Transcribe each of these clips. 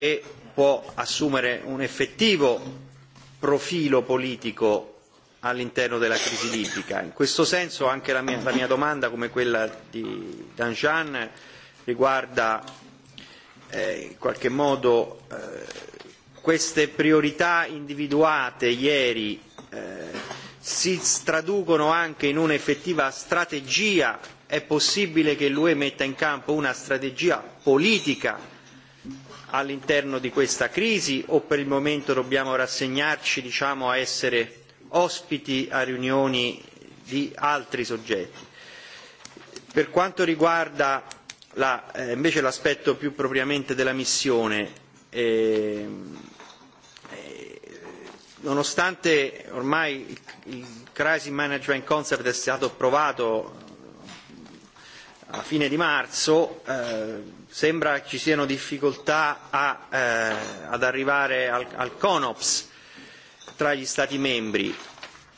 e può assumere un effettivo profilo politico all'interno della crisi libica. In questo senso anche la mia, la mia domanda, come quella di Danjan, riguarda eh, in qualche modo eh, queste priorità individuate ieri eh, si traducono anche in un'effettiva strategia. È possibile che l'UE metta in campo una strategia politica all'interno di questa crisi o per il momento dobbiamo rassegnarci diciamo, a essere ospiti a riunioni di altri soggetti. Per quanto riguarda la, eh, invece l'aspetto più propriamente della missione, eh, eh, nonostante ormai il, il Crisis Management Concept è stato approvato a fine di marzo eh, sembra ci siano difficoltà a, eh, ad arrivare al, al CONOPS tra gli Stati membri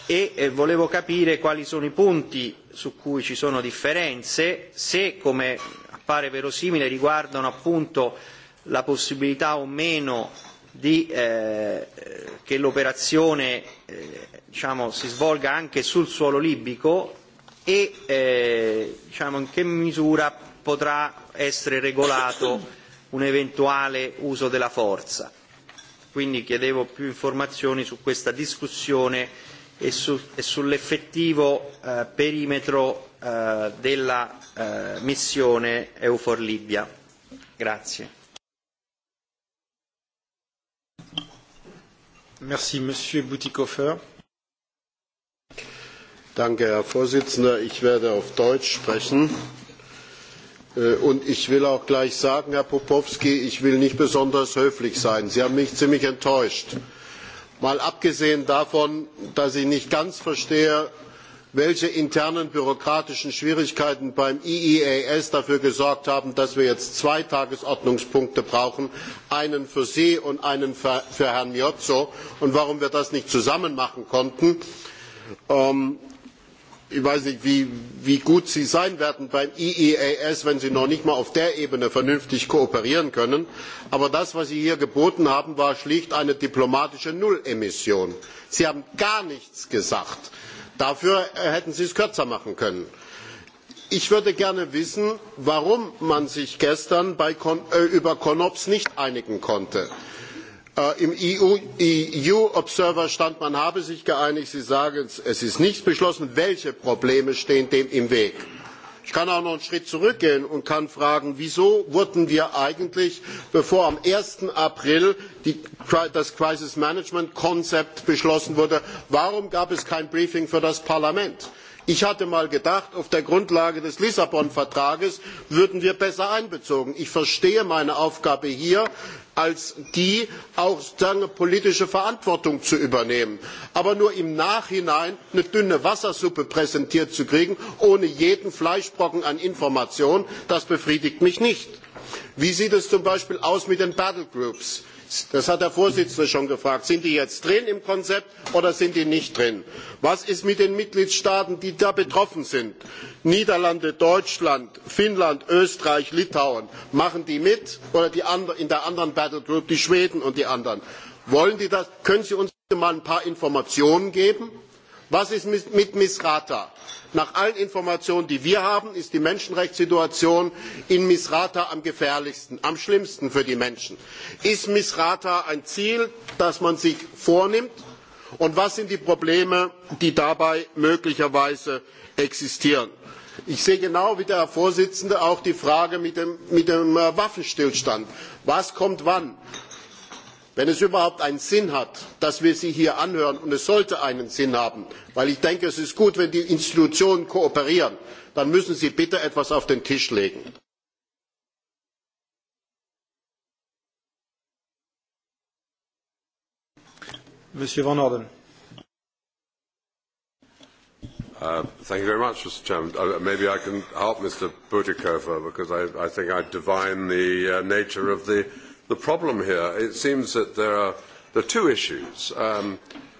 e eh, volevo capire quali sono i punti su cui ci sono differenze, se come appare verosimile riguardano appunto la possibilità o meno di, eh, che l'operazione eh, diciamo, si svolga anche sul suolo libico e eh, diciamo in che misura potrà essere regolato un eventuale uso della forza. Quindi chiedevo più informazioni su questa discussione e, su, e sull'effettivo eh, perimetro eh, della eh, missione Eufor Libia. Grazie. Merci, Monsieur Boutikofer. Danke, Herr Vorsitzender. Ich werde auf Deutsch sprechen. Äh, und ich will auch gleich sagen, Herr Popowski, ich will nicht besonders höflich sein. Sie haben mich ziemlich enttäuscht. Mal abgesehen davon, dass ich nicht ganz verstehe, welche internen bürokratischen Schwierigkeiten beim IEAS dafür gesorgt haben, dass wir jetzt zwei Tagesordnungspunkte brauchen, einen für Sie und einen für Herrn Miozzo, und warum wir das nicht zusammen machen konnten. Ähm, ich weiß nicht wie gut sie sein werden beim eeas wenn sie noch nicht einmal auf der ebene vernünftig kooperieren können aber das was sie hier geboten haben war schlicht eine diplomatische nullemission. sie haben gar nichts gesagt. dafür äh, hätten sie es kürzer machen können. ich würde gerne wissen warum man sich gestern äh, über konops nicht einigen konnte. Äh, im eu e observer stand man habe sich geeinigt sie sagen es ist nichts beschlossen welche probleme stehen dem im weg? ich kann auch noch einen schritt zurückgehen und kann fragen wieso wurden wir eigentlich bevor am. eins april das crisis management konzept beschlossen wurde warum gab es kein briefing für das parlament? ich hatte mal gedacht auf der grundlage des lissabon vertrags würden wir besser einbezogen. ich verstehe meine aufgabe hier als die auch politische verantwortung zu übernehmen aber nur im nachhinein eine dünne wassersuppe präsentiert zu kriegen ohne jeden fleischbrocken an information das befriedigt mich nicht. wie sieht es zum beispiel aus mit den battlegroups? das hat der vorsitzende schon gefragt sind die jetzt drin im konzept oder sind die nicht drin? was ist mit den mitgliedstaaten die da betroffen sind niederlande deutschland finnland österreich litauen machen die mit oder die anderen in der anderen battle group die schweden und die anderen? wollen die das? können sie uns mal ein paar informationen geben? was ist mit misrata? nach allen informationen die wir haben ist die menschenrechtssituation in misrata am gefährlichsten am schlimmsten für die menschen. ist misrata ein ziel das man sich vornimmt und was sind die probleme die dabei möglicherweise existieren? ich sehe genau wie der herr vorsitzende auch die frage mit dem äh, waffenstillstand was kommt wann? wenn es überhaupt einen sinn hat dass wir sie hier anhören und es sollte einen sinn haben weil ich denke es ist gut wenn die institutionen kooperieren dann müssen sie bitte etwas auf den tisch legen the problem here, it seems that there are, there are two issues. Um,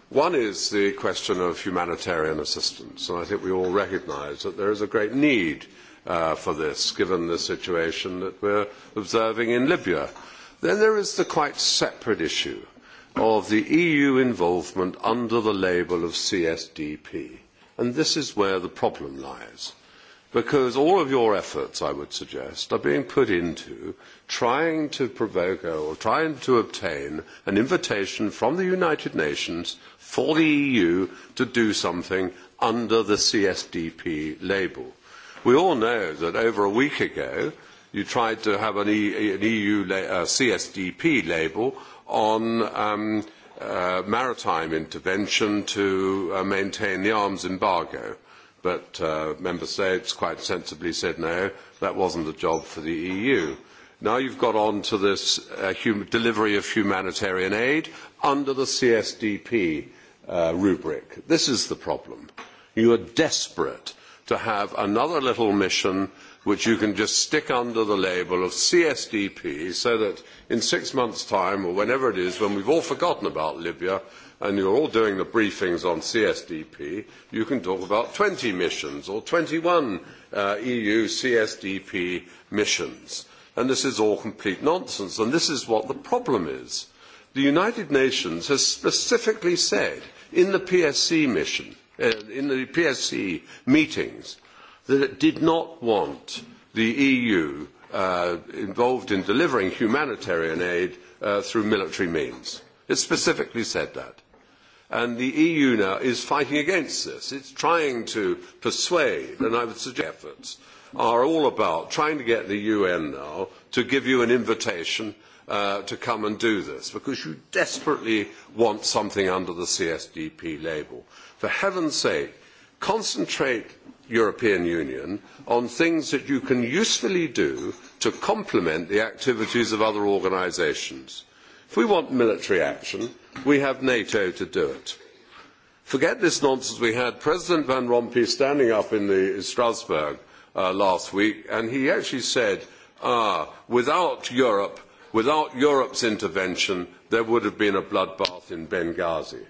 one is the question of humanitarian assistance, and I think we all recognize that there is a great need uh, for this, given the situation that we're observing in Libya. Then there is the quite separate issue of the EU involvement under the label of CSDP, and this is where the problem lies because all of your efforts, I would suggest, are being put into trying to provoke or trying to obtain an invitation from the United Nations for the EU to do something under the CSDP label. We all know that over a week ago, you tried to have an, e, an EU la, uh, CSDP label on um, uh, maritime intervention to uh, maintain the arms embargo but uh, member states quite sensibly said no, that wasn't a job for the EU. Now you've got on to this uh, hum- delivery of humanitarian aid under the CSDP uh, rubric. This is the problem. You are desperate to have another little mission which you can just stick under the label of CSDP so that in six months' time, or whenever it is, when we've all forgotten about Libya, and you're all doing the briefings on CSDP, you can talk about 20 missions or 21 uh, EU CSDP missions. And this is all complete nonsense. And this is what the problem is. The United Nations has specifically said in the PSC mission, uh, in the PSC meetings, that it did not want the EU uh, involved in delivering humanitarian aid uh, through military means. It specifically said that. And the EU now is fighting against this. It's trying to persuade, and I would suggest efforts are all about trying to get the UN now to give you an invitation uh, to come and do this, because you desperately want something under the CSDP label. For heaven's sake, concentrate European Union on things that you can usefully do to complement the activities of other organisations if we want military action, we have NATO to do it. Forget this nonsense we had. President Van Rompuy standing up in the Strasbourg uh, last week, and he actually said, ah, without Europe, without Europe's intervention, there would have been a bloodbath in Benghazi.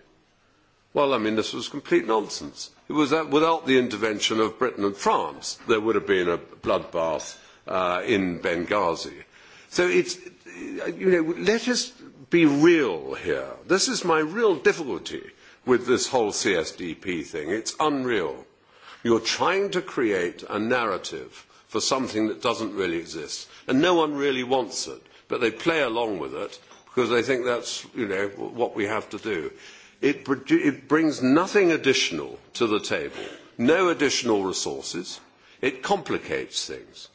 Well, I mean, this was complete nonsense. It was that without the intervention of Britain and France, there would have been a bloodbath uh, in Benghazi. So it's, you know, let us be real here. This is my real difficulty with this whole CSDP thing. It's unreal. You're trying to create a narrative for something that doesn't really exist, and no one really wants it, but they play along with it because they think that's you know, what we have to do. It, it brings nothing additional to the table, no additional resources. It complicates things.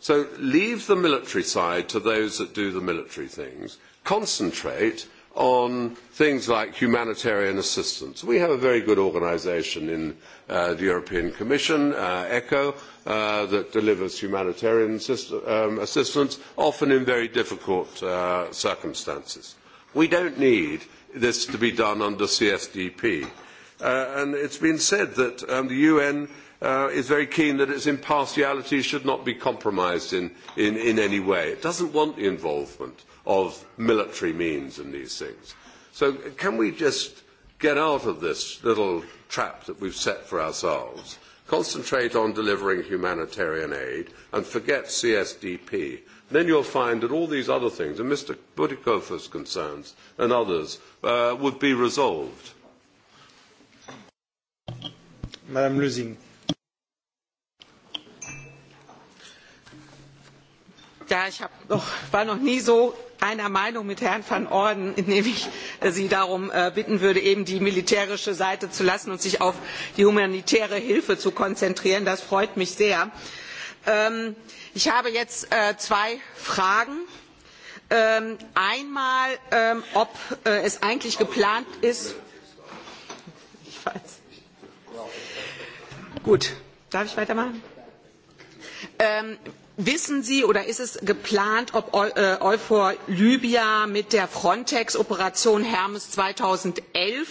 So leave the military side to those that do the military things concentrate on things like humanitarian assistance. We have a very good organisation in uh, the European Commission, uh, ECHO, uh, that delivers humanitarian assist um, assistance, often in very difficult uh, circumstances. We don't need this to be done under CSDP. Uh, and it's been said that um, the UN uh, is very keen that its impartiality should not be compromised in, in, in any way. It doesn't want the involvement of military means and these things. So can we just get out of this little trap that we've set for ourselves, concentrate on delivering humanitarian aid, and forget CSDP? Then you'll find that all these other things, and Mr. Butikova's concerns and others, uh, would be resolved. Madam Lusing. Ja, ich war noch nie so einer Meinung mit Herrn van Orden, indem ich äh, Sie darum äh, bitten würde, eben die militärische Seite zu lassen und sich auf die humanitäre Hilfe zu konzentrieren. Das freut mich sehr. Ähm, ich habe jetzt äh, zwei Fragen. Ähm, einmal, ähm, ob es eigentlich geplant ist. Ich weiß. Gut, darf ich weitermachen? Wissen Sie oder ist es geplant, ob äh, Euphor Libya mit der Frontex-Operation Hermes 2011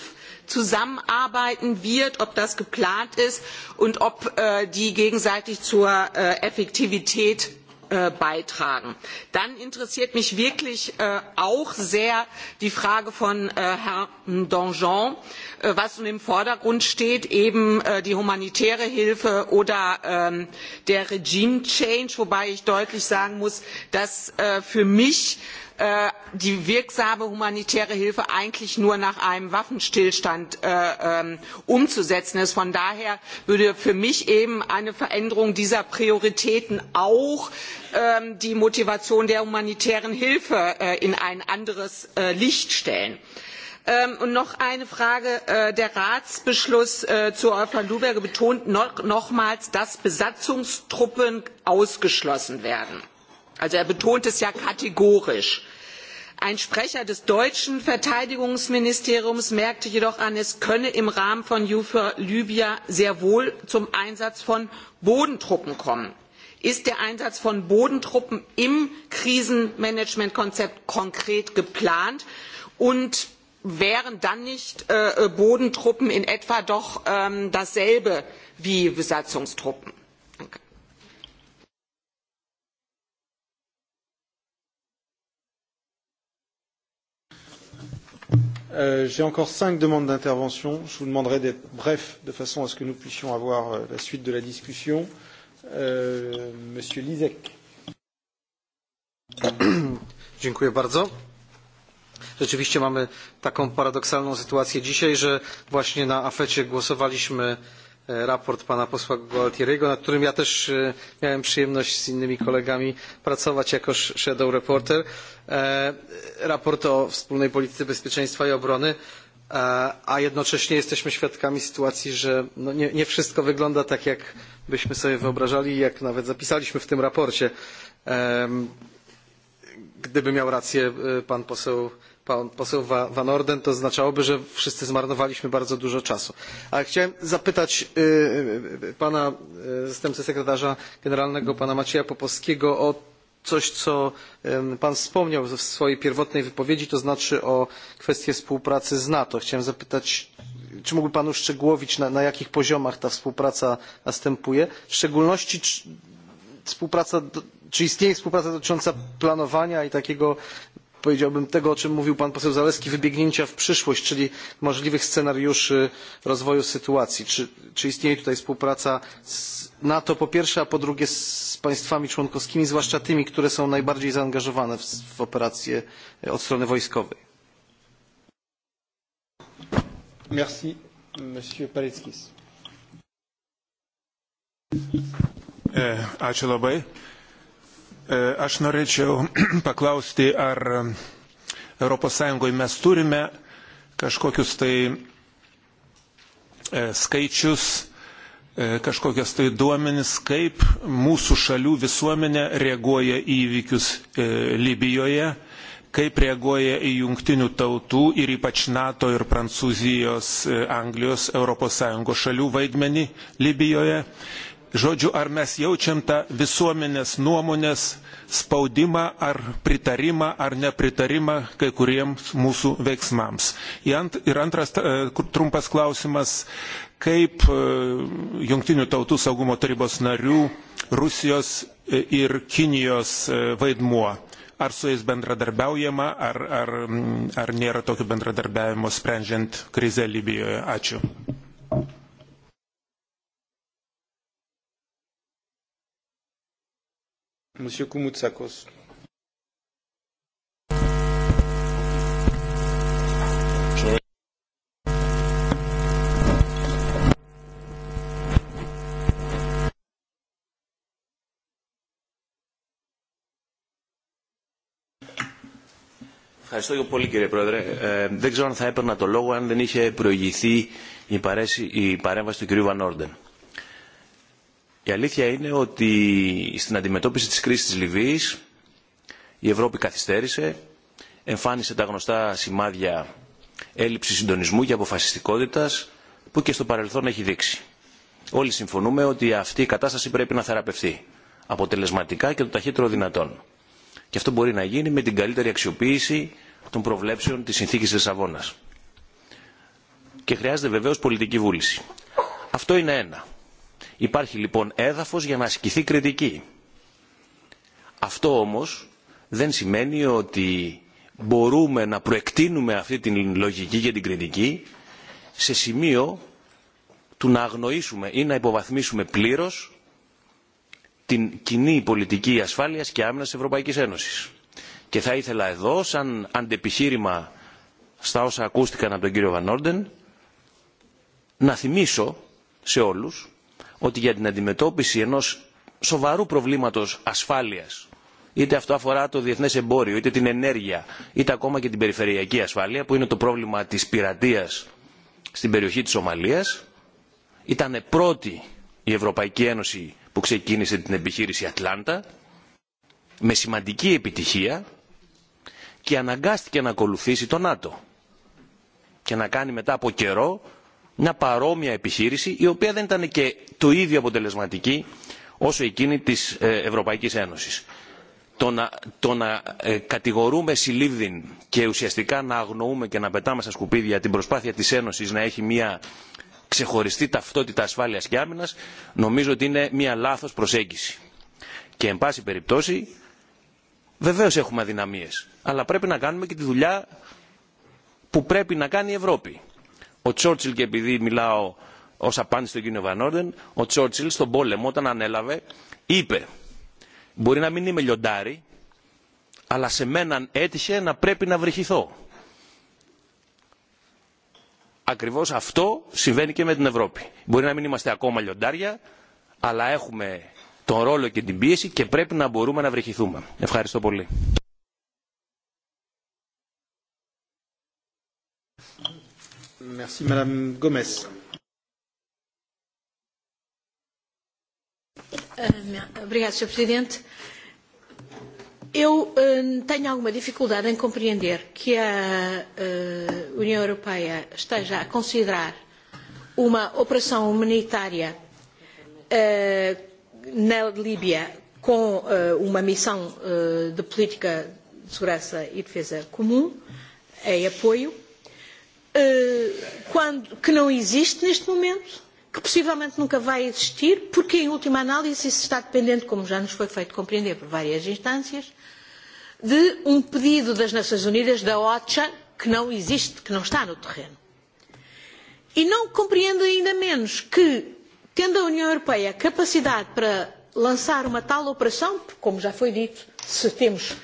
zusammenarbeiten wird, ob das geplant ist und ob äh, die gegenseitig zur äh, Effektivität Äh, beitragen. Dann interessiert mich wirklich äh, auch sehr die Frage von äh, Herrn Donjon, was nun im Vordergrund steht, eben die humanitäre Hilfe oder ähm, der Regime Change, wobei ich deutlich sagen muss, dass für mich Äh, die wirksame humanitäre Hilfe eigentlich nur nach einem Waffenstillstand äh, ähm, umzusetzen ist. Von daher würde für mich eben eine Veränderung dieser Prioritäten auch ähm, die Motivation der humanitären Hilfe äh, in ein anderes Licht stellen. Ähm, und noch eine Frage. Der Ratsbeschluss zur Öffnung betont nochmals, dass Besatzungstruppen ausgeschlossen werden. Also er betont es ja kategorisch. Ein Sprecher des deutschen Verteidigungsministeriums merkte jedoch an, es könne im Rahmen von EUFOR Libya sehr wohl zum Einsatz von Bodentruppen kommen. Ist der Einsatz von Bodentruppen im Krisenmanagementkonzept konkret geplant? Und wären dann nicht äh, Bodentruppen in etwa doch ähm, dasselbe wie Besatzungstruppen? Euh, j'ai encore cinq demandes d'intervention. Je vous demanderai d'être bref de façon à ce que nous puissions avoir euh, la suite de la discussion. Euh, monsieur Lisek. Dziękuję bardzo. Rzeczywiście mamy taką paradoksalną sytuację dzisiaj, że właśnie na afecie głosowaliśmy. E, raport pana posła Gualtieriego, nad którym ja też e, miałem przyjemność z innymi kolegami pracować jako shadow reporter. E, raport o wspólnej polityce bezpieczeństwa i obrony, a jednocześnie jesteśmy świadkami sytuacji, że no nie, nie wszystko wygląda tak, jak byśmy sobie wyobrażali, jak nawet zapisaliśmy w tym raporcie. Gdyby miał rację pan poseł pan poseł Van Orden, to oznaczałoby, że wszyscy zmarnowaliśmy bardzo dużo czasu. Ale chciałem zapytać y, y, pana y, zastępcę sekretarza generalnego, pana Macieja Popowskiego, o coś, co y, pan wspomniał w swojej pierwotnej wypowiedzi, to znaczy o kwestię współpracy z NATO. Chciałem zapytać, czy mógłby pan uszczegółowić, na, na jakich poziomach ta współpraca następuje, w szczególności czy, współpraca do, czy istnieje współpraca dotycząca planowania i takiego powiedziałbym tego o czym mówił pan poseł Zalewski wybiegnięcia w przyszłość, czyli możliwych scenariuszy rozwoju sytuacji. Czy, czy istnieje tutaj współpraca z NATO po pierwsze, a po drugie z państwami członkowskimi, zwłaszcza tymi, które są najbardziej zaangażowane w, w operacje e, od strony wojskowej? Merci, monsieur Paleckis. Uh, Eh, aš norėčiau paklausti, ar eh, Europos Sąjungoje mes turime kažkokius tai eh, skaičius, kažkokias tai duomenis, kaip mūsų šalių visuomenė reaguoja į įvykius Libijoje, kaip reaguoja į jungtinių tautų ir ypač NATO ir Prancūzijos, Anglijos, Europos Sąjungos šalių vaidmenį Libijoje žodžiu, ar mes jaučiam tą visuomenės nuomonės spaudimą ar pritarimą ar nepritarimą kai kuriems mūsų veiksmams. Ir antras e, trumpas klausimas, kaip e, jungtinių tautų saugumo tarybos narių Rusijos e, ir Kinijos vaidmuo. Ar su jais bendradarbiaujama, ar, ar, ar nėra tokio bendradarbiavimo sprendžiant krizę Libijoje? Ačiū. Monsieur Koumoutsakos. Ευχαριστώ και πολύ κύριε Πρόεδρε. Ε, δεν ξέρω αν θα έπαιρνα το λόγο αν δεν είχε προηγηθεί η, παρέση, η παρέμβαση του κυρίου Βανόρντεν. Ε, Η αλήθεια είναι ότι στην αντιμετώπιση της κρίσης της Λιβύης η Ευρώπη καθυστέρησε, εμφάνισε τα γνωστά σημάδια έλλειψη συντονισμού και αποφασιστικότητας που και στο παρελθόν έχει δείξει. Όλοι συμφωνούμε ότι αυτή η κατάσταση πρέπει να θεραπευθεί αποτελεσματικά και το ταχύτερο δυνατόν. Και αυτό μπορεί να γίνει με την καλύτερη αξιοποίηση των προβλέψεων της συνθήκης Λισαβόνας. Και χρειάζεται βεβαίως πολιτική βούληση. Αυτό είναι ένα. Υπάρχει λοιπόν έδαφος για να ασκηθεί κριτική. Αυτό όμως δεν σημαίνει ότι μπορούμε να προεκτείνουμε αυτή την λογική για την κριτική σε σημείο του να αγνοήσουμε ή να υποβαθμίσουμε πλήρως την κοινή πολιτική ασφάλειας και άμυνας της Ευρωπαϊκής Ένωσης. Και θα ήθελα εδώ, σαν αντεπιχείρημα στα όσα ακούστηκαν από τον κύριο Βανόρντεν, να θυμίσω σε όλους ότι για την αντιμετώπιση ενός σοβαρού προβλήματος ασφάλειας, είτε αυτό αφορά το διεθνές εμπόριο, είτε την ενέργεια, είτε ακόμα και την περιφερειακή ασφάλεια, που είναι το πρόβλημα της πειρατείας στην περιοχή της Ομαλίας, ήταν πρώτη η Ευρωπαϊκή Ένωση που ξεκίνησε την επιχείρηση Ατλάντα, με σημαντική επιτυχία και αναγκάστηκε να ακολουθήσει το ΝΑΤΟ και να κάνει μετά από καιρό μια παρόμοια επιχείρηση η οποία δεν ήταν και το ίδιο αποτελεσματική όσο εκείνη της Ευρωπαϊκής Ένωσης. Το να, το να ε, κατηγορούμε συλλήβδιν και ουσιαστικά να αγνοούμε και να πετάμε στα σκουπίδια την προσπάθεια της Ένωσης να έχει μια ξεχωριστή ταυτότητα ασφάλειας και άμυνας νομίζω ότι είναι μια λάθος προσέγγιση. Και εν πάση περιπτώσει βεβαίως έχουμε αδυναμίες αλλά πρέπει να κάνουμε και τη δουλειά που πρέπει να κάνει η Ευρώπη. Ο Τσόρτσιλ και επειδή μιλάω ως απάντηση του κύριου Βανόρντεν, ο Τσόρτσιλ στον πόλεμο όταν ανέλαβε είπε «Μπορεί να μην είμαι λιοντάρι, αλλά σε μέναν έτυχε να πρέπει να βρυχηθώ». Ακριβώς αυτό συμβαίνει και με την Ευρώπη. Μπορεί να μην είμαστε ακόμα λιοντάρια, αλλά έχουμε τον ρόλο και την πίεση και πρέπει να μπορούμε να βρυχηθούμε. Ευχαριστώ πολύ. Eh, obrigada senhor presidente eu eh, tenho alguma dificuldade em compreender que a eh, união europeia esteja a considerar uma operação humanitária na líbia com uma missão de política de segurança e defesa comum em apoio Eh, quando, que não existe neste momento, que possivelmente nunca vai existir, porque em última análise isso está dependente, como já nos foi feito compreender por várias instâncias, de um pedido das Nações Unidas, da OCHA, que não existe, que não está no terreno. E não compreendo ainda menos que, tendo a União Europeia capacidade para lançar uma tal operação, como já foi dito, se temos uh,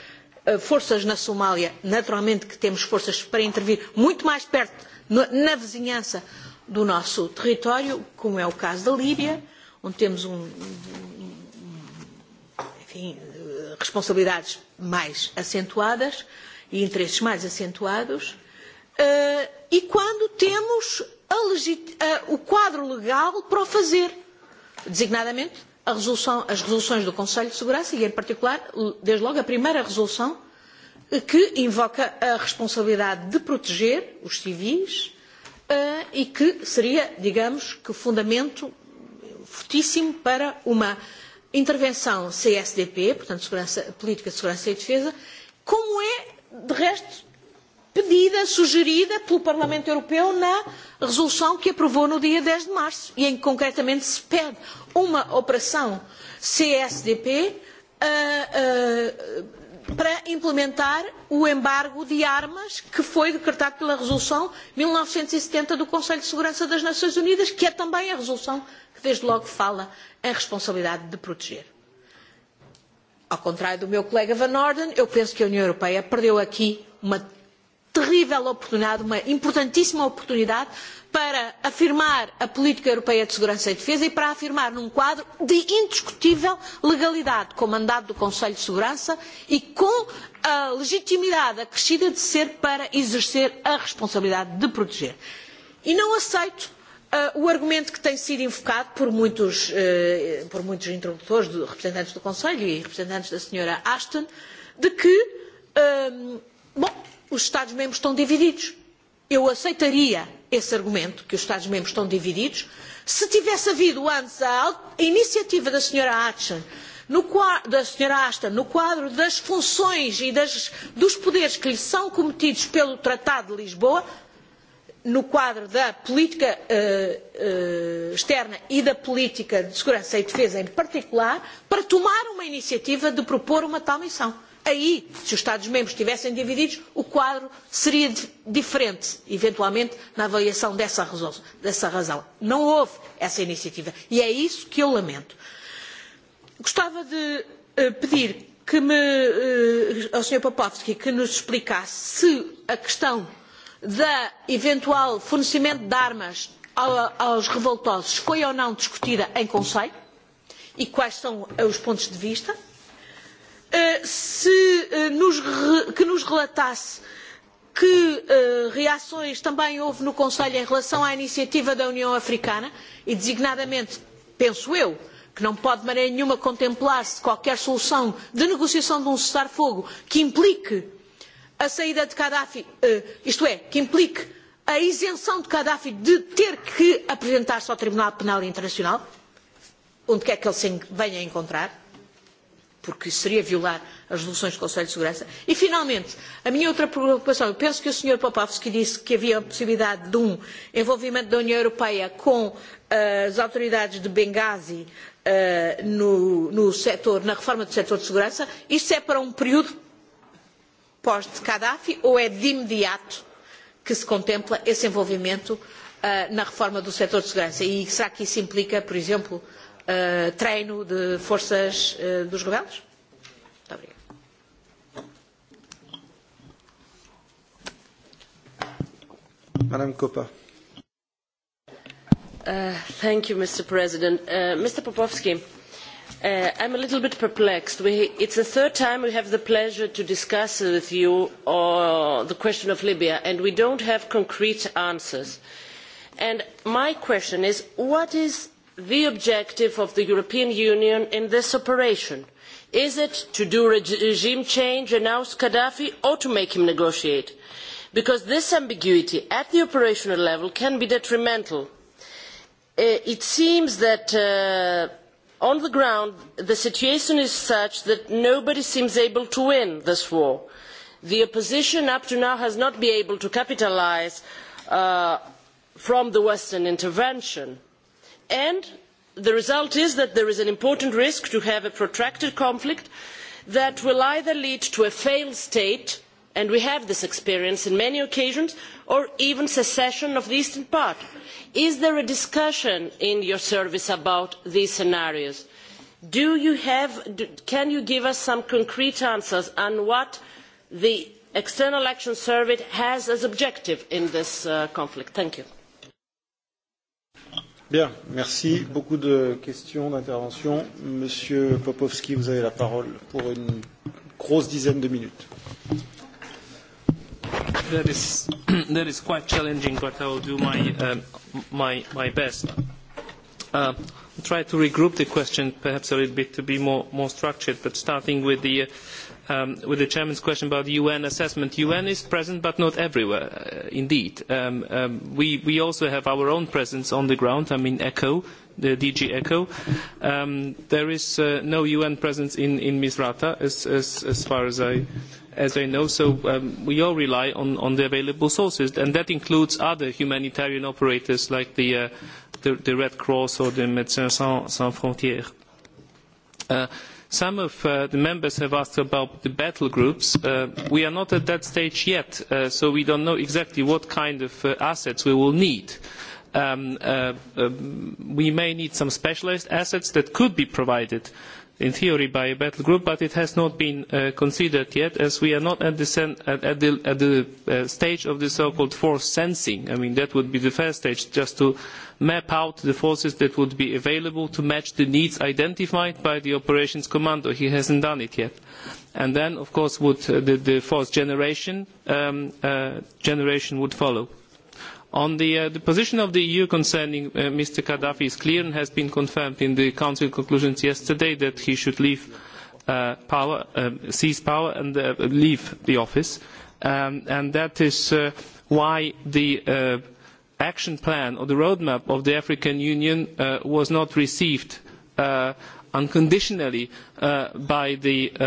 Eh, forças na Somália, naturalmente que temos forças para intervir muito mais perto, na vizinhança do nosso território, como é o caso da Líbia, onde temos um, um enfim, eh, responsabilidades mais acentuadas e interesses mais acentuados, eh, e quando temos a legit... o quadro legal para o fazer, designadamente a resolução, as resoluções do Conselho de Segurança e, em particular, desde logo, a primeira resolução que invoca a responsabilidade de proteger os civis uh, e que seria, digamos, que o fundamento fortíssimo para uma intervenção CSDP, portanto, segurança, Política de Segurança e Defesa, como é, de resto, pedida, sugerida pelo Parlamento Europeu na resolução que aprovou no dia 10 de março e em que concretamente se pede uma operação CSDP uh, eh, uh, eh, para implementar o embargo de armas que foi decretado pela resolução 1970 e do Conselho de Segurança das Nações Unidas, que é também a resolução que desde logo fala em responsabilidade de proteger. Ao contrário do meu colega Van Orden, eu penso que a União Europeia perdeu aqui uma terrível oportunidade, uma importantíssima oportunidade para afirmar a política europeia de segurança e defesa e para afirmar num quadro de indiscutível legalidade, com mandado do Conselho de Segurança e com a legitimidade acrescida de ser para exercer a responsabilidade de proteger. E não aceito uh, o argumento que tem sido invocado por muitos, uh, por muitos introdutores, de, representantes do Conselho e representantes da senhora Ashton, de que, um, bom, os Estados-membros estão divididos. Eu aceitaria esse argumento, que os Estados-membros estão divididos, se tivesse havido antes a, a iniciativa da senhora Atchen, no, da senhora Asta, no quadro das funções e das, dos poderes que lhe são cometidos pelo Tratado de Lisboa, no quadro da política uh, uh, externa e da política de segurança e defesa em particular, para tomar uma iniciativa de propor uma tal missão. Aí, se os Estados membros estivessem divididos, o quadro seria diferente, eventualmente, na avaliação dessa razão, dessa razão. Não houve essa iniciativa. E é isso que eu lamento. Gostava de uh, pedir que me, uh, ao Sr. Popovski que nos explicasse se a questão da eventual fornecimento de armas aos revoltosos foi ou não discutida em Conselho e quais são os pontos de vista. Eh, eh, que nos relatasse que eh, reações também houve no Conselho em relação à iniciativa da União Africana e designadamente, penso eu, que não pode de maneira nenhuma contemplar-se qualquer solução de negociação de um cessar-fogo que implique a saída de Gaddafi, isto é, que implique a isenção de Gaddafi de ter que apresentar-se ao Tribunal Penal Internacional, onde quer que ele se venha a encontrar, porque seria violar as resoluções do Conselho de Segurança. E, finalmente, a minha outra preocupação, eu penso que o Sr. Popovski disse que havia a possibilidade de um envolvimento da União Europeia com eh, as autoridades de Benghazi uh, no, no setor, na reforma do setor de segurança. Isso é para um período pós-Gaddafi ou é de imediato que se contempla esse envolvimento uh, na reforma do setor de segurança? E será que isso implica, por exemplo, Eh, treino de forças uh, dos rebeldes? Muito obrigado. Madame Copa. Uh, thank you, Mr. President. Uh, Mr. Popovsky, uh, I'm a little bit perplexed. We, it's the third time we have the pleasure to discuss with you uh, the question of Libya, and we don't have concrete answers. And my question is, what is the objective of the european union in this operation? is it to do regime change and oust gaddafi or to make him negotiate? because this ambiguity at the operational level can be detrimental. Eh, it seems that uh, on the ground the situation is such that nobody seems able to win this war. the opposition up to now has not been able to capitalise uh, eh, from the western intervention and the result is that there is an important risk to have a protracted conflict that will either lead to a failed state and we have this experience on many occasions or even secession of the eastern part. is there a discussion in your service about these scenarios? Do you have, do, can you give us some concrete answers on what the external action service has as objective in this uh, conflict? thank you. Bien, merci. Beaucoup de questions, d'interventions. Monsieur Popovski, vous avez la parole pour une grosse dizaine de minutes. That is, that is quite challenging, but I will do my, uh, my, my best. Uh, try to regroup the question perhaps a little bit to be more, more structured, but starting with the uh, Um, with the chairman's question about the UN assessment. The UN is present, but not everywhere, uh, indeed. Um, um, we, we also have our own presence on the ground, I mean ECHO, the DG ECHO. Um, there is uh, no UN presence in, in Misrata, as, as, as far as I, as I know, so um, we all rely on, on the available sources, and that includes other humanitarian operators like the, uh, the, the Red Cross or the Médecins Sans, Sans Frontières. Uh, some of uh, the members have asked about the battle groups. Uh, we are not at that stage yet uh, so we do not know exactly what kind of assets we will need. Um, um, we may need some specialist assets that could be provided in theory by a battle group but it has not been uh, considered yet as we are not at the, sen at, at the, at the uh, stage of the so called force sensing. I mean that would be the first stage just to map out the forces that would be available to match the needs identified by the operations commander. He hasn't done it yet. And then of course would uh, the, the force generation, um, uh, generation would follow. On the, uh, the position of the EU concerning uh, Mr. Gaddafi is clear and has been confirmed in the Council conclusions yesterday that he should leave uh, power, uh, seize power and uh, leave the office. Um, and that is uh, why the uh, action plan or the roadmap of the African Union uh, was not received uh, unconditionally uh, by, the, uh,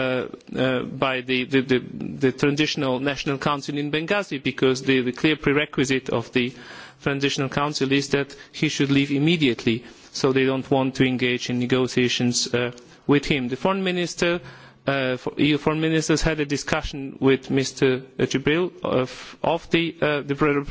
uh, by the, the, the, the transitional national council in Benghazi, because the, the clear prerequisite of the transitional council is that he should leave immediately, so they don't want to engage in negotiations uh, with him. The foreign minister uh, Uh, eu foreign ministers had a discussion with mr djibril of the uh,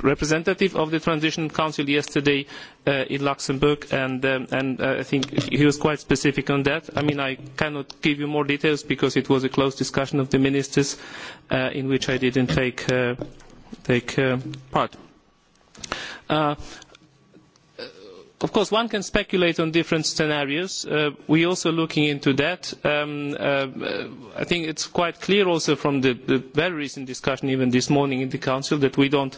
representative of the transition council yesterday uh, in luxembourg and um, i think he was quite specific on that. i mean i cannot give you more details because it was a closed discussion of the ministers in which i did not take part of course one can speculate on different scenarios uh, we are also looking into that um, uh, i think it's quite clear also from the, the very recent discussion even this morning in the council that we don't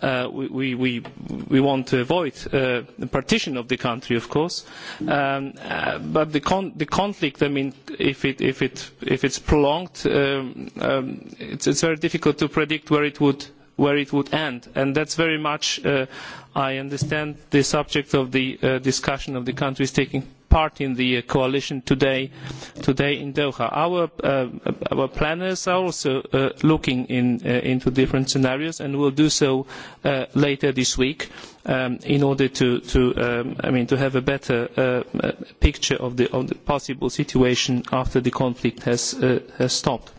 uh, we, we, we, we want to avoid uh, the partition of the country, of course. Um, uh, but the, con- the conflict, I mean, if, it, if, it, if it's prolonged, um, um, it's, it's very difficult to predict where it would where it would end. And that's very much, uh, I understand, the subject of the uh, discussion of the countries taking part in the uh, coalition today, today in Doha. Our, uh, our planners are also uh, looking in, uh, into different scenarios and will do so uh, later this week um, in order to, to, um, I mean, to have a better uh, uh picture of the, of the possible situation after the conflict has, uh, has stopped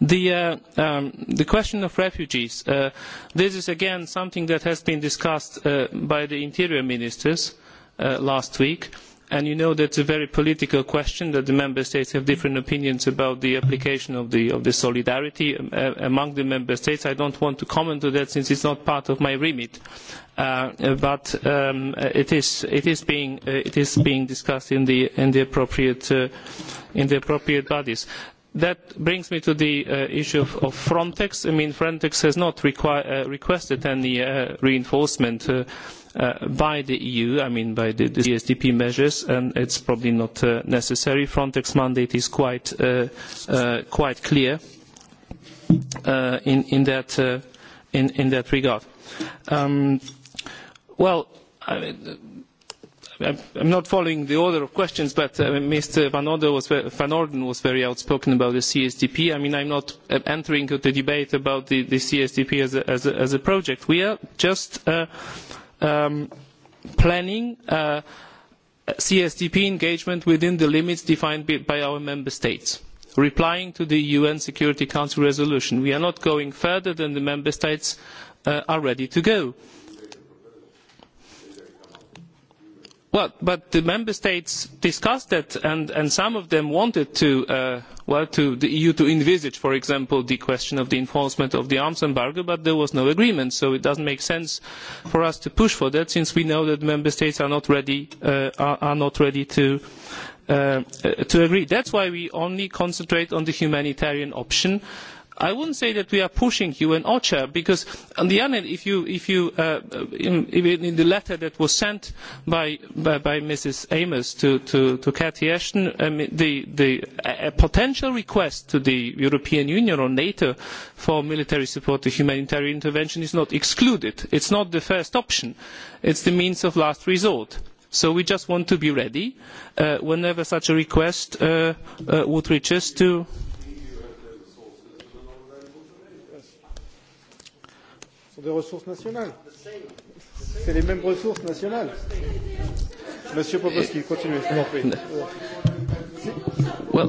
the uh, um, the question of refugees uh, this is again something that has been discussed uh, by the interior ministers uh, last week and you know that's a very political question that the member states have different opinions about the application of the of the solidarity um, uh, among the member states i don't want to comment on that since it's not part of my remit uh, but um, it is it is being uh, it is being discussed in the in the appropriate uh, in the appropriate bodies that brings me to the uh, issue of, of Frontex. I mean, Frontex has not require, uh, requested any uh, reinforcement uh, uh, by the EU, I mean, by the, the CSDP measures, and it's probably not uh, necessary. Frontex mandate is quite, uh, uh, quite clear uh, in, in, that, uh, in, in that regard. Um, well, I mean, I'm not following the order of questions, but uh, Mr. Van, Ode was Van Orden was very outspoken about the CSDP. I mean, I'm not uh, entering the debate about the, the CSDP as a, as, a, as a project. We are just uh, um, planning uh, CSDP engagement within the limits defined by our member states replying to the UN Security Council resolution. We are not going further than the member states uh, are ready to go. Uh, but the member states discussed that and some of them wanted uh, the eu to envisage for example the question of the enforcement of the arms embargo but there was no agreement so it does not make sense for us to push for that since we know that the member states are not ready uh, uh, to agree. that is why we only concentrate on the humanitarian option i would not say that we are pushing you and osha because on the other hand if you even uh, in the letter that was sent by by mrs amos to to to cathy ashton the the a potential request to the european union or nato for military support to humanitarian intervention is not excluded it is not the first option it is the means of last resort so we just want to be ready uh, whenever such a request uh, would reach us to sont des ressources nationales. C'est les mêmes ressources nationales. Monsieur Popovski, continuez.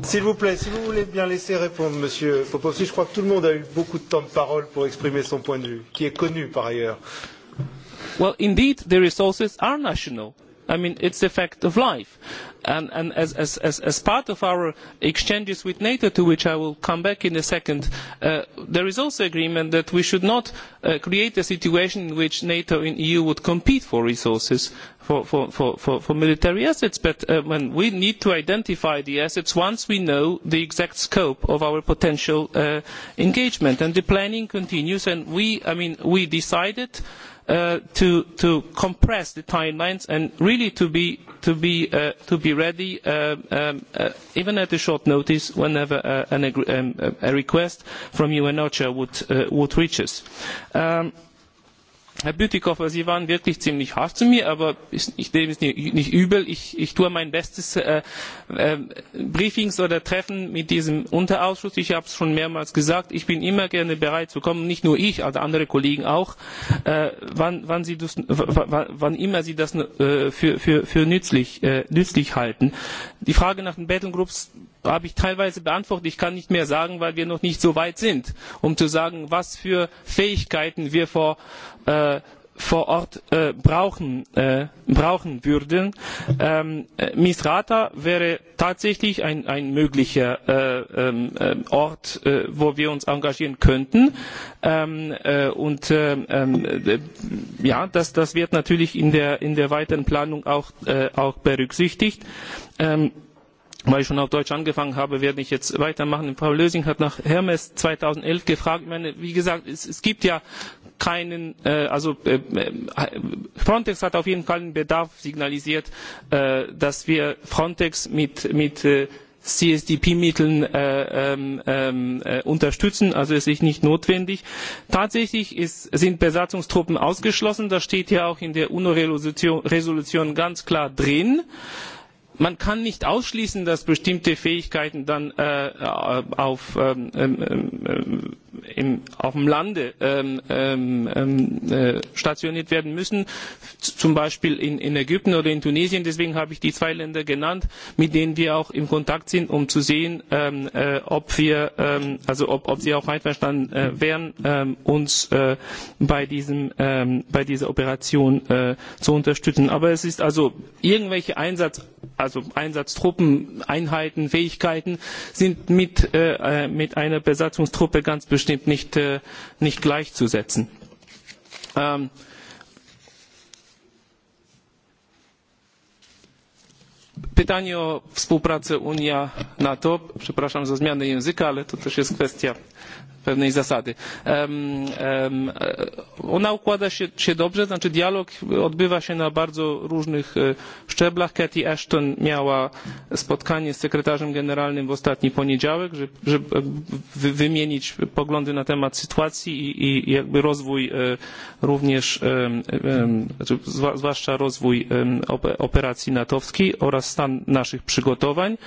S'il vous plaît, si vous voulez bien laisser répondre, Monsieur Popovski, je crois que tout le monde a eu beaucoup de temps de parole pour exprimer son point de vue, qui est connu par ailleurs. Well, indeed, the resources are national. I mean, it's a fact of life and as part of our exchanges with nato to which i will come back in a second uh, there is also agreement that we should not uh, create a situation in which nato and the eu would compete for resources for military assets but uh, we need to identify the assets once we know the exact scope of our potential engagement and the planning continues and we decided Uh, to to compress the timelines and really to be to be uh, to be ready uh, um, uh, even at a short notice whenever uh, an um, a request from you and OCHA would uh, would reach us um, Herr Bütikofer, also Sie waren wirklich ziemlich hart zu mir, aber ich, ich nehme es nicht, nicht übel. Ich, ich tue mein Bestes, äh, äh, Briefings oder Treffen mit diesem Unterausschuss. Ich habe es schon mehrmals gesagt. Ich bin immer gerne bereit zu kommen, nicht nur ich, also andere Kollegen auch, äh, wann, wann, Sie das, wann immer Sie das äh, für, für, für nützlich, äh, nützlich halten. Die Frage nach den Battlegroups habe ich teilweise beantwortet. Ich kann nicht mehr sagen, weil wir noch nicht so weit sind, um zu sagen, was für Fähigkeiten wir vor, äh, vor Ort äh, brauchen, äh, brauchen würden. Ähm, äh, Misrata wäre tatsächlich ein, ein möglicher äh, ähm, äh, Ort, äh, wo wir uns engagieren könnten. Ähm, äh, und äh, äh, ja, das, das wird natürlich in der, in der weiteren Planung auch, äh, auch berücksichtigt. Ähm, weil ich schon auf Deutsch angefangen habe, werde ich jetzt weitermachen. Frau Lösing hat nach Hermes 2011 gefragt. Ich meine, wie gesagt, es, es gibt ja keinen, äh, also äh, äh, Frontex hat auf jeden Fall einen Bedarf signalisiert, äh, dass wir Frontex mit, mit äh, CSDP-Mitteln äh, äh, äh, unterstützen. Also es ist nicht notwendig. Tatsächlich ist, sind Besatzungstruppen ausgeschlossen. Das steht ja auch in der UNO-Resolution ganz klar drin. Äh, man kann nicht ausschließen dass bestimmte fähigkeiten dann äh, äh, ähm, ähm, ähm, auf dem lande äh, stationiert werden müssen zum beispiel in ägypten oder in tunesien. deswegen habe ich die zwei länder genannt mit denen wir auch in kontakt sind um zu sehen ob sie auch einverstanden wären uns bei dieser operation zu unterstützen. aber es ist also irgendwelche einsatzorte also einsatztruppen einheiten fähigkeiten sind mit äh, äh, einer besatzungstruppe ganz bestimmt nicht äh, gleichzusetzen. Ähm, pytanie o współpracę unia nato przepraszam za zmianę języka ale to też jest kwestia pewnej zasady. Um, um, ona układa się, się dobrze, znaczy dialog odbywa się na bardzo różnych e, szczeblach. Cathy Ashton miała spotkanie z sekretarzem generalnym w ostatni poniedziałek, żeby, żeby e, wymienić poglądy na temat sytuacji i, i jakby rozwój również, zwłaszcza rozwój operacji natowskiej oraz stan naszych przygotowań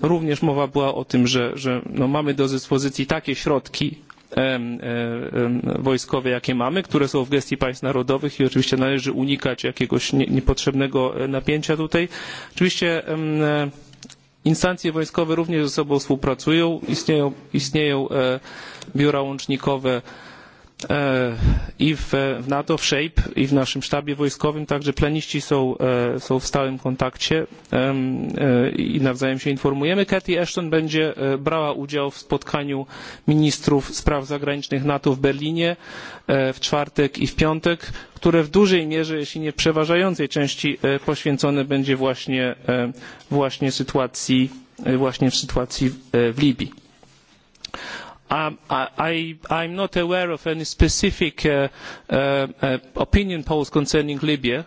również mowa była o tym, że, że no mamy do dyspozycji takie środki em, e, em, wojskowe, jakie mamy, które są w gestii państw narodowych i oczywiście należy unikać jakiegoś nie, niepotrzebnego e, napięcia tutaj. Oczywiście em, e, instancje wojskowe również ze sobą współpracują, istnieją, istnieją e, biura łącznikowe, E, i w NATO, w SHAPE i w naszym sztabie wojskowym także pleniści są, e, są w stałym kontakcie e, i nawzajem się informujemy. Cathy Ashton będzie brała udział w spotkaniu ministrów spraw zagranicznych NATO w Berlinie w czwartek i w piątek, które w dużej mierze, jeśli nie w przeważającej części, poświęcone będzie właśnie, właśnie, sytuacji, właśnie w sytuacji w Libii. Um, i am not aware of any specific uh, uh, uh, opinion polls concerning libya.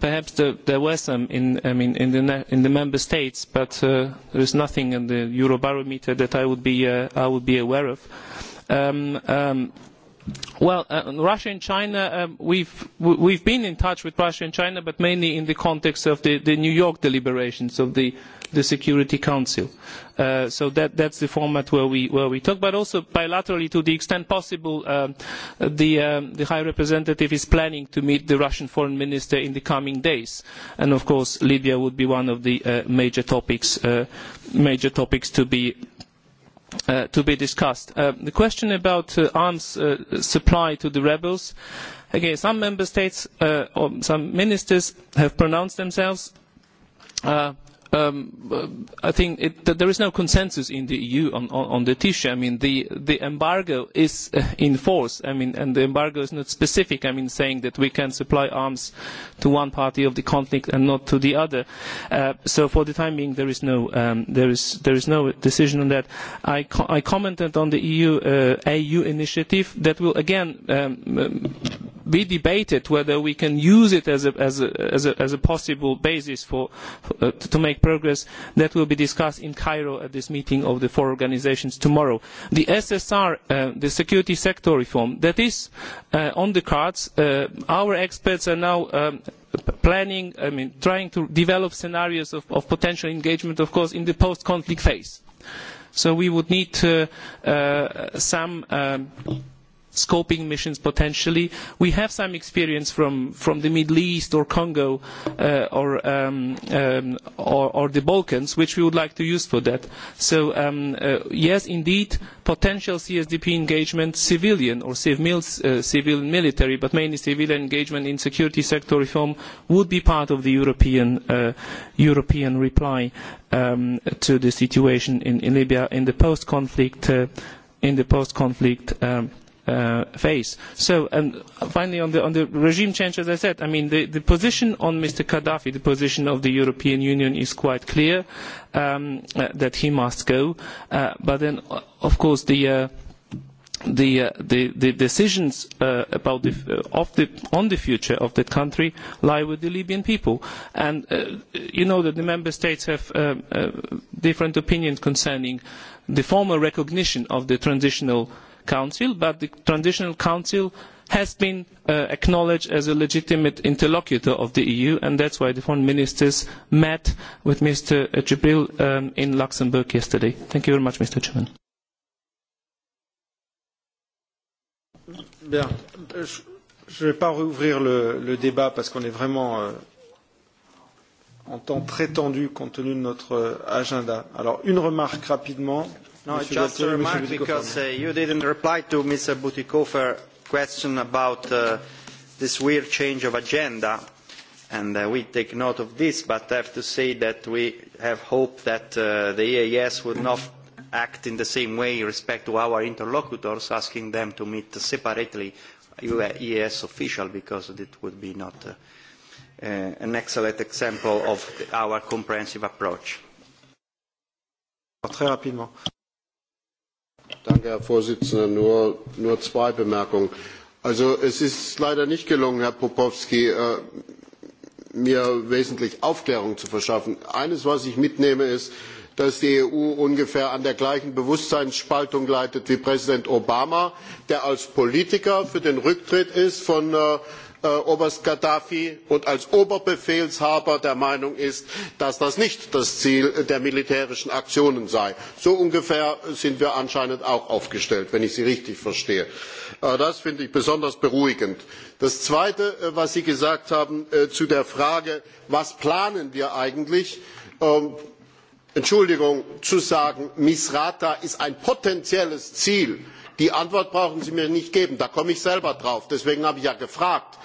perhaps there were some in the member states but there is nothing in the eurobarometer that i would be aware of. Um, um, Well, uh, Russia and China, um, we've, we've been in touch with Russia and China, but mainly in the context of the, the New York deliberations of the, the Security Council. Uh, so that, that's the format where we, where we talk. But also bilaterally, to the extent possible, um, the, um, the High Representative is planning to meet the Russian Foreign Minister in the coming days. And of course, Libya would be one of the uh, major, topics, uh, major topics to be Uh, to be discussed. Uh, the question about uh, arms supply to the rebels again some member states or some ministers have pronounced themselves um, I think it, that there is no consensus in the EU on, on, on the issue. I mean, the, the embargo is uh, in force. I mean, and the embargo is not specific. I mean, saying that we can supply arms to one party of the conflict and not to the other. Uh, so for the time being, there is no, um, there is, there is no decision on that. I, co- I commented on the EU uh, AU initiative that will again um, be debated whether we can use it as a, as a, as a, as a possible basis for, for uh, to make progress that will be discussed in cairo at this meeting of the four organisations tomorrow. the ssr uh, the security sector reform that is uh, on the cards uh, our experts are now um, planning i mean trying to develop scenarios of, of potential engagement of course in the post conflict phase so we would need uh, uh, some um, scoping missions potentially. We have some experience from, from the Middle East or Congo uh, or, um, um, or, or the Balkans, which we would like to use for that. So um, uh, yes, indeed, potential CSDP engagement, civilian or civil, uh, civil military, but mainly civilian engagement in security sector reform would be part of the European, uh, European reply um, to the situation in, in Libya in the post-conflict uh, in the post-conflict um, Uh, face. finally on the regime change as i said the position on mr gaddafi the position of the european union is quite clear um, uh, that he must go uh, but then of course the decisions on the future of that country lie with the libyan people and you know that the member states have different opinions concerning the formal recognition of the transitional Council, but the Transitional Council has been uh, acknowledged as a legitimate interlocutor of the EU, and that's why the foreign ministers met with Mr. Uh, Jibril um, in Luxembourg yesterday. Thank you very much, Mr. Chairman. Bien. Je ne vais pas rouvrir le, le débat parce qu'on est vraiment euh, en temps très tendu compte tenu de notre euh, agenda. Alors, une remarque rapidement. No, Mr. just Dr. a remark Mr. because uh, you didn't reply to Mr. Butikofer's question about uh, this weird change of agenda, and uh, we take note of this, but I have to say that we have hope that uh, the EAS would not act in the same way in respect to our interlocutors, asking them to meet separately EAS official, because it would be not uh, uh, an excellent example of our comprehensive approach. Très rapidement herr präsident! nur zwei bemerkungen es ist leider nicht gelungen herr popowski äh, mir wesentlich aufklärung zu verschaffen. eines was ich mitnehme ist dass die eu ungefähr an der gleichen bewusstseinsspaltung leidet wie präsident obama der als politiker für den rücktritt von äh, Äh, oberst gaddafi und als oberbefehlshaber der meinung ist dass das nicht das ziel der militärischen aktionen sei. so ungefähr sind wir anscheinend auch aufgestellt wenn ich sie richtig verstehe. Äh, das finde ich besonders beruhigend. das zweite äh, was sie gesagt haben zu der frage was planen wir eigentlich ähm, entschuldigung zu sagen misrata ist ein potenzielles ziel die antwort brauchen sie mir nicht geben da komme ich selber drauf deswegen habe ich ja gefragt.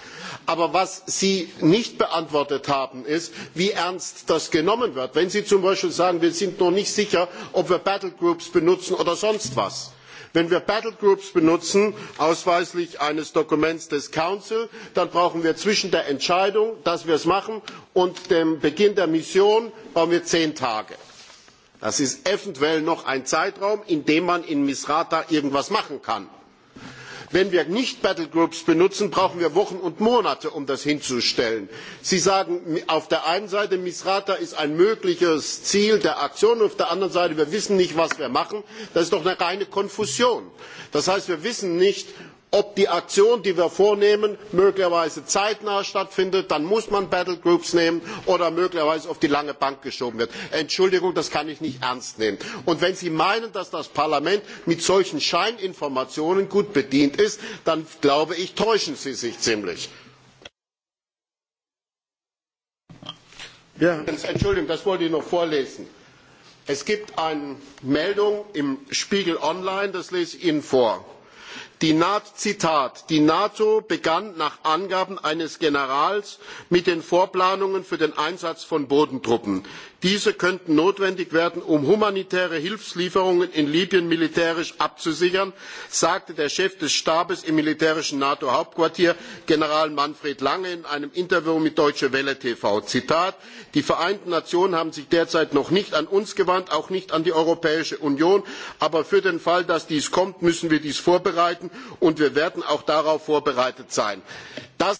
aber was sie nicht beantwortet haben ist wie ernst das genommen wird wenn sie zum beispiel sagen wir sind noch nicht sicher ob wir battlegroups benutzen oder sonst was. wenn wir battlegroups benutzen ausweislich eines dokuments des council dann brauchen wir zwischen der entscheidung dass wir es machen und dem beginn der mission zehn tage das ist eventuell noch ein zeitraum in dem man in misrata irgendetwas machen kann. wenn wir nicht battlegroups benutzen brauchen wir wochen und monate um das hinzustellen. sie sagen auf der einen seite misrata ist ein mögliches ziel der aktion auf der anderen seite wissen wir nicht was wir machen. das ist doch eine reine konfusion! das heißt wir wissen nicht ob die aktion die wir vornehmen möglicherweise zeitnah stattfindet dann muss man battlegroups nehmen oder möglicherweise auf die lange bank geschoben wird. entschuldigung das kann ich nicht ernst nehmen! und wenn sie meinen dass das parlament mit solchen scheininformationen gut bedient ist dann glaube ich täuschen sie sich ziemlich. Ja. entschuldigung das wollte ich noch vorlesen es gibt eine meldung im spiegel online das lese ich ihnen vor die nato begann nach angaben eines generals mit den vorplanungen für den einsatz von bodentruppen diese könnten notwendig werden um humanitäre hilfslieferungen in libyen militärisch abzusichern sagte der chef des stabes im militärischen nato hauptquartier general manfred lange in einem interview mit deutsche welle tv. zitat die vereinten nationen haben sich derzeit noch nicht an uns gewandt auch nicht an die europäische union aber für den fall dass dies kommt müssen wir dies vorbereiten und wir werden auch darauf vorbereitet sein. das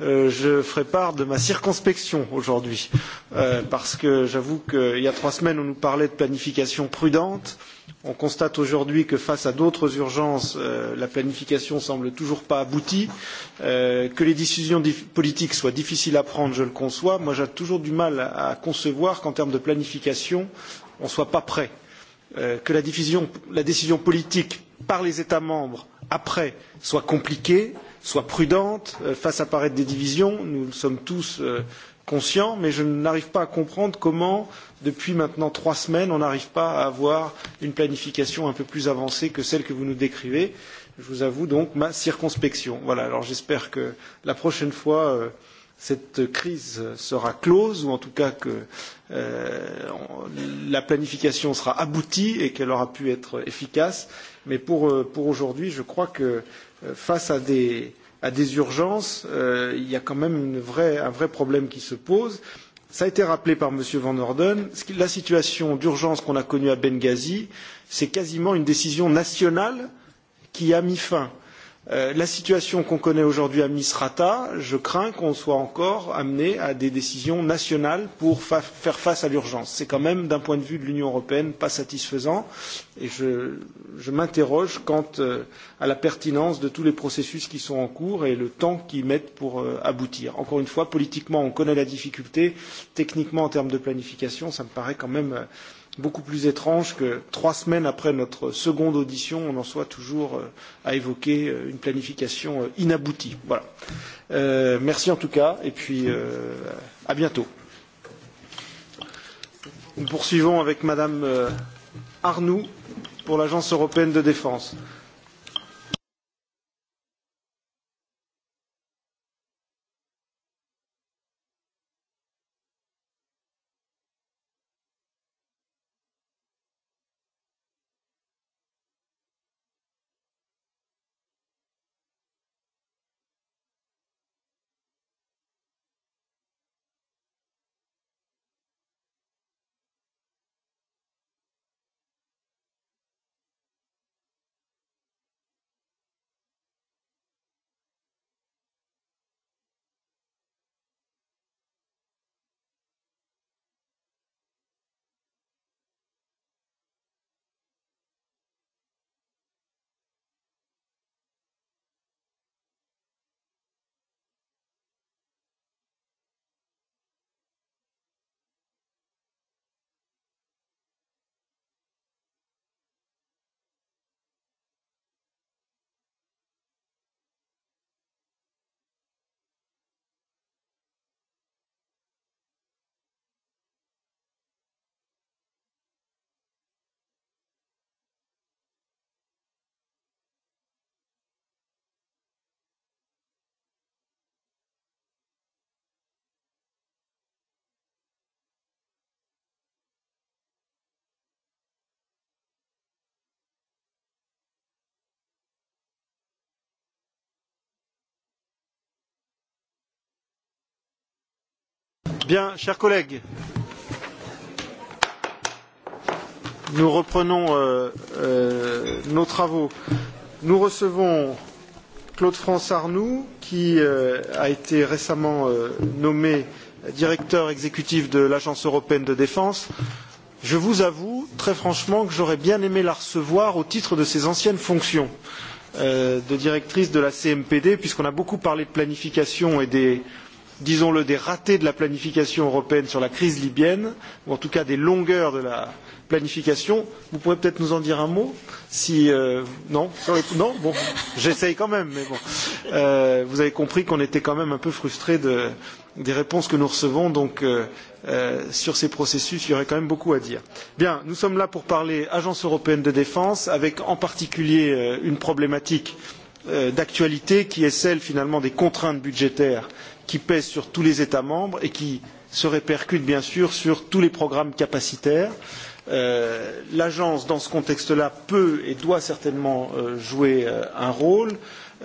Euh, je ferai part de ma circonspection aujourd'hui euh, parce que j'avoue qu'il y a trois semaines on nous parlait de planification prudente. On constate aujourd'hui que face à d'autres urgences, euh, la planification semble toujours pas aboutie. Euh, que les décisions politiques soient difficiles à prendre, je le conçois. Moi, j'ai toujours du mal à concevoir qu'en termes de planification, on ne soit pas prêt. Euh, que la, la décision politique par les États membres après soit compliquée, euh, soit prudente euh, face à paraître des divisions, nous le sommes tous euh, conscients, mais je n'arrive pas à comprendre comment, depuis maintenant trois semaines, on n'arrive pas à avoir une planification un peu plus avancée que celle que vous nous décrivez. Je vous avoue donc ma circonspection. Voilà, alors j'espère que la prochaine fois, euh, cette crise sera close, ou en tout cas que euh, la planification sera aboutie et qu'elle aura pu être efficace. Mais pour, euh, pour aujourd'hui, je crois que euh, face à des, à des urgences, euh, il y a quand même une vraie, un vrai problème qui se pose. Ça a été rappelé par M. Van Orden. La situation d'urgence qu'on a connue à Benghazi, c'est quasiment une décision nationale qui a mis fin Euh, la situation qu'on connaît aujourd'hui à Misrata, je crains qu'on soit encore amené à des décisions nationales pour fa faire face à l'urgence. C'est quand même, d'un point de vue de l'Union européenne, pas satisfaisant. Et je, je m'interroge quant euh, à la pertinence de tous les processus qui sont en cours et le temps qu'ils mettent pour euh, aboutir. Encore une fois, politiquement, on connaît la difficulté. Techniquement, en termes de planification, ça me paraît quand même. Euh, beaucoup plus étrange que trois semaines après notre seconde audition, on en soit toujours euh, à évoquer euh, une planification euh, inaboutie. Voilà. Euh, merci en tout cas, et puis euh, à bientôt. Nous poursuivons avec Madame Arnoux pour l'Agence européenne de défense. Bien, chers collègues, nous reprenons euh, euh, nos travaux. Nous recevons Claude-France Arnoux, qui euh, a été récemment euh, nommé directeur exécutif de l'Agence européenne de défense. Je vous avoue, très franchement, que j'aurais bien aimé la recevoir au titre de ses anciennes fonctions euh, de directrice de la CMPD, puisqu'on a beaucoup parlé de planification et des disons le, des ratés de la planification européenne sur la crise libyenne, ou en tout cas des longueurs de la planification. Vous pourrez peut-être nous en dire un mot si euh, non, sur le, non, bon, j'essaye quand même, mais bon. Euh, vous avez compris qu'on était quand même un peu frustrés de, des réponses que nous recevons, donc euh, euh, sur ces processus, il y aurait quand même beaucoup à dire. Bien, nous sommes là pour parler Agence européenne de défense, avec en particulier euh, une problématique euh, d'actualité qui est celle finalement des contraintes budgétaires qui pèse sur tous les États membres et qui se répercute bien sûr sur tous les programmes capacitaires. Euh, L'agence, dans ce contexte-là, peut et doit certainement euh, jouer euh, un rôle. Euh,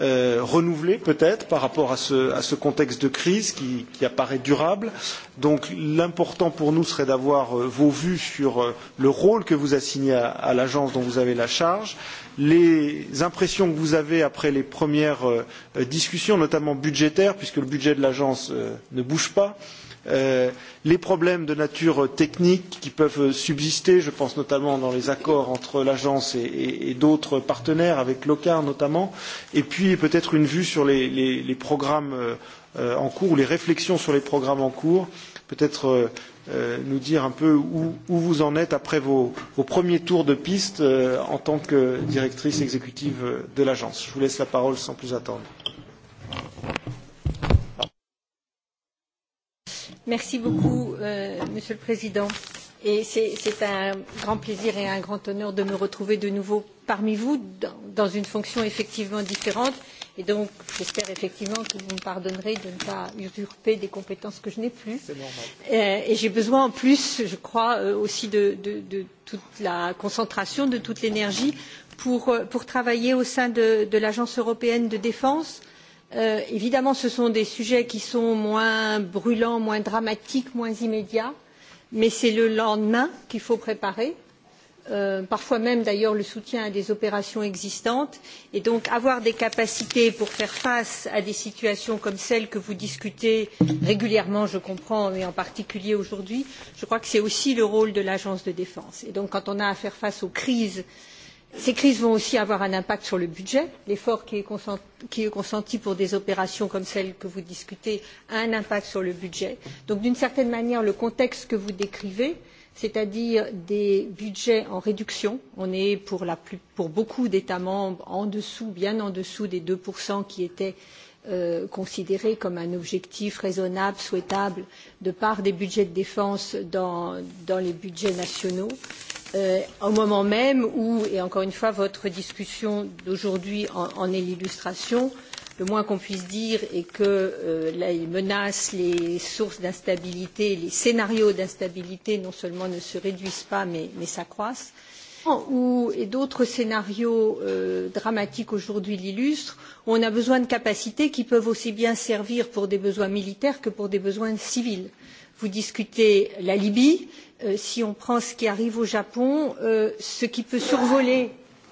Euh, renouvelée peut être par rapport à ce, à ce contexte de crise qui, qui apparaît durable. Donc l'important pour nous serait d'avoir euh, vos vues sur euh, le rôle que vous assignez à, à l'agence dont vous avez la charge, les impressions que vous avez après les premières discussions, notamment budgétaires, puisque le budget de l'agence ne bouge pas. Euh, les problèmes de nature technique qui peuvent subsister, je pense notamment dans les accords entre l'agence et, et, et d'autres partenaires, avec l'OCAR notamment, et puis peut-être une vue sur les, les, les programmes euh, en cours, ou les réflexions sur les programmes en cours, peut-être euh, euh nous dire un peu où, où vous en êtes après vos, vos premiers tours de piste euh, en tant que directrice exécutive de l'agence. Je vous laisse la parole sans plus attendre. Euh, Merci beaucoup, euh, Monsieur le Président. Et c'est un grand plaisir et un grand honneur de me retrouver de nouveau parmi vous dans, dans une fonction effectivement différente. Et donc, j'espère effectivement que vous me pardonnerez de ne pas usurper des compétences que je n'ai plus. Euh, et j'ai besoin en plus, je crois, euh, aussi de, de, de toute la concentration, de toute l'énergie pour, euh, pour travailler au sein de, de l'Agence européenne de défense. Euh, évidemment ce sont des sujets qui sont moins brûlants moins dramatiques moins immédiats mais c'est le lendemain qu'il faut préparer euh, parfois même d'ailleurs le soutien à des opérations existantes et donc avoir des capacités pour faire face à des situations comme celles que vous discutez régulièrement je comprends et en particulier aujourd'hui je crois que c'est aussi le rôle de l'agence de défense. et donc quand on a à faire face aux crises ces crises vont aussi avoir un impact sur le budget l'effort qui est consenti pour des opérations comme celle que vous discutez a un impact sur le budget. donc d'une certaine manière le contexte que vous décrivez c'est à dire des budgets en réduction on est pour, la plus, pour beaucoup d'états membres en dessous bien en dessous des deux qui étaient euh, considérés comme un objectif raisonnable souhaitable de part des budgets de défense dans, dans les budgets nationaux. Euh, Euh, au moment même où et encore une fois votre discussion d'aujourd'hui en est l'illustration le moins qu'on puisse dire est que euh, les menaces les sources d'instabilité les scénarios d'instabilité non seulement ne se réduisent pas mais s'accroissent où, et d'autres scénarios euh, dramatiques aujourd'hui l'illustrent, on a besoin de capacités qui peuvent aussi bien servir pour des besoins militaires que pour des besoins civils. Vous discutez la Libye, euh, Euh, si on prend ce qui arrive au Japon, euh, ce qui peut survoler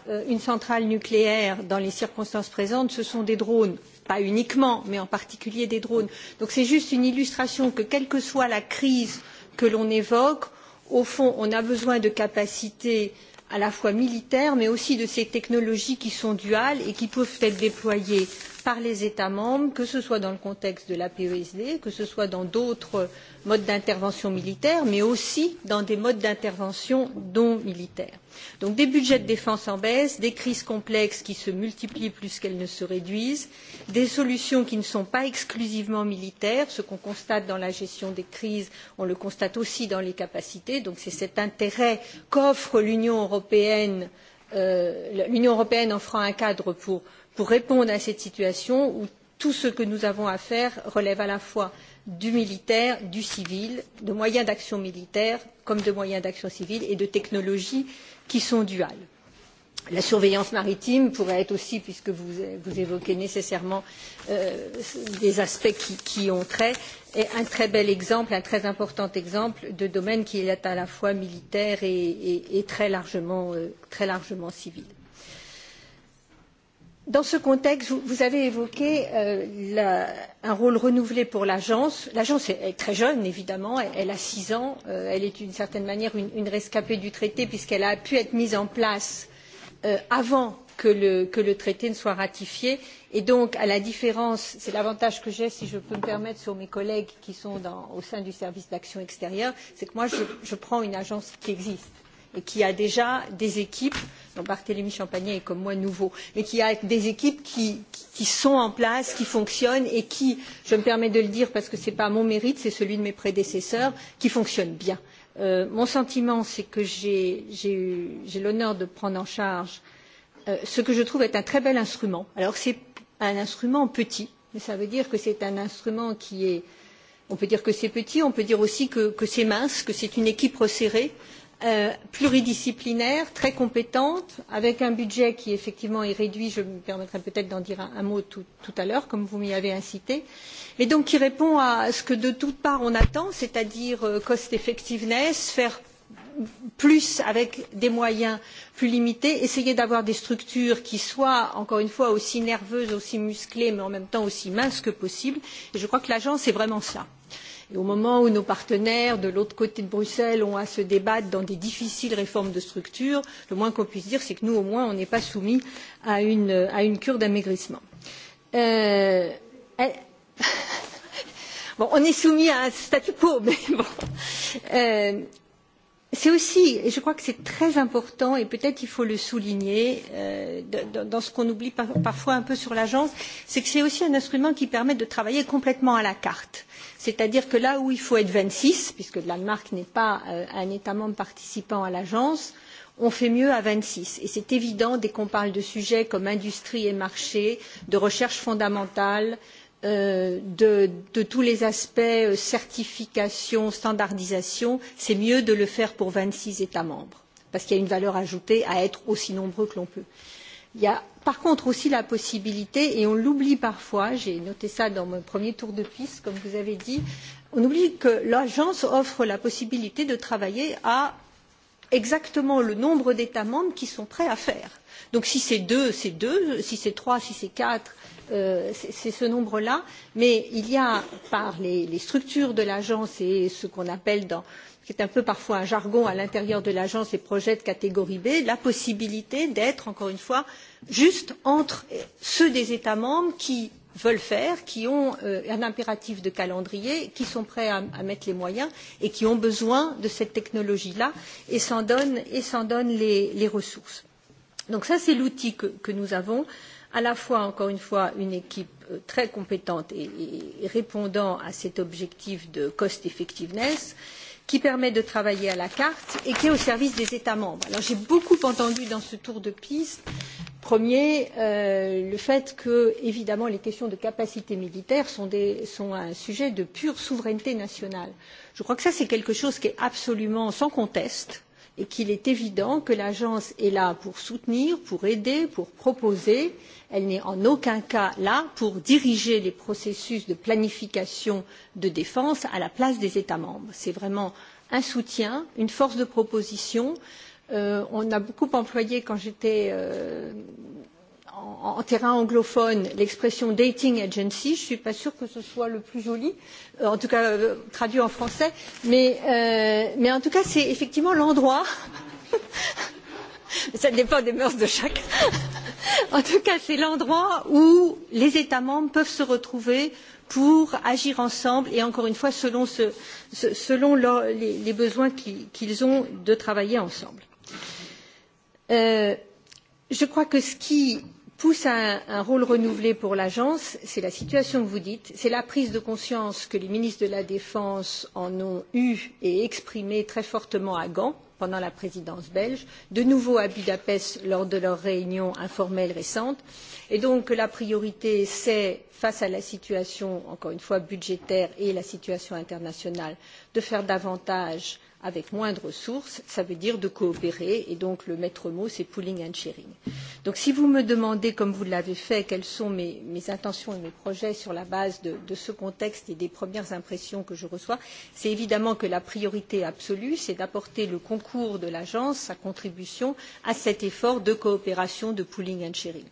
euh, une centrale nucléaire dans les circonstances présentes, ce sont des drones, pas uniquement, mais en particulier des drones. Donc c'est juste une illustration que, quelle que soit la crise que l'on évoque, au fond, on a besoin de capacités à la fois militaires, mais aussi de ces technologies qui sont duales et qui peuvent être déployées par les états membres que ce soit dans le contexte de la pesd que ce soit dans d'autres modes d'intervention militaire mais aussi dans des modes d'intervention non militaires. donc des budgets de défense en baisse des crises complexes qui se multiplient plus qu'elles ne se réduisent des solutions qui ne sont pas exclusivement militaires ce qu'on constate dans la gestion des crises on le constate aussi dans les capacités donc c'est cet intérêt qu'offre l'union européenne euh, l'union européenne offrant un cadre pour pour répondre à cette situation où tout ce que nous avons à faire relève à la fois du militaire, du civil, de moyens d'action militaire comme de moyens d'action civile et de technologies qui sont duales. La surveillance maritime pourrait être aussi, puisque vous, vous évoquez nécessairement euh, des aspects qui, qui ont trait, est un très bel exemple, un très important exemple de domaine qui est à la fois militaire et, et, et très, largement, euh, très largement civil. Dans ce contexte, vous avez évoqué euh, la, un rôle renouvelé pour l'agence. L'agence est, est très jeune, évidemment, elle, elle a six ans, euh, elle est d'une certaine manière une, une rescapée du traité puisqu'elle a pu être mise en place euh, avant que le, que le traité ne soit ratifié. Et donc, à la différence, c'est l'avantage que j'ai, si je peux me permettre, sur mes collègues qui sont dans, au sein du service d'action extérieure, c'est que moi, je, je prends une agence qui existe et qui a déjà des équipes dont Barthélémy Champagnat est comme moi nouveau, mais qui a des équipes qui, qui sont en place, qui fonctionnent et qui, je me permets de le dire parce que ce n'est pas mon mérite, c'est celui de mes prédécesseurs, qui fonctionnent bien. Euh, mon sentiment, c'est que j'ai l'honneur de prendre en charge euh, ce que je trouve est un très bel instrument. Alors c'est un instrument petit, mais ça veut dire que c'est un instrument qui est... On peut dire que c'est petit, on peut dire aussi que, que c'est mince, que c'est une équipe resserrée, Euh, pluridisciplinaire très compétente avec un budget qui effectivement est réduit je me permettrai peut être d'en dire un, un mot tout, tout à l'heure comme vous m'y avez incité mais donc qui répond à ce que de toutes parts on attend c'est à dire euh, cost effectiveness faire plus avec des moyens plus limités, essayer d'avoir des structures qui soient, encore une fois, aussi nerveuses, aussi musclées, mais en même temps aussi minces que possible. Et je crois que l'agence est vraiment ça. Et au moment où nos partenaires de l'autre côté de Bruxelles ont à se débattre dans des difficiles réformes de structure, le moins qu'on puisse dire, c'est que nous, au moins, on n'est pas soumis à une, à une cure d'amaigrissement. Euh, elle... bon, on est soumis à un statu quo, mais bon. Euh, c'est aussi, et je crois que c'est très important, et peut-être il faut le souligner, euh, de, de, dans ce qu'on oublie par, parfois un peu sur l'agence, c'est que c'est aussi un instrument qui permet de travailler complètement à la carte. Euh, C'est-à-dire que là où il faut être 26, puisque le Danemark n'est pas euh, un État membre participant à l'agence, on fait mieux à 26. Et c'est évident dès qu'on parle de sujets comme industrie et marché, de recherche fondamentale, euh, de, de tous les aspects euh, certification, standardisation, c'est mieux de le faire pour 26 États membres, parce qu'il y a une valeur ajoutée à être aussi nombreux que l'on peut. Euh, Il y a par contre aussi la possibilité, et on l'oublie parfois, j'ai noté ça dans mon premier tour de piste, comme vous avez dit, on oublie que l'agence offre la possibilité de travailler à exactement le nombre d'États membres qui sont prêts à faire. Donc si c'est deux, c'est deux, si c'est trois, si c'est quatre, euh, c'est ce nombre-là. Mais il y a, par les, les structures de l'agence et ce qu'on appelle dans, qui est un peu parfois un jargon à l'intérieur de l'agence des projets de catégorie B, la possibilité d'être, encore une fois, juste entre ceux des États membres qui veulent faire, qui ont euh, un impératif de calendrier, qui sont prêts à, à mettre les moyens et qui ont besoin de cette technologie-là et s'en donnent donne les, les ressources. Donc ça, c'est l'outil que, que nous avons, à la fois, encore une fois, une équipe euh, très compétente et, et répondant à cet objectif de cost effectiveness. Euh, qui permet de travailler à la carte et qui est au service des États membres. Alors j'ai beaucoup entendu dans ce tour de piste, premier, euh, le fait que, évidemment, les questions de capacité militaire sont, des, sont un sujet de pure souveraineté nationale. Je crois que ça, c'est quelque chose qui est absolument sans conteste. Euh, et qu'il est évident que l'agence est là pour soutenir, pour aider, pour proposer. Elle n'est en aucun cas là pour diriger les processus de planification de défense à la place des États membres. C'est vraiment un soutien, une force de proposition. Euh, on a beaucoup employé quand j'étais euh, en, en terrain anglophone l'expression dating agency. Je ne suis pas sûre que ce soit le plus joli, euh, en tout cas euh, traduit en français, mais, euh, mais en tout cas c'est effectivement l'endroit. Ça dépend des mœurs de chaque. en tout cas, c'est l'endroit où les États membres peuvent se retrouver pour agir ensemble et, encore une fois, selon, ce, ce, selon leur, les, les besoins qu'ils qu ont de travailler ensemble. Euh, je crois que ce qui pousse à un, un rôle renouvelé pour l'agence, c'est la situation que vous dites, c'est la prise de conscience que les ministres de la Défense en ont eu et exprimé très fortement à Gand pendant la présidence belge, de nouveau à Budapest lors de leur réunion informelle récente. Et donc la priorité, c'est face à la situation, encore une fois, budgétaire et la situation internationale, de faire davantage avec moins de ressources, ça veut dire de coopérer, et donc le maître mot, c'est pooling and sharing. Donc si vous me demandez, comme vous l'avez fait, quelles sont mes, mes intentions et mes projets sur la base de, de ce contexte et des premières impressions que je reçois, c'est évidemment que la priorité absolue, c'est d'apporter le concours de l'agence, sa contribution, à cet effort de coopération, de pooling and sharing.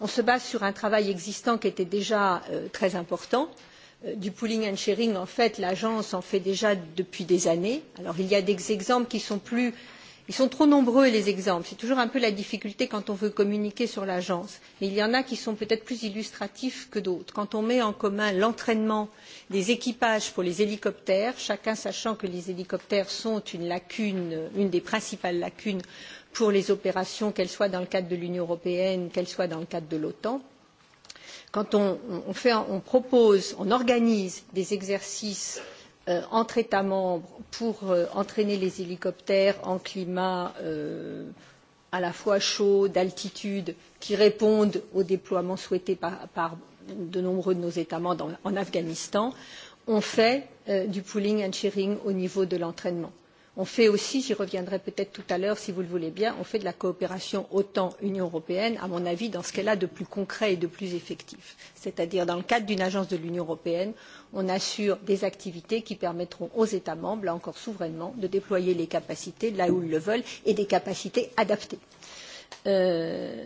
On se base sur un travail existant qui était déjà euh, très important, euh, Euh, du pooling and sharing, en fait, l'agence en fait déjà depuis des années. Alors, il y a des exemples qui sont plus. Ils sont trop nombreux, les exemples. C'est toujours un peu la difficulté quand on veut communiquer sur l'agence. Mais il y en a qui sont peut-être plus illustratifs que d'autres. Quand on met en commun l'entraînement des équipages pour les hélicoptères, chacun sachant que les hélicoptères sont une lacune, une des principales lacunes pour les opérations, qu'elles soient dans le cadre de l'Union européenne, qu'elles soient dans le cadre de l'OTAN, quand on, on, fait, on propose, on organise des exercices euh, entre États membres pour euh, entraîner les hélicoptères en climat euh, à la fois chaud, d'altitude, qui répondent au déploiement souhaité par, par de nombreux de nos États membres en, en Afghanistan, on fait euh, du pooling and sharing au niveau de l'entraînement on fait aussi j'y reviendrai peut être tout à l'heure si vous le voulez bien on fait de la coopération otan union européenne à mon avis dans ce qu'elle a de plus concret et de plus effectif c'est à dire dans le cadre d'une agence de l'union européenne on assure des activités qui permettront aux états membres là encore souverainement de déployer les capacités là où ils le veulent et des capacités adaptées. Euh,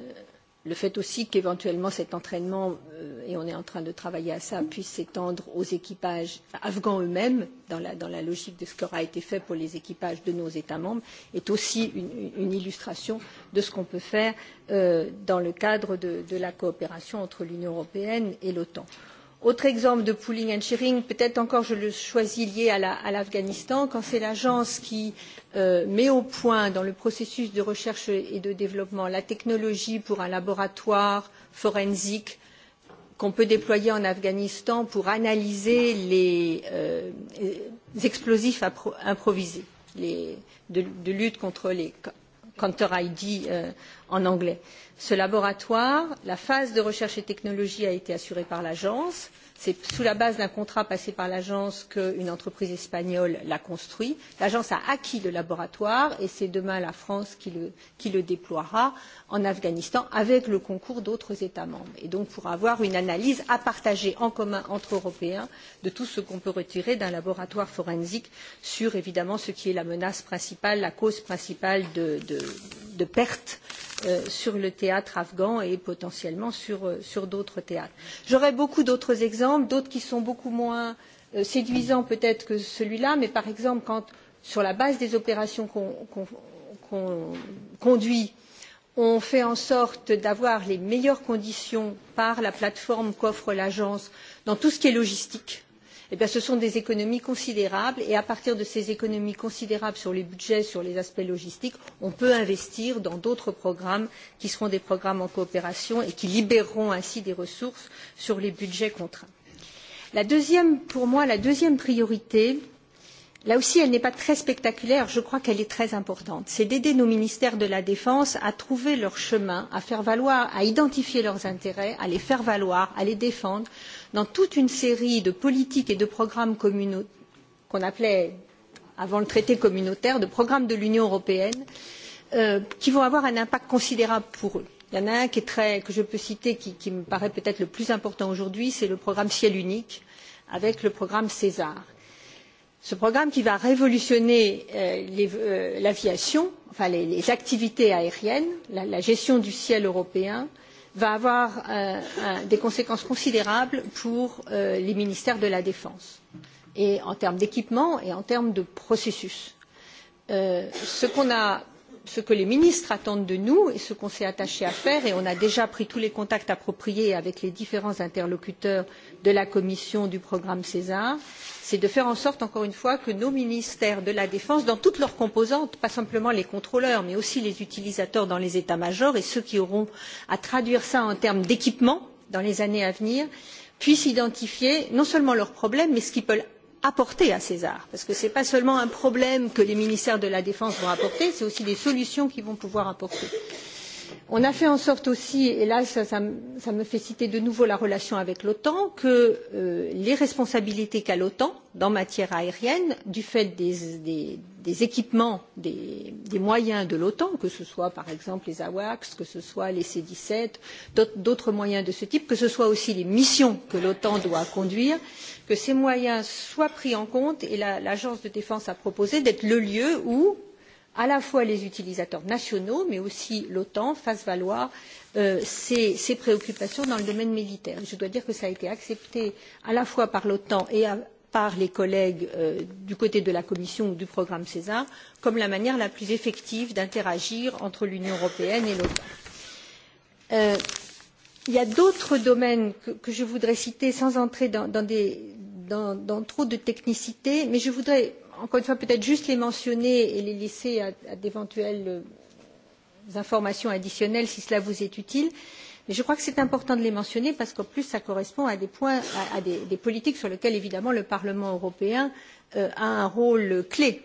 le fait aussi qu'éventuellement cet entraînement euh, et on est en train de travailler à ça puisse s'étendre aux équipages afghans eux mêmes dans la, dans la logique de ce qui aura été fait pour les équipages de nos États membres est aussi une, une illustration de ce qu'on peut faire euh, dans le cadre de, de la coopération entre l'Union européenne et l'OTAN. Autre exemple de pooling and sharing, peut-être encore je le choisis lié à l'Afghanistan, la, quand c'est l'agence qui euh, met au point dans le processus de recherche et de développement la technologie pour un laboratoire forensique qu'on peut déployer en Afghanistan pour analyser les, euh, les explosifs improvisés les, de, de lutte contre les counter ID euh, en anglais. Ce laboratoire, la phase de recherche et technologie a été assurée par l'agence c'est sous la base d'un contrat passé par l'agence qu'une entreprise espagnole l'a construit. L'agence a acquis le laboratoire et c'est demain la France qui le, qui le déploiera en Afghanistan avec le concours d'autres États membres. Et donc pour avoir une analyse à partager en commun entre Européens de tout ce qu'on peut retirer d'un laboratoire forensique sur évidemment ce qui est la menace principale, la cause principale de, de, de perte euh, sur le théâtre afghan et potentiellement sur, euh, sur d'autres théâtres. J'aurais beaucoup d'autres exemples exemple, d'autres qui sont beaucoup moins euh, séduisants peut-être que celui-là, mais par exemple, quand sur la base des opérations qu'on qu qu conduit, on fait en sorte d'avoir les meilleures conditions par la plateforme qu'offre l'agence dans tout ce qui est logistique. Eh bien, ce sont des économies considérables et à partir de ces économies considérables sur les budgets, sur les aspects logistiques, on peut investir dans d'autres programmes qui seront des programmes en coopération et qui libéreront ainsi des ressources sur les budgets contraints. La deuxième, pour moi, la deuxième priorité, là aussi, elle n'est pas très spectaculaire, je crois qu'elle est très importante, c'est d'aider nos ministères de la Défense à trouver leur chemin, à faire valoir, à identifier leurs intérêts, à les faire valoir, à les défendre dans toute une série de politiques et de programmes communaux qu'on appelait avant le traité communautaire, de programmes de l'Union européenne euh, qui vont avoir un impact considérable pour eux. Il y en a un qui est très, que je peux citer qui, qui me paraît peut-être le plus important aujourd'hui, c'est le programme Ciel unique, avec le programme César. Ce programme qui va révolutionner euh, euh l'aviation, euh, enfin les, les activités aériennes, la, la gestion du ciel européen, va avoir euh, un, des conséquences considérables pour euh, les ministères de la Défense, et en termes d'équipement et en termes de processus. Euh, ce qu'on a ce que les ministres attendent de nous et ce qu'on s'est attaché à faire et on a déjà pris tous les contacts appropriés avec les différents interlocuteurs de la commission du programme césar c'est de faire en sorte encore une fois que nos ministères de la défense dans toutes leurs composantes pas simplement les contrôleurs mais aussi les utilisateurs dans les états majors et ceux qui auront à traduire cela en termes d'équipement dans les années à venir puissent identifier non seulement leurs problèmes mais ce qu'ils apporter à César, parce que ce n'est pas seulement un problème que les ministères de la Défense vont apporter, c'est aussi des solutions qu'ils vont pouvoir apporter. On a fait en sorte aussi, et là ça, ça, ça me fait citer de nouveau la relation avec l'OTAN, que euh, les responsabilités qu'a l'OTAN dans matière aérienne, du fait des, des, des équipements des, des moyens de l'otan que ce soit par exemple les awacs que ce soit les c dix sept d'autres moyens de ce type que ce soit aussi les missions que l'otan doit conduire que ces moyens soient pris en compte et l'agence la, de défense a proposé d'être le lieu où à la fois les utilisateurs nationaux mais aussi l'otan fassent valoir euh, ses, ses préoccupations dans le domaine militaire. je dois dire que ça a été accepté à la fois par l'otan et à, par les collègues euh, du côté de la commission ou du programme césar comme la manière la plus effective d'interagir entre l'union européenne et l'otan. Euh, il y a d'autres domaines que je voudrais citer sans entrer dans trop de technicité mais je voudrais encore une fois peut être juste les mentionner et les laisser à d'éventuelles euh, informations additionnelles si cela vous est utile mais je crois que c'est important de les mentionner parce qu'en plus cela correspond à des points à des politiques sur lesquelles évidemment le parlement européen euh, a un rôle clé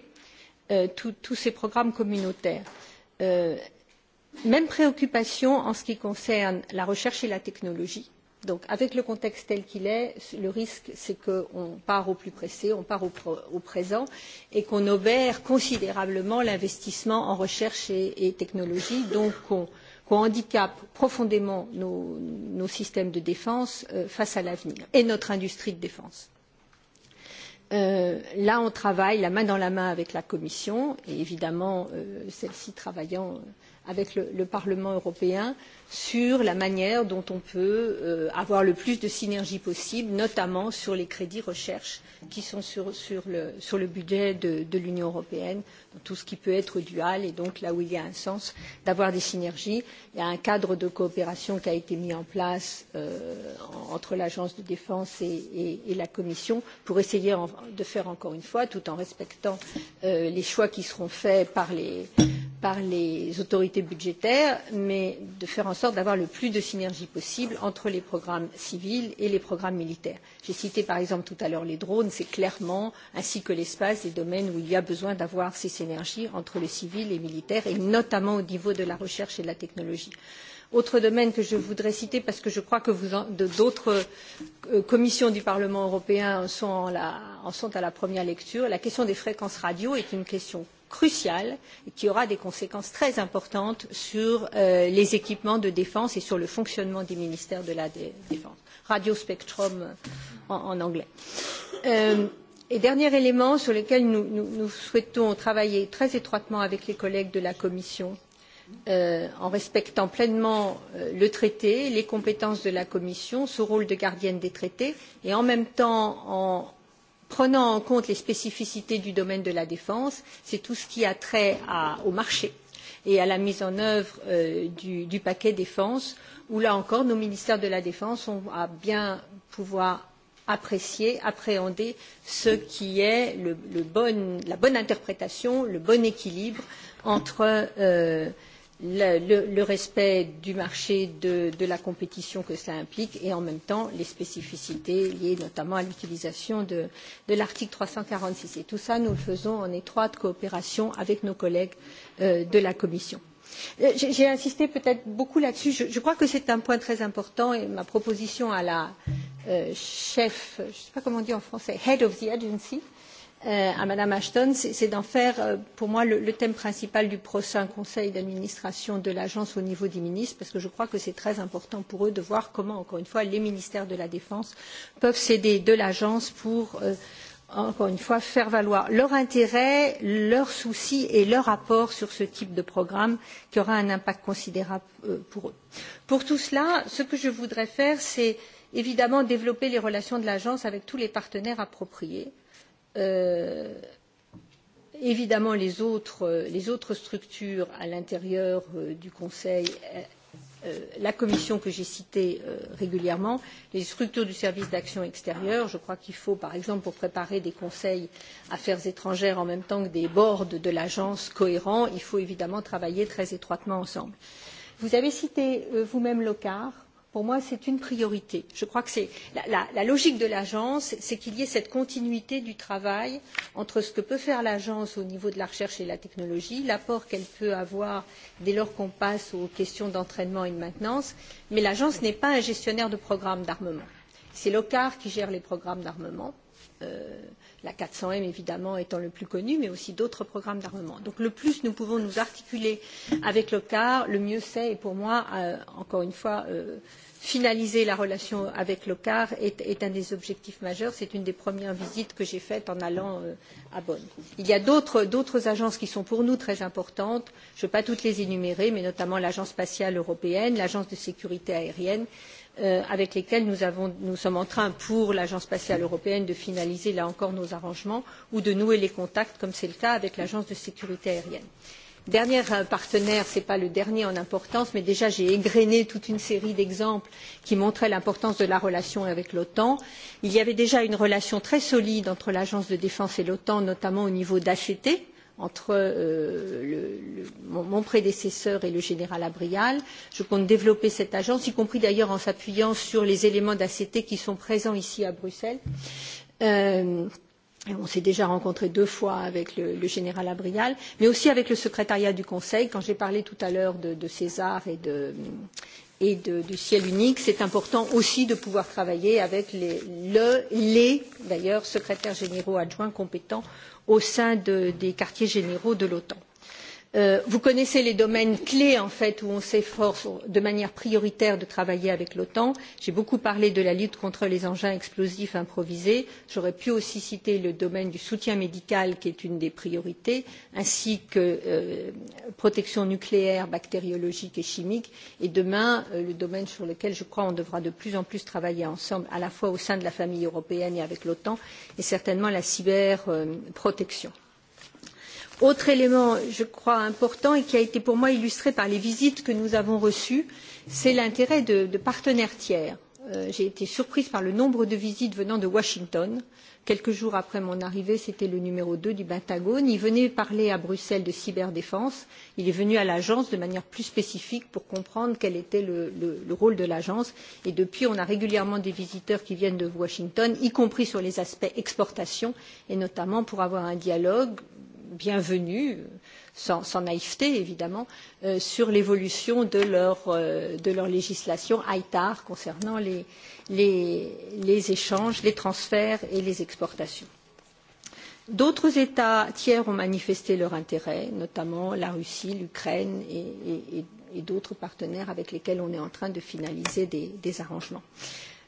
euh, tous ces programmes communautaires. Euh, même préoccupation en ce qui concerne la recherche et la technologie. donc avec le contexte tel qu'il est le risque c'est qu'on part au plus pressé on part au présent et qu'on obère considérablement l'investissement en recherche et technologie donc qu'on qu'on handicape profondément nos, nos systèmes de défense euh, face à l'avenir et notre industrie de défense. Euh, là, on travaille la main dans la main avec la Commission et évidemment euh, celle-ci travaillant avec le, le Parlement européen sur la manière dont on peut euh, avoir le plus de synergie possible, notamment sur les crédits recherche qui sont sur, sur, le, sur le budget de, de l'Union européenne tout ce qui peut être dual et donc là où il y a un sens d'avoir des synergies. Il y a un cadre de coopération qui a été mis en place euh, entre l'agence de défense et, et, et la commission pour essayer en, de faire encore une fois, tout en respectant euh, les choix qui seront faits par les, par les autorités budgétaires, mais de faire en sorte d'avoir le plus de synergies possible entre les programmes civils et les programmes militaires. J'ai cité par exemple tout à l'heure les drones, c'est clairement, ainsi que l'espace, des domaines où il y a besoin d'avoir ces synergies synergies entre le civil et le militaire et notamment au niveau de la recherche et de la technologie. autre domaine que je voudrais citer parce que je crois que d'autres euh, commissions du parlement européen en sont à la première lecture la question des fréquences radio est une question cruciale qui aura des conséquences très importantes sur euh, les équipements de défense et sur le fonctionnement des ministères de la défense radio spectrum euh, en anglais. troisièmement dernier élément sur lequel nous souhaitons travailler très étroitement avec les collègues de la commission euh, en respectant pleinement euh, le traité les compétences de la commission son rôle de gardienne des traités et en même temps en prenant en compte les spécificités du domaine de la défense c'est tout ce qui a trait au marché et à la mise en œuvre euh, du paquet défense où là encore nos ministères de la défense ont à bien pouvoir apprécier, appréhender ce qui est le, le bon, la bonne interprétation, le bon équilibre entre euh, le, le, le respect du marché, de, de la compétition que cela implique et en même temps les spécificités liées notamment à l'utilisation de, de l'article 346. Et tout ça, nous le faisons en étroite coopération avec nos collègues euh, de la Commission. Euh, j'ai insisté peut-être beaucoup là-dessus. Je, je crois que c'est un point très important et ma proposition à la Euh, chef, je ne sais pas comment on dit en français, head of the agency, euh, à Madame Ashton, c'est d'en faire, euh, pour moi, le, le thème principal du prochain conseil d'administration de l'agence au niveau des ministres, parce que je crois que c'est très important pour eux de voir comment, encore une fois, les ministères de la Défense peuvent s'aider de l'agence pour, euh, encore une fois, faire valoir leur intérêt, leurs soucis et leur apport sur ce type de programme qui aura un impact considérable euh, pour eux. Pour tout cela, ce que je voudrais faire, c'est évidemment développer les relations de l'agence avec tous les partenaires appropriés euh, évidemment euh, les autres structures à l'intérieur euh, du conseil la commission que j'ai citée régulièrement les structures du service d'action extérieure je crois qu'il faut par exemple pour préparer des conseils affaires étrangères en même temps que des boards de l'agence cohérents il faut évidemment travailler très étroitement ensemble. vous avez cité vous même l'ocar pour moi, c'est une priorité. Je crois que c'est la, la, la logique de l'agence, c'est qu'il y ait cette continuité du travail entre ce que peut faire l'agence au niveau de la recherche et de la technologie, l'apport qu'elle peut avoir dès lors qu'on passe aux questions d'entraînement et de maintenance. Mais l'agence n'est pas un gestionnaire de programmes d'armement. C'est l'OCAR qui gère les programmes d'armement. Euh, la 400M évidemment étant le plus connu, mais aussi d'autres programmes d'armement. Donc le plus nous pouvons nous articuler avec l'OCAR, le mieux c'est, et pour moi, euh, encore une fois, euh, finaliser la relation avec l'OCAR est, est un des objectifs majeurs. C'est une des premières visites que j'ai faites en allant euh, à Bonn. Il y a d'autres agences qui sont pour nous très importantes. Je ne vais pas toutes les énumérer, mais notamment l'Agence spatiale européenne, l'Agence de sécurité aérienne, Euh, avec lesquels nous, avons, nous sommes en train, pour l'Agence spatiale européenne, de finaliser là encore nos arrangements ou de nouer les contacts, comme c'est le cas avec l'Agence de sécurité aérienne. Dernier euh, partenaire, ce n'est pas le dernier en importance, mais déjà j'ai égrené toute une série d'exemples qui montraient l'importance de la relation avec l'OTAN. Il y avait déjà une relation très solide entre l'Agence de défense et l'OTAN, notamment au niveau d'ACT, entre euh, le, le, mon prédécesseur et le général Abrial. Je compte développer cette agence, y compris d'ailleurs en s'appuyant sur les éléments d'ACT qui sont présents ici à Bruxelles. Euh, on s'est déjà rencontré deux fois avec le, le général Abrial, mais aussi avec le secrétariat du Conseil. Quand j'ai parlé tout à l'heure de, de César et de, et de, du ciel unique, c'est important aussi de pouvoir travailler avec les, le, les d'ailleurs secrétaires généraux adjoints compétents au sein de, des quartiers généraux de l'OTAN. Euh, vous connaissez les domaines clés en fait où on s'efforce de manière prioritaire de travailler avec l'otan j'ai beaucoup parlé de la lutte contre les engins explosifs improvisés j'aurais pu aussi citer le domaine du soutien médical qui est une des priorités ainsi que la euh, protection nucléaire bactériologique et chimique et demain euh, le domaine sur lequel je crois on devra de plus en plus travailler ensemble à la fois au sein de la famille européenne et avec l'otan est certainement la cyberprotection. Autre élément, je crois, important et qui a été pour moi illustré par les visites que nous avons reçues, c'est l'intérêt de, de partenaires tiers. Euh, J'ai été surprise par le nombre de visites venant de Washington. Quelques jours après mon arrivée, c'était le numéro 2 du Pentagone. Il venait parler à Bruxelles de cyberdéfense. Il est venu à l'agence de manière plus spécifique pour comprendre quel était le, le, le rôle de l'agence. Et depuis, on a régulièrement des visiteurs qui viennent de Washington, y compris sur les aspects exportation, et notamment pour avoir un dialogue bienvenue, sans, sans naïveté évidemment, euh, sur l'évolution de, euh, de leur législation ITAR concernant les, les, les échanges, les transferts et les exportations. D'autres États tiers ont manifesté leur intérêt, notamment la Russie, l'Ukraine et, et, et, et d'autres partenaires avec lesquels on est en train de finaliser des, des arrangements.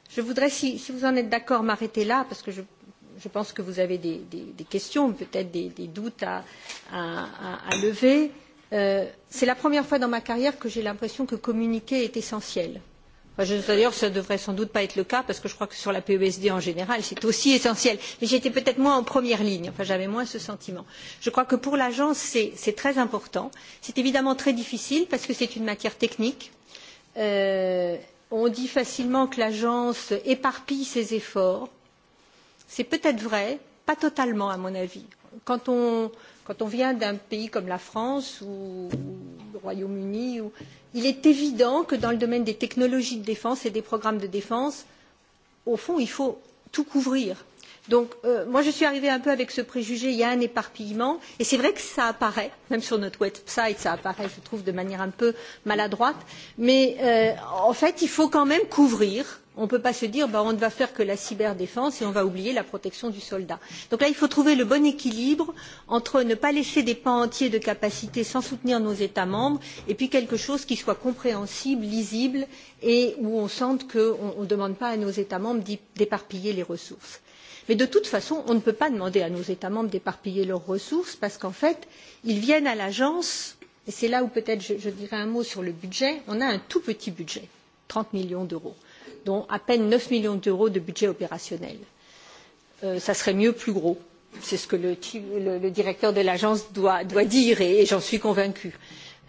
Je voudrais, si, si vous en êtes d'accord, m'arrêter là parce que je je pense que vous avez des, des, des questions, peut-être des, des doutes à, à, à lever. Euh, c'est la première fois dans ma carrière que j'ai l'impression que communiquer est essentiel. Enfin, D'ailleurs, ça ne devrait sans doute pas être le cas, parce que je crois que sur la PESD en général, c'est aussi essentiel. Mais j'étais peut-être moins en première ligne, enfin, j'avais moins ce sentiment. Je crois que pour l'agence, c'est très important. C'est évidemment très difficile, parce que c'est une matière technique. Euh, on dit facilement que l'agence éparpille ses efforts. C'est peut-être vrai, pas totalement à mon avis. Quand on, quand on vient d'un pays comme la France ou, ou le Royaume-Uni, ou, il est évident que dans le domaine des technologies de défense et des programmes de défense, au fond, il faut tout couvrir. Donc, euh, moi, je suis arrivée un peu avec ce préjugé, il y a un éparpillement, et c'est vrai que ça apparaît, même sur notre website, ça apparaît, je trouve, de manière un peu maladroite, mais euh, en fait, il faut quand même couvrir euh, on ne peut pas se dire ben, on ne va faire que la cyberdéfense et on va oublier la protection du soldat. Donc là, il faut trouver le bon équilibre entre ne pas laisser des pans entiers de capacité sans soutenir nos États membres et puis quelque chose qui soit compréhensible, lisible et où on sente qu'on ne demande pas à nos États membres d'éparpiller les ressources. Mais de toute façon, on ne peut pas demander à nos États membres d'éparpiller leurs ressources parce qu'en fait, ils viennent à l'agence et c'est là où peut-être je, je dirais un mot sur le budget on a un tout petit budget trente millions d'euros dont à peine 9 millions d'euros de budget opérationnel. Euh, ça serait mieux plus gros. C'est ce que le, le, le directeur de l'agence doit, doit dire et, et j'en suis convaincu.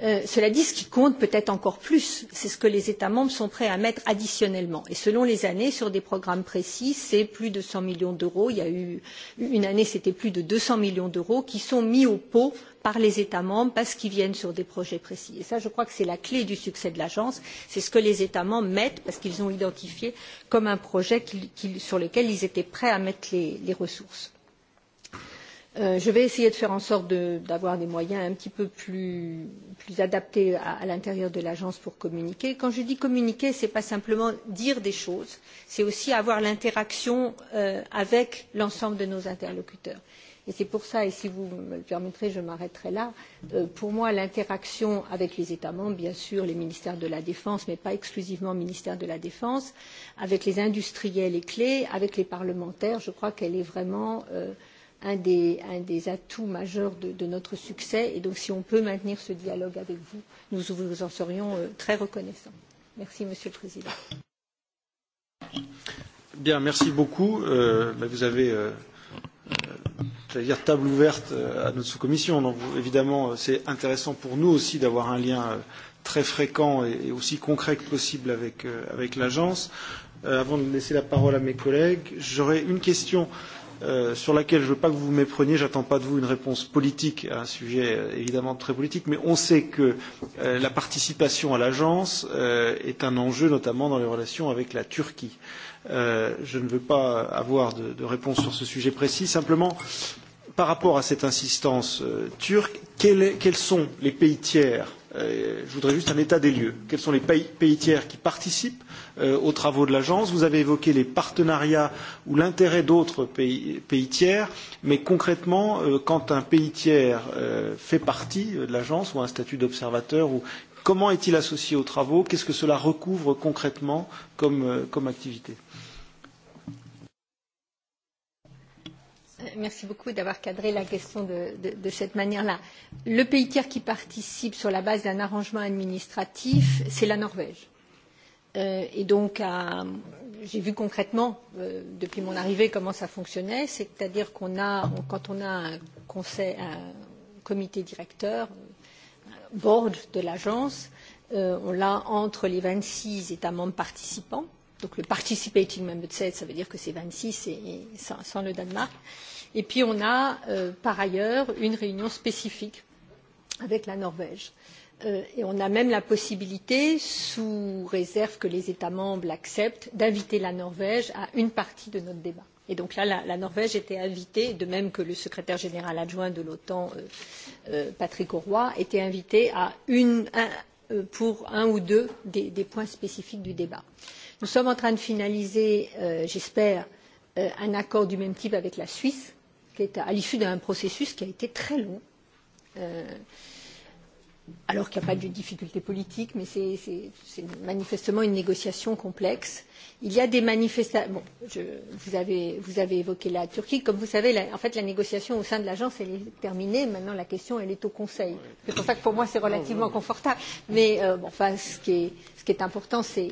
Euh, cela dit, ce qui compte peut-être encore plus, c'est ce que les États membres sont prêts à mettre additionnellement. Et selon les années, sur des programmes précis, c'est plus de 100 millions d'euros. Il y a eu une année, c'était plus de 200 millions d'euros qui sont mis au pot par les États membres parce qu'ils viennent sur des projets précis. Et ça, je crois que c'est la clé du succès de l'agence. C'est ce que les États membres mettent parce qu'ils ont identifié comme un projet qu ils, qu ils, sur lequel ils étaient prêts à mettre les, les ressources. Euh, je vais essayer de faire en sorte d'avoir de, des moyens un petit peu plus, plus adaptés à, à l'intérieur de l'agence pour communiquer. Quand je dis communiquer, ce n'est pas simplement dire des choses, c'est aussi avoir l'interaction euh, avec l'ensemble de nos interlocuteurs. Et c'est pour ça, et si vous me le permettrez, je m'arrêterai là. Euh, pour moi, l'interaction avec les États membres, bien sûr, les ministères de la Défense, mais pas exclusivement ministères de la Défense, avec les industriels et clés, avec les parlementaires, je crois qu'elle est vraiment euh, un, des, un des atouts majeurs de, de notre succès. Et donc, si on peut maintenir ce dialogue avec vous, nous vous en serions euh, très reconnaissants. Merci, Monsieur le Président. Bien, merci beaucoup. Euh, bah, vous avez. Euh, euh, j'allais dire, table ouverte euh, à notre sous-commission. Donc, évidemment, euh, c'est intéressant pour nous aussi d'avoir un lien euh, très fréquent et aussi concret que possible avec, avec l'agence. Euh, avant de laisser la parole à mes collègues, j'aurais une question euh, sur laquelle je ne veux pas que vous vous mépreniez. J'attends pas de vous une réponse politique à un sujet euh, évidemment très politique, mais on sait que euh, la participation à l'agence euh, est un enjeu, notamment dans les relations avec la Turquie. Euh, je ne veux pas avoir de, de réponse sur ce sujet précis. Simplement, par rapport à cette insistance euh, turque, quel est, quels sont les pays tiers euh, Je voudrais juste un état des lieux. Quels sont les pays, pays tiers qui participent euh, aux travaux de l'agence Vous avez évoqué les partenariats ou l'intérêt d'autres pays, pays tiers, mais concrètement, euh, quand un pays tiers euh, fait partie euh, de l'agence ou a un statut d'observateur, comment est-il associé aux travaux Qu'est-ce que cela recouvre concrètement comme, euh, comme activité merci beaucoup d'avoir cadré la question de cette manière là. le pays tiers qui participe sur la base d'un arrangement administratif c'est la norvège euh, et donc j'ai vu concrètement euh, depuis mon arrivée comment cela fonctionnait c'est à dire que quand on a un conseil un comité directeur un board de l'agence euh, on l'a entre les vingt six états membres participants donc le participating member state ça veut dire que c'est vingt six sans le danemark euh, et puis on a euh, par ailleurs une réunion spécifique avec la norvège euh, et on a même la possibilité sous réserve que les états membres l'acceptent d'inviter la norvège à une partie de notre débat. Et donc là, la, la Norvège était invitée, de même que le secrétaire général adjoint de l'OTAN, euh, euh, Patrick Auroy, était invité à une, un, euh, pour un ou deux des, des points spécifiques du débat. Nous sommes en train de finaliser, euh, j'espère, euh, un accord du même type avec la Suisse, qui est à, à l'issue d'un processus qui a été très long, euh, alors qu'il n'y a pas de difficultés politiques, mais c'est manifestement une négociation complexe. Il y a des manifestations. Bon, je, vous, avez, vous avez évoqué la Turquie. Comme vous savez, la, en fait, la négociation au sein de l'agence, elle est terminée. Maintenant, la question, elle est au Conseil. C'est pour ça que pour moi, c'est relativement confortable. Mais euh, bon, enfin, ce qui est, ce qui est important, c'est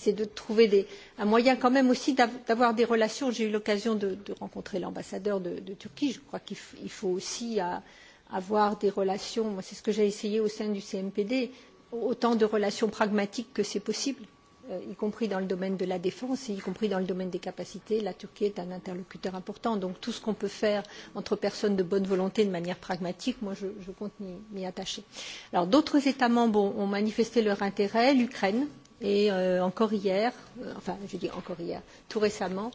c'est de trouver des, un moyen quand même aussi d'avoir des relations. J'ai eu l'occasion de, de rencontrer l'ambassadeur de, de Turquie. Je crois qu'il faut aussi à, euh, avoir des relations. C'est ce que j'ai essayé au sein du CMPD, autant de relations pragmatiques que c'est possible, euh, y compris dans le domaine de la défense et y compris dans le domaine des capacités. La Turquie est un interlocuteur important. Donc tout ce qu'on peut faire entre personnes de bonne volonté de manière pragmatique, moi je, je compte m'y attacher. Alors d'autres États membres ont, ont manifesté leur intérêt. L'Ukraine. Et euh, encore hier, euh, enfin je dis encore hier, tout récemment,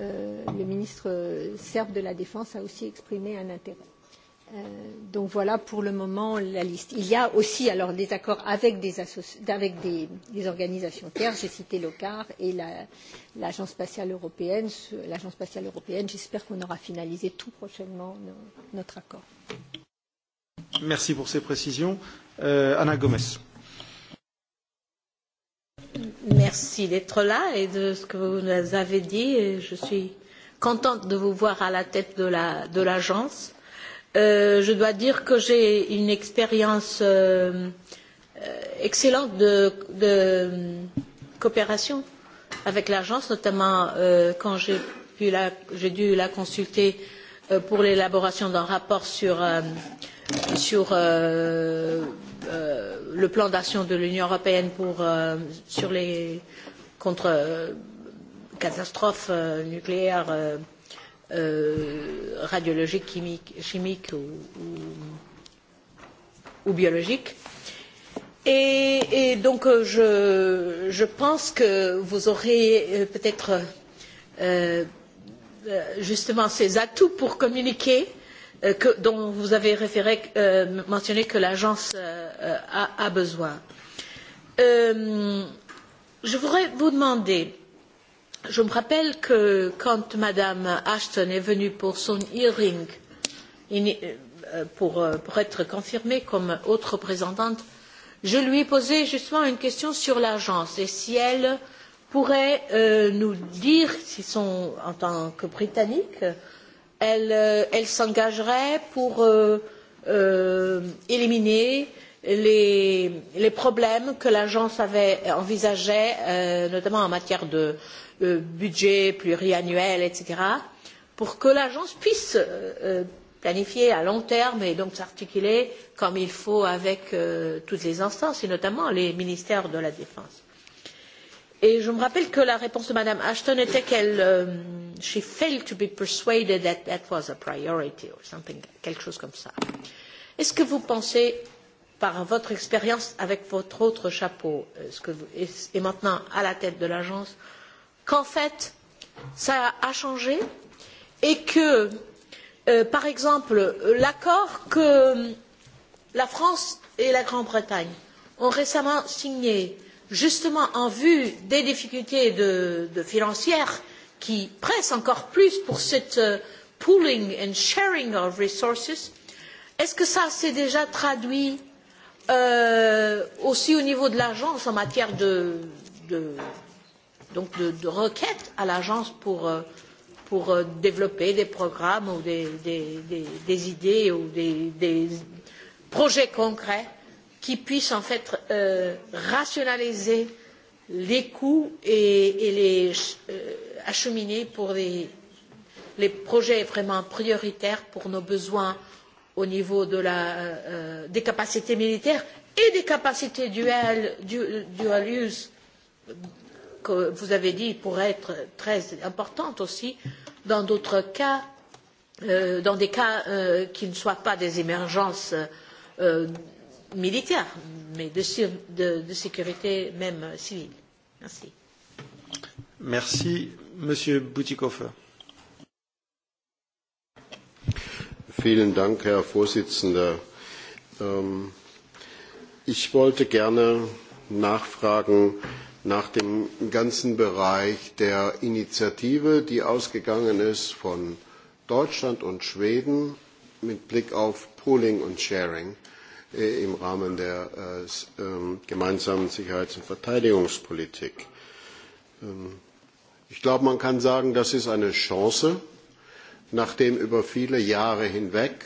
euh, le ministre euh, serbe de la Défense a aussi exprimé un intérêt. Euh, donc voilà pour le moment la liste. Il y a aussi alors des accords avec des, avec des, des organisations tiers. J'ai cité l'OCAR et l'Agence la, spatiale européenne. L'Agence spatiale européenne, j'espère qu'on aura finalisé tout prochainement nos, notre accord. Merci pour ces précisions. Euh, Anna Gomez. Merci. Merci d'être là et de ce que vous nous avez dit. Et je suis contente de vous voir à la tête de l'agence. La, de euh, je dois dire que j'ai une expérience euh, euh excellente de, de euh, coopération avec l'agence, notamment euh, quand j'ai dû la consulter euh, pour l'élaboration d'un rapport sur, euh, sur euh, Euh, le plan d'action de l'Union européenne pour, euh, sur les contre euh, catastrophes euh, nucléaires, euh, euh, radiologiques, chimiques chimique ou, ou, ou biologiques. Et, et donc, euh, je, je pense que vous aurez euh, peut-être euh, justement ces atouts pour communiquer euh, Euh, que, dont vous avez référé, euh, mentionné que l'agence euh, a, a besoin. Euh, je voudrais vous demander, je me rappelle que quand Madame Ashton est venue pour son hearing, in, euh, pour, euh, pour être confirmée comme haute représentante, je lui ai posé justement une question sur l'agence et si elle pourrait euh, nous dire, s'ils sont en tant que britanniques, euh, elle, euh, elle s'engagerait pour euh, euh, éliminer les, les problèmes que l'agence avait envisagés, euh, notamment en matière de euh, budget pluriannuel, etc., pour que l'agence puisse euh, euh, planifier à long terme et donc s'articuler comme il faut avec euh, toutes les instances et notamment les ministères de la Défense et je me rappelle que la réponse de mme ashton était qu'elle euh, failed to be persuaded that that was a priority or something quelque chose comme ça est-ce que vous pensez par votre expérience avec votre autre chapeau euh, ce que vous, et maintenant à la tête de l'agence qu'en fait ça a changé et que euh, par exemple l'accord que euh, la France et la Grande-Bretagne ont récemment signé euh, justement en vue des difficultés de, de financières qui pressent encore plus pour cette euh, pooling and sharing of resources, est-ce que ça s'est déjà traduit euh, aussi au niveau de l'agence en matière de, de, donc de, de requêtes à l'agence pour, euh, pour euh, développer des programmes ou des, des, des, des idées ou des, des projets concrets qui puisse en fait euh, rationaliser les coûts et, et les euh, acheminer pour les, les projets vraiment prioritaires pour nos besoins au niveau de la, euh, euh des capacités militaires et des capacités dual, dual use que vous avez dit pourraient être très importantes aussi dans d'autres cas, euh, dans des cas euh, qui ne soient pas des émergences euh, militaire, mais de, de, de sécurité même civile. Merci. Merci. Monsieur Boutikofer. Vielen Dank, Herr Vorsitzender. Ähm, ich wollte gerne nachfragen nach dem ganzen Bereich der Initiative, die ausgegangen ist von Deutschland und Schweden mit Blick auf Pooling und Sharing. Äh, im Rahmen der äh, ähm, gemeinsamen Sicherheits- und Verteidigungspolitik. Ähm, ich glaube, man kann sagen, das ist eine Chance, nachdem über viele Jahre hinweg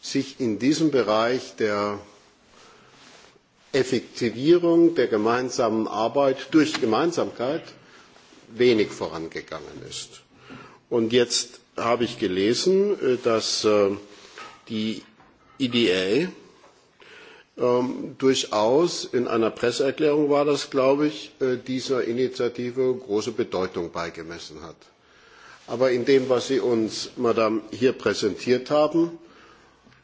sich in diesem Bereich der Effektivierung der gemeinsamen Arbeit durch Gemeinsamkeit wenig vorangegangen ist. Und jetzt habe ich gelesen, äh, dass die EDA, ähm, durchaus in einer Presseerklärung war das, glaube ich, äh, dieser Initiative große Bedeutung beigemessen hat. Aber in dem, was Sie uns, Madame, hier präsentiert haben,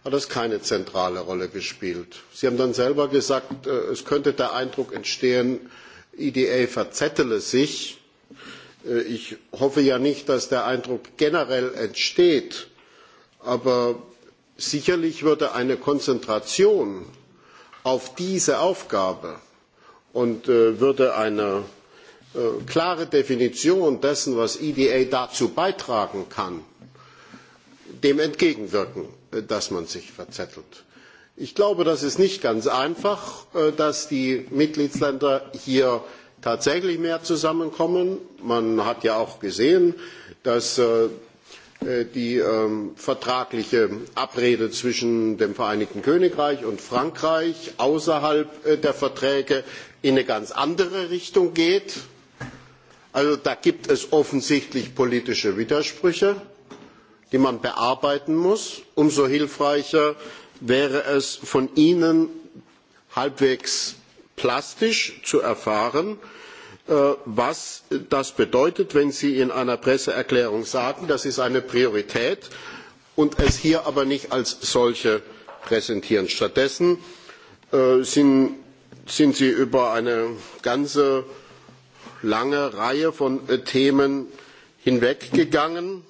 hat das keine zentrale Rolle gespielt. Sie haben dann selber gesagt, äh, es könnte der Eindruck entstehen, EDA verzettele sich. Äh, ich hoffe ja nicht, dass der Eindruck generell entsteht, aber sicherlich würde eine Konzentration auf diese Aufgabe und äh, würde eine äh, klare Definition dessen, was EDA dazu beitragen kann, dem entgegenwirken, äh, dass man sich verzettelt. Ich glaube, das ist nicht ganz einfach, dass die Mitgliedsländer hier tatsächlich mehr zusammenkommen. Man hat ja auch gesehen, dass Äh, die ähm, vertragliche Abrede zwischen dem Vereinigten Königreich und Frankreich außerhalb äh, der Verträge in eine ganz andere Richtung geht. Also da gibt es offensichtlich politische Widersprüche, die man bearbeiten muss. Umso hilfreicher wäre es von Ihnen halbwegs plastisch zu erfahren, Äh, was das bedeutet wenn sie in einer presseerklärung sagen das ist eine priorität und es hier aber nicht als solche präsentieren. stattdessen äh, sind sie über eine ganze lange reihe von äh, themen hinweggegangen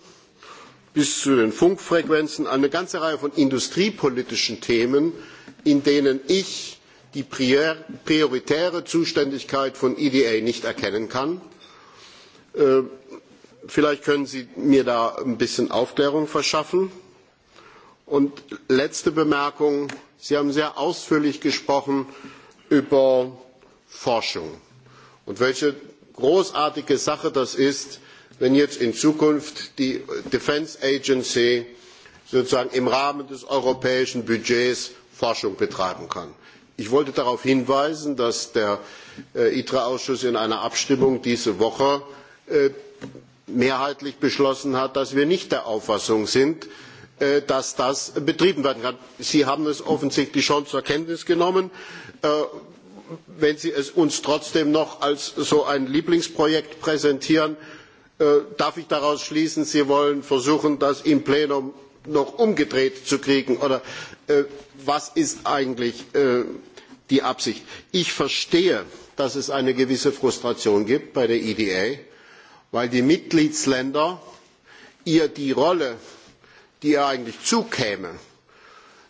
bis zu den funkfrequenzen eine ganze reihe von industriepolitischen themen in denen ich die prioritäre zuständigkeit von eda nicht erkennen kann. Äh, vielleicht können sie mir da ein bisschen aufklärung verschaffen. und letzte bemerkung sie haben sehr ausführlich über forschung gesprochen und welche großartige sache das ist wenn jetzt in zukunft die defence agency sozusagen im rahmen des europäischen budgets forschung betreiben kann ich wollte darauf hinweisen dass der äh, itre ausschuss in einer abstimmung diese woche äh, mehrheitlich beschlossen hat dass wir nicht der auffassung sind äh, dass das betrieben werden kann. sie haben es offensichtlich schon zur kenntnis genommen. wenn sie es uns trotzdem noch als so ein lieblingsprojekt präsentieren darf ich daraus schließen sie wollen versuchen das im plenum noch umgedreht zu kriegen oder was ist eigentlich äh, die absicht? ich verstehe dass es eine gewisse frustration gibt bei der eda weil den mitgliedstaaten ihr die rolle die ihnen er eigentlich zukäme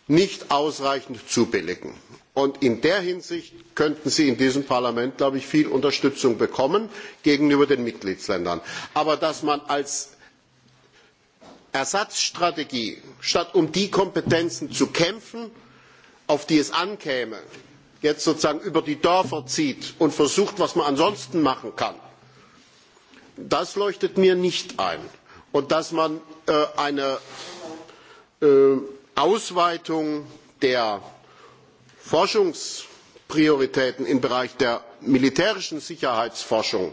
nicht ausreichend zubilligt. und in der hinsicht könnten sie in diesem parlament glaube ich viel unterstützung bekommen gegenüber den mitgliedstaaten. aber dass man als ersatzstrategie statt um die kompetenzen zu kämpfen auf die es ankäme jetzt sozusagen über die dörfer zieht und versucht was man ansonsten machen kann das leuchtet mir nicht ein. und dass man äh, eine äh, ausweitung der forschungsprioritäten im bereich der militärischen sicherheitsforschung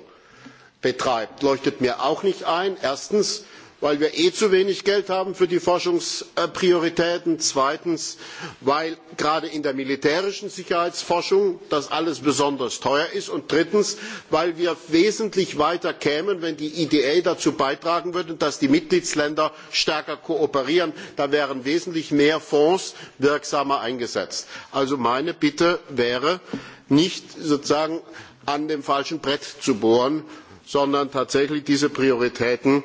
betreibt leuchtet mir auch nicht ein erstens weil wir eh zu wenig geld für die forschungsprioritäten haben zweitens weil gerade in der militärischen sicherheitsforschung das alles besonders teuer ist und drittens weil wir wesentlich weiter kämen wenn die eda dazu beitragen würde dass die mitgliedstaaten stärker kooperieren da wären wesentlich mehr fonds wirksamer eingesetzt. also meine bitte wäre nicht sozusagen an dem falschen brett zu bohren sondern tatsächlich diese prioritäten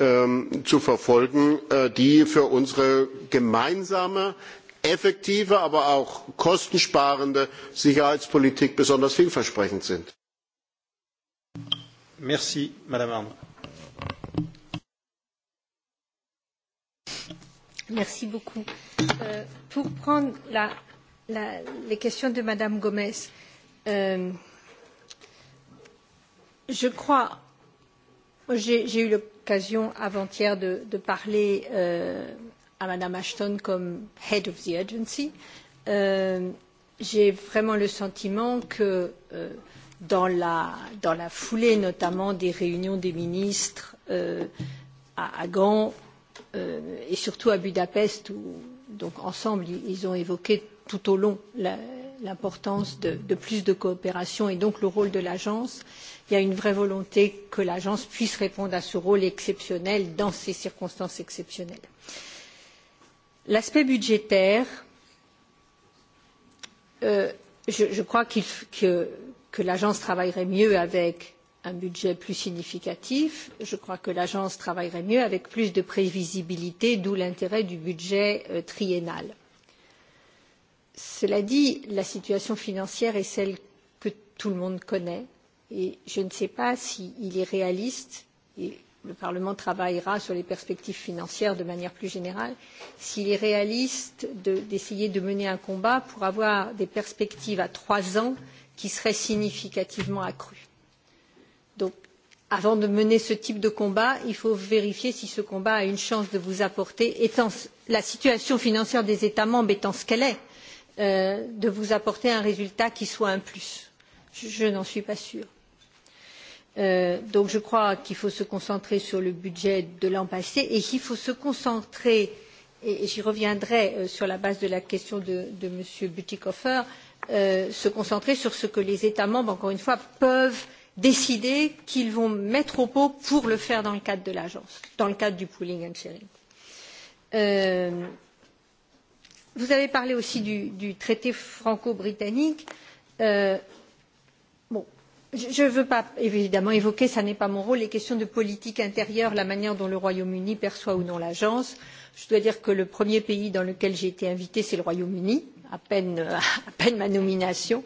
Ähm, zu verfolgen äh, die für unsere gemeinsame effektive aber auch kostensparende sicherheitspolitik besonders vielversprechend sind. Euh, pour prendre la, la, les questions de mme gomes euh, je crois j'ai eu l'occasion avant hier de, de parler euh, à madame ashton comme head of the agency. Euh, j'ai vraiment le sentiment que euh, dans, la, dans la foulée notamment des réunions des ministres euh, à, à gand euh, et surtout à budapest où donc ensemble ils, ils ont évoqué tout au long la, l'importance de, de plus de coopération et donc le rôle de l'agence. Il y a une vraie volonté que l'agence puisse répondre à ce rôle exceptionnel dans ces circonstances exceptionnelles. L'aspect budgétaire, euh, je, je crois qu que, que l'agence travaillerait mieux avec un budget plus significatif. Je crois que l'agence travaillerait mieux avec plus de prévisibilité, d'où l'intérêt du budget euh, triennal. Cela dit, la situation financière est celle que tout le monde connaît et je ne sais pas s'il si est réaliste et le Parlement travaillera sur les perspectives financières de manière plus générale s'il est réaliste d'essayer de, de mener un combat pour avoir des perspectives à trois ans qui seraient significativement accrues. Donc, avant de mener ce type de combat, il faut vérifier si ce combat a une chance de vous apporter, étant la situation financière des États membres étant ce qu'elle est, Euh, de vous apporter un résultat qui soit un plus. je n'en suis pas sûre. Euh, donc je crois qu'il faut se concentrer sur le budget de l'an passé et qu'il faut se concentrer et j'y reviendrai euh, sur la base de la question de, de m. bütikofer se concentrer sur ce que les états membres encore une fois peuvent décider qu'ils vont mettre au pot pour le faire dans le cadre de l'agence dans le cadre du pooling and sharing vous avez parlé aussi du, du traité franco britannique. Euh, bon, je ne veux pas évidemment évoquer ce n'est pas mon rôle les questions de politique intérieure la manière dont le royaume uni perçoit ou non l'agence. je dois dire que le premier pays dans lequel j'ai été invité c'est le royaume uni à peine, euh, à peine ma nomination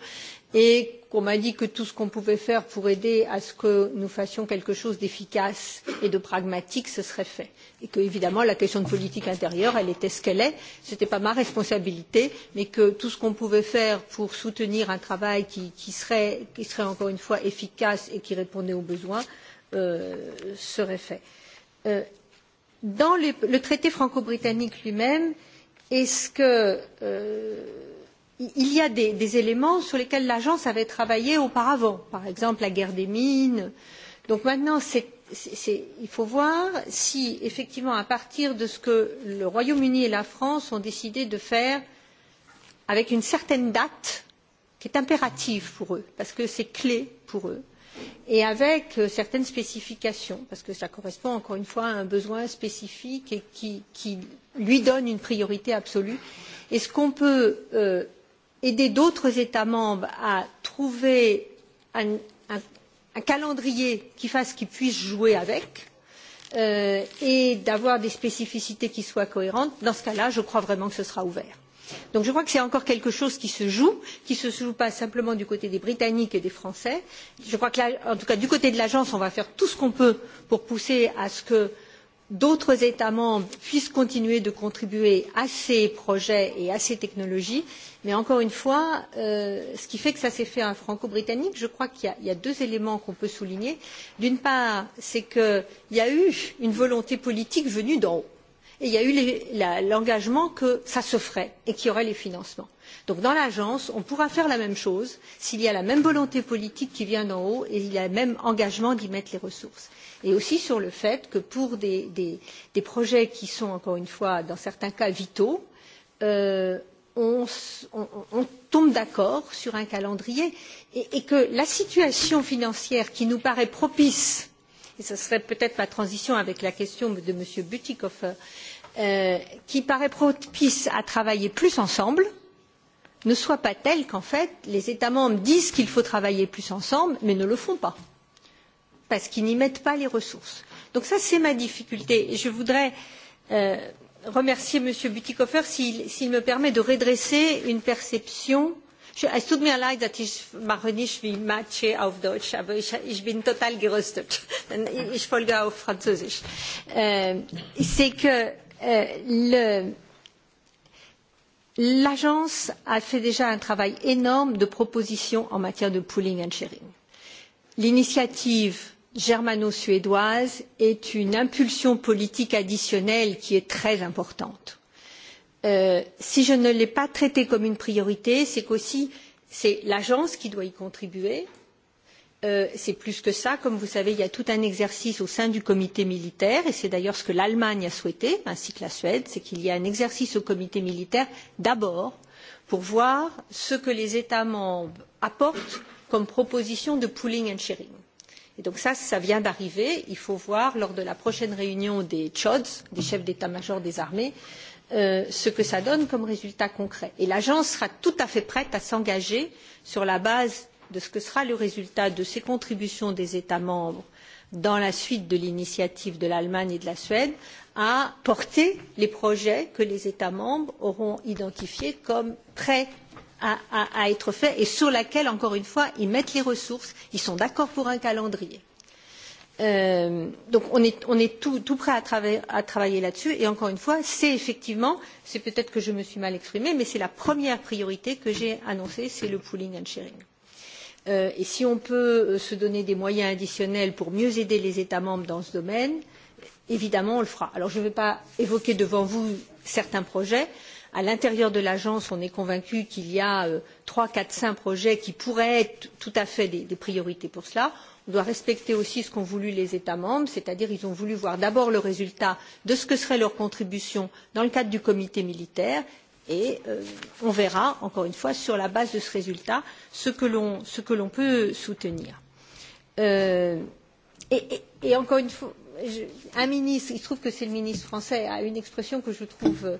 et qu'on m'a dit que tout ce qu'on pouvait faire pour aider à ce que nous fassions quelque chose d'efficace et de pragmatique ce serait fait et que évidemment la question de politique intérieure elle était ce qu'elle est ce n'était pas ma responsabilité mais que tout ce qu'on pouvait faire pour soutenir un travail qui, qui, serait, qui serait encore une fois efficace et qui répondait aux besoins euh, serait fait. Euh, dans le, le traité franco britannique lui même est ce que euh, il y a des, des éléments sur lesquels l'agence avait travaillé auparavant par exemple la guerre des mines donc maintenant c'est il faut voir si effectivement à partir de ce que le royaume uni et la france ont décidé de faire avec une certaine date qui est impérative pour eux parce que c'est clé pour eux et avec euh, certaines spécifications parce que cela correspond encore une fois à un besoin spécifique et qui, qui lui donne une priorité absolue est ce qu'on peut euh, aider d'autres états membres à trouver un, un, un calendrier qui fasse qu'ils puissent jouer avec euh, et d'avoir des spécificités qui soient cohérentes, dans ce cas là, je crois vraiment que ce sera ouvert. Donc je crois que c'est encore quelque chose qui se joue, qui ne se joue pas simplement du côté des Britanniques et des Français. Je crois que là, en tout cas, du côté de l'agence, on va faire tout ce qu'on peut pour pousser à ce que euh, d'autres États membres puissent continuer de contribuer à ces projets et à ces technologies. Mais encore une fois, euh, ce qui fait que ça s'est fait un franco-britannique, je crois qu'il y, y a deux éléments qu'on peut souligner. D'une part, c'est qu'il y a eu une volonté politique venue d'en haut. Et il y a eu l'engagement que ça se ferait et qu'il y aurait les financements. Donc dans l'agence, on pourra faire la même chose s'il y a la même volonté politique qui vient d'en haut et il y a le même engagement d'y mettre les ressources. Et aussi sur le fait que pour des, des, des projets qui sont, encore une fois, dans certains cas vitaux, euh, on, on, on tombe d'accord sur un calendrier et, et que la situation financière qui nous paraît propice et ce serait peut-être ma transition avec la question de M. Butikoffer euh, qui paraît propice à travailler plus ensemble euh, ne soit pas telle qu'en fait les États membres disent qu'il faut travailler plus ensemble, mais ne le font pas, parce qu'ils n'y mettent pas les ressources. Donc ça, c'est ma difficulté. Et je voudrais euh, remercier M. Butikoffer s'il me permet de redresser une perception. Es tut mir leid, dass ich mache nicht wie Mathe auf Deutsch, aber ich, ich bin total gerüstet. Ich folge auf Französisch. Äh, C'est que äh, le l'agence a fait déjà un travail énorme de propositions en matière de pooling and sharing. l'initiative germano suédoise est une impulsion politique additionnelle qui est très importante. Euh, si je ne l'ai pas traitée comme une priorité c'est qu'aussi c'est l'agence qui doit y contribuer Euh, c'est plus que ça. Comme vous savez, il y a tout un exercice au sein du comité militaire, et c'est d'ailleurs ce que l'Allemagne a souhaité, ainsi que la Suède, c'est qu'il y ait un exercice au comité militaire d'abord pour voir ce que les États membres apportent comme proposition de pooling and sharing. Et donc ça, ça vient d'arriver. Il faut voir lors de la prochaine réunion des CHODS, des chefs d'état-major des armées, euh, ce que ça donne comme résultat concret. Et l'agence sera tout à fait prête à s'engager sur la base de ce que sera le résultat de ces contributions des États membres dans la suite de l'initiative de l'Allemagne et de la Suède à porter les projets que les États membres auront identifiés comme prêts à, à, à être faits et sur lesquels, encore une fois, ils mettent les ressources. Ils sont d'accord pour un calendrier. Euh, donc on est, on est tout, tout prêt à, trava à travailler là-dessus et encore une fois, c'est effectivement, c'est peut-être que je me suis mal exprimée, mais c'est la première priorité que j'ai annoncée, c'est le pooling and sharing. Euh, et si on peut euh, se donner des moyens additionnels pour mieux aider les États membres dans ce domaine, évidemment, on le fera. Alors, je ne vais pas évoquer devant vous certains projets. À l'intérieur de l'agence, on est convaincu qu'il y a euh, trois, quatre, cinq projets qui pourraient être tout à fait des, des priorités pour cela. On doit respecter aussi ce qu'ont voulu les États membres, c'est-à-dire ils ont voulu voir d'abord le résultat de ce que serait leur contribution dans le cadre du comité militaire et euh, on verra, encore une fois, sur la base de ce résultat, ce que l'on peut soutenir. Euh, et, et, et encore une fois, je, un ministre, il se trouve que c'est le ministre français, a une expression que je trouve,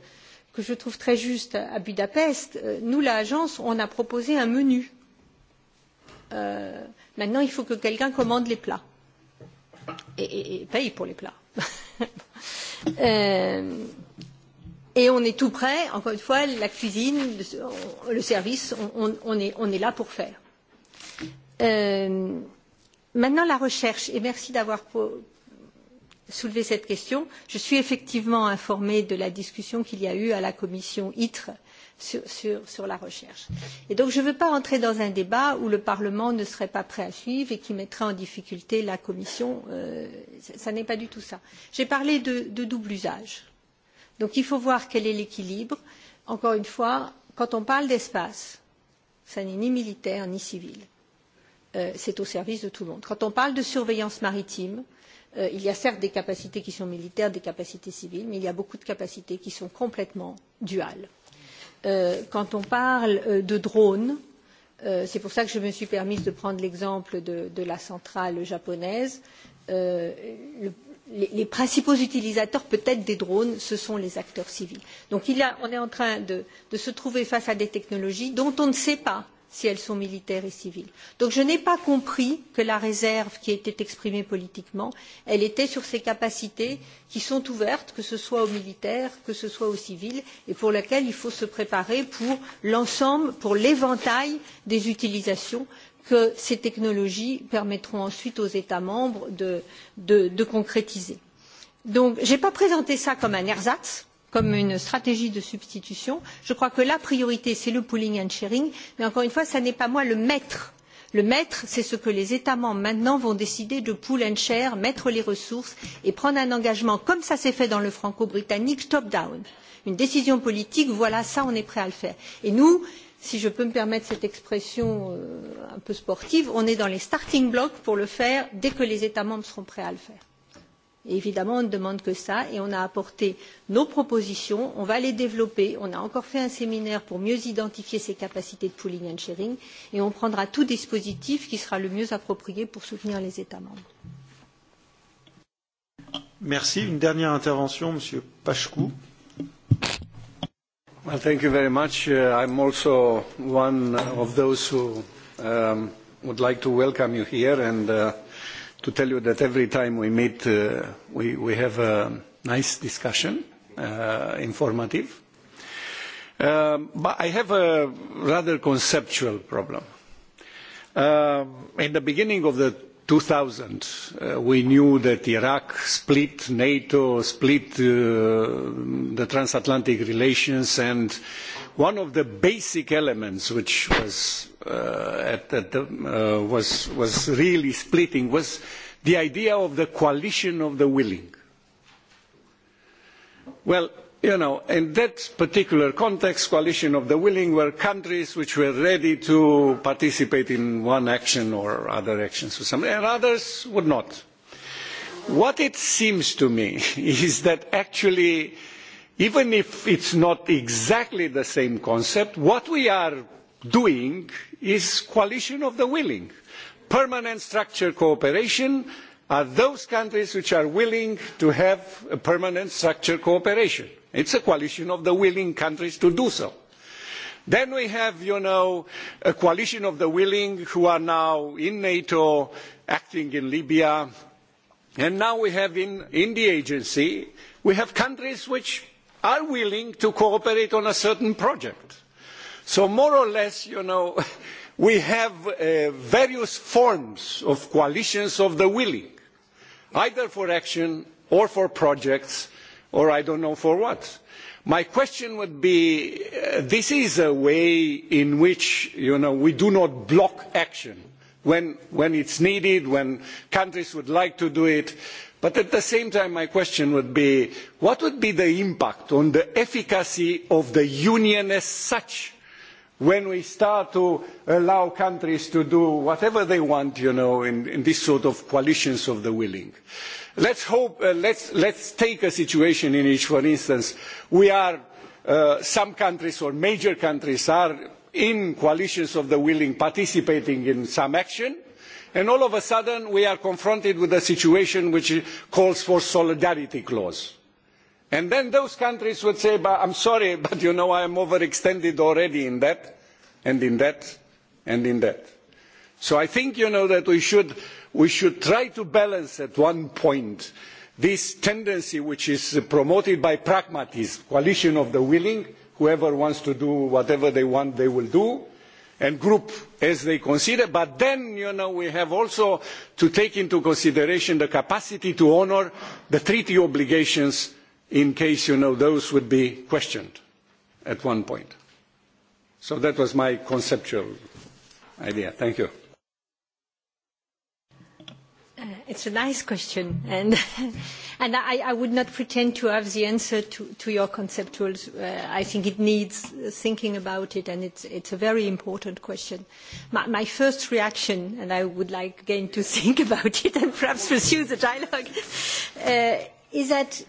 que je trouve très juste à Budapest. Euh, nous, l'agence, on a proposé un menu. Euh, maintenant, il faut que quelqu'un commande les plats et, et, et paye pour les plats. euh, et on est tout prêt, encore une fois, la cuisine, le service, on, on, est, on est là pour faire. Euh, maintenant, la recherche, et merci d'avoir soulevé cette question. Je suis effectivement informée de la discussion qu'il y a eu à la commission ITRE sur, sur, sur la recherche. Et donc, je ne veux pas entrer dans un débat où le Parlement ne serait pas prêt à suivre et qui mettrait en difficulté la commission. Euh, ça ça n'est pas du tout ça. J'ai parlé de, de double usage. Euh, Donc il faut voir quel est l'équilibre. Encore une fois, quand on parle d'espace, ça n'est ni militaire ni civil. Euh, c'est au service de tout le monde. Quand on parle de surveillance maritime, euh, il y a certes des capacités qui sont militaires, des capacités civiles, mais il y a beaucoup de capacités qui sont complètement duales. Euh, quand on parle euh, de drones, euh, c'est pour ça que je me suis permise de prendre l'exemple de, de la centrale japonaise. Euh, le, les, les principaux utilisateurs peut-être des drones, ce sont les acteurs civils. Donc il y a, on est en train de, de se trouver face à des technologies dont on ne sait pas si elles sont militaires et civiles. Donc je n'ai pas compris que la réserve qui était exprimée politiquement, elle était sur ces capacités qui sont ouvertes, que ce soit aux militaires, que ce soit aux civils, et pour lesquelles il faut se préparer pour l'ensemble, pour l'éventail des utilisations que ces technologies permettront ensuite aux États membres de, de, de concrétiser. Donc je n'ai pas présenté ça comme un ersatz, comme une stratégie de substitution. Je crois que la priorité, c'est le pooling and sharing, mais encore une fois, ce n'est pas moi le maître. Le maître, c'est ce que les États membres maintenant vont décider de pool and share, mettre les ressources et prendre un engagement, comme ça s'est fait dans le franco-britannique, top-down. Une décision politique, voilà ça, on est prêt à le faire. Et nous, si je peux me permettre cette expression euh, un peu sportive, on est dans les starting blocks pour le faire dès que les États membres seront prêts à le faire. Et évidemment, on ne demande que ça et on a apporté nos propositions, on va les développer, on a encore fait un séminaire pour mieux identifier ces capacités de pooling and sharing et on prendra tout dispositif qui sera le mieux approprié pour soutenir les États membres. Merci. Une dernière intervention, Monsieur Pachkou. Well, thank you very much. Uh, I'm also one of those who um, would like to welcome you here and uh, to tell you that every time we meet, uh, we, we have a nice discussion, uh, informative. Um, but I have a rather conceptual problem. Uh, in the beginning of the 2000 uh, we knew that Iraq split NATO, split uh, the transatlantic relations, and one of the basic elements which was, uh, at, at the, uh, was, was really splitting was the idea of the coalition of the willing. Well, in that particular context coalition of the willing were countries which were ready to participate in one action or other actions or something and others would not what it seems to me is that actually even if it's not exactly the same concept what we are doing is coalition of the willing permanent structured cooperation are those countries which are willing to have a permanent structured cooperation. it is a coalition of the willing countries to do so. then we have you know a coalition of the willing who are now in nato acting in libya and now we have in the agency we have countries which are willing to cooperate on a certain project. so more or less you know we have uh, various forms of coalitions of the willing either for action or for projects or I don't know for what. My question would be, uh, this is a way in which you know, we do not block action when, when it's needed, when countries would like to do it. But at the same time, my question would be, what would be the impact on the efficacy of the Union as such when we start to allow countries to do whatever they want, you know, in, in this sort of coalitions of the willing. Let's hope, uh, let's, let's take a situation in which, for instance, we are, uh, some countries or major countries are in coalitions of the willing participating in some action, and all of a sudden we are confronted with a situation which calls for solidarity clause and then those countries would say i am sorry but you know i am overextended already in that and in that and in that. so i think you know that we should we should try to balance at one point this tendency which is promoted by pragmatism coalition of the willing whoever wants to do whatever they want they will do and group as they consider but then you know we have also to take into consideration the capacity to honour the treaty obligations in case you know those would be questioned at one point. So that was my conceptual idea. Thank you. Uh, it's a nice question, and and I, I would not pretend to have the answer to, to your conceptuals. Uh, I think it needs thinking about it, and it's it's a very important question. My, my first reaction, and I would like again to think about it and perhaps pursue the dialogue, uh, is that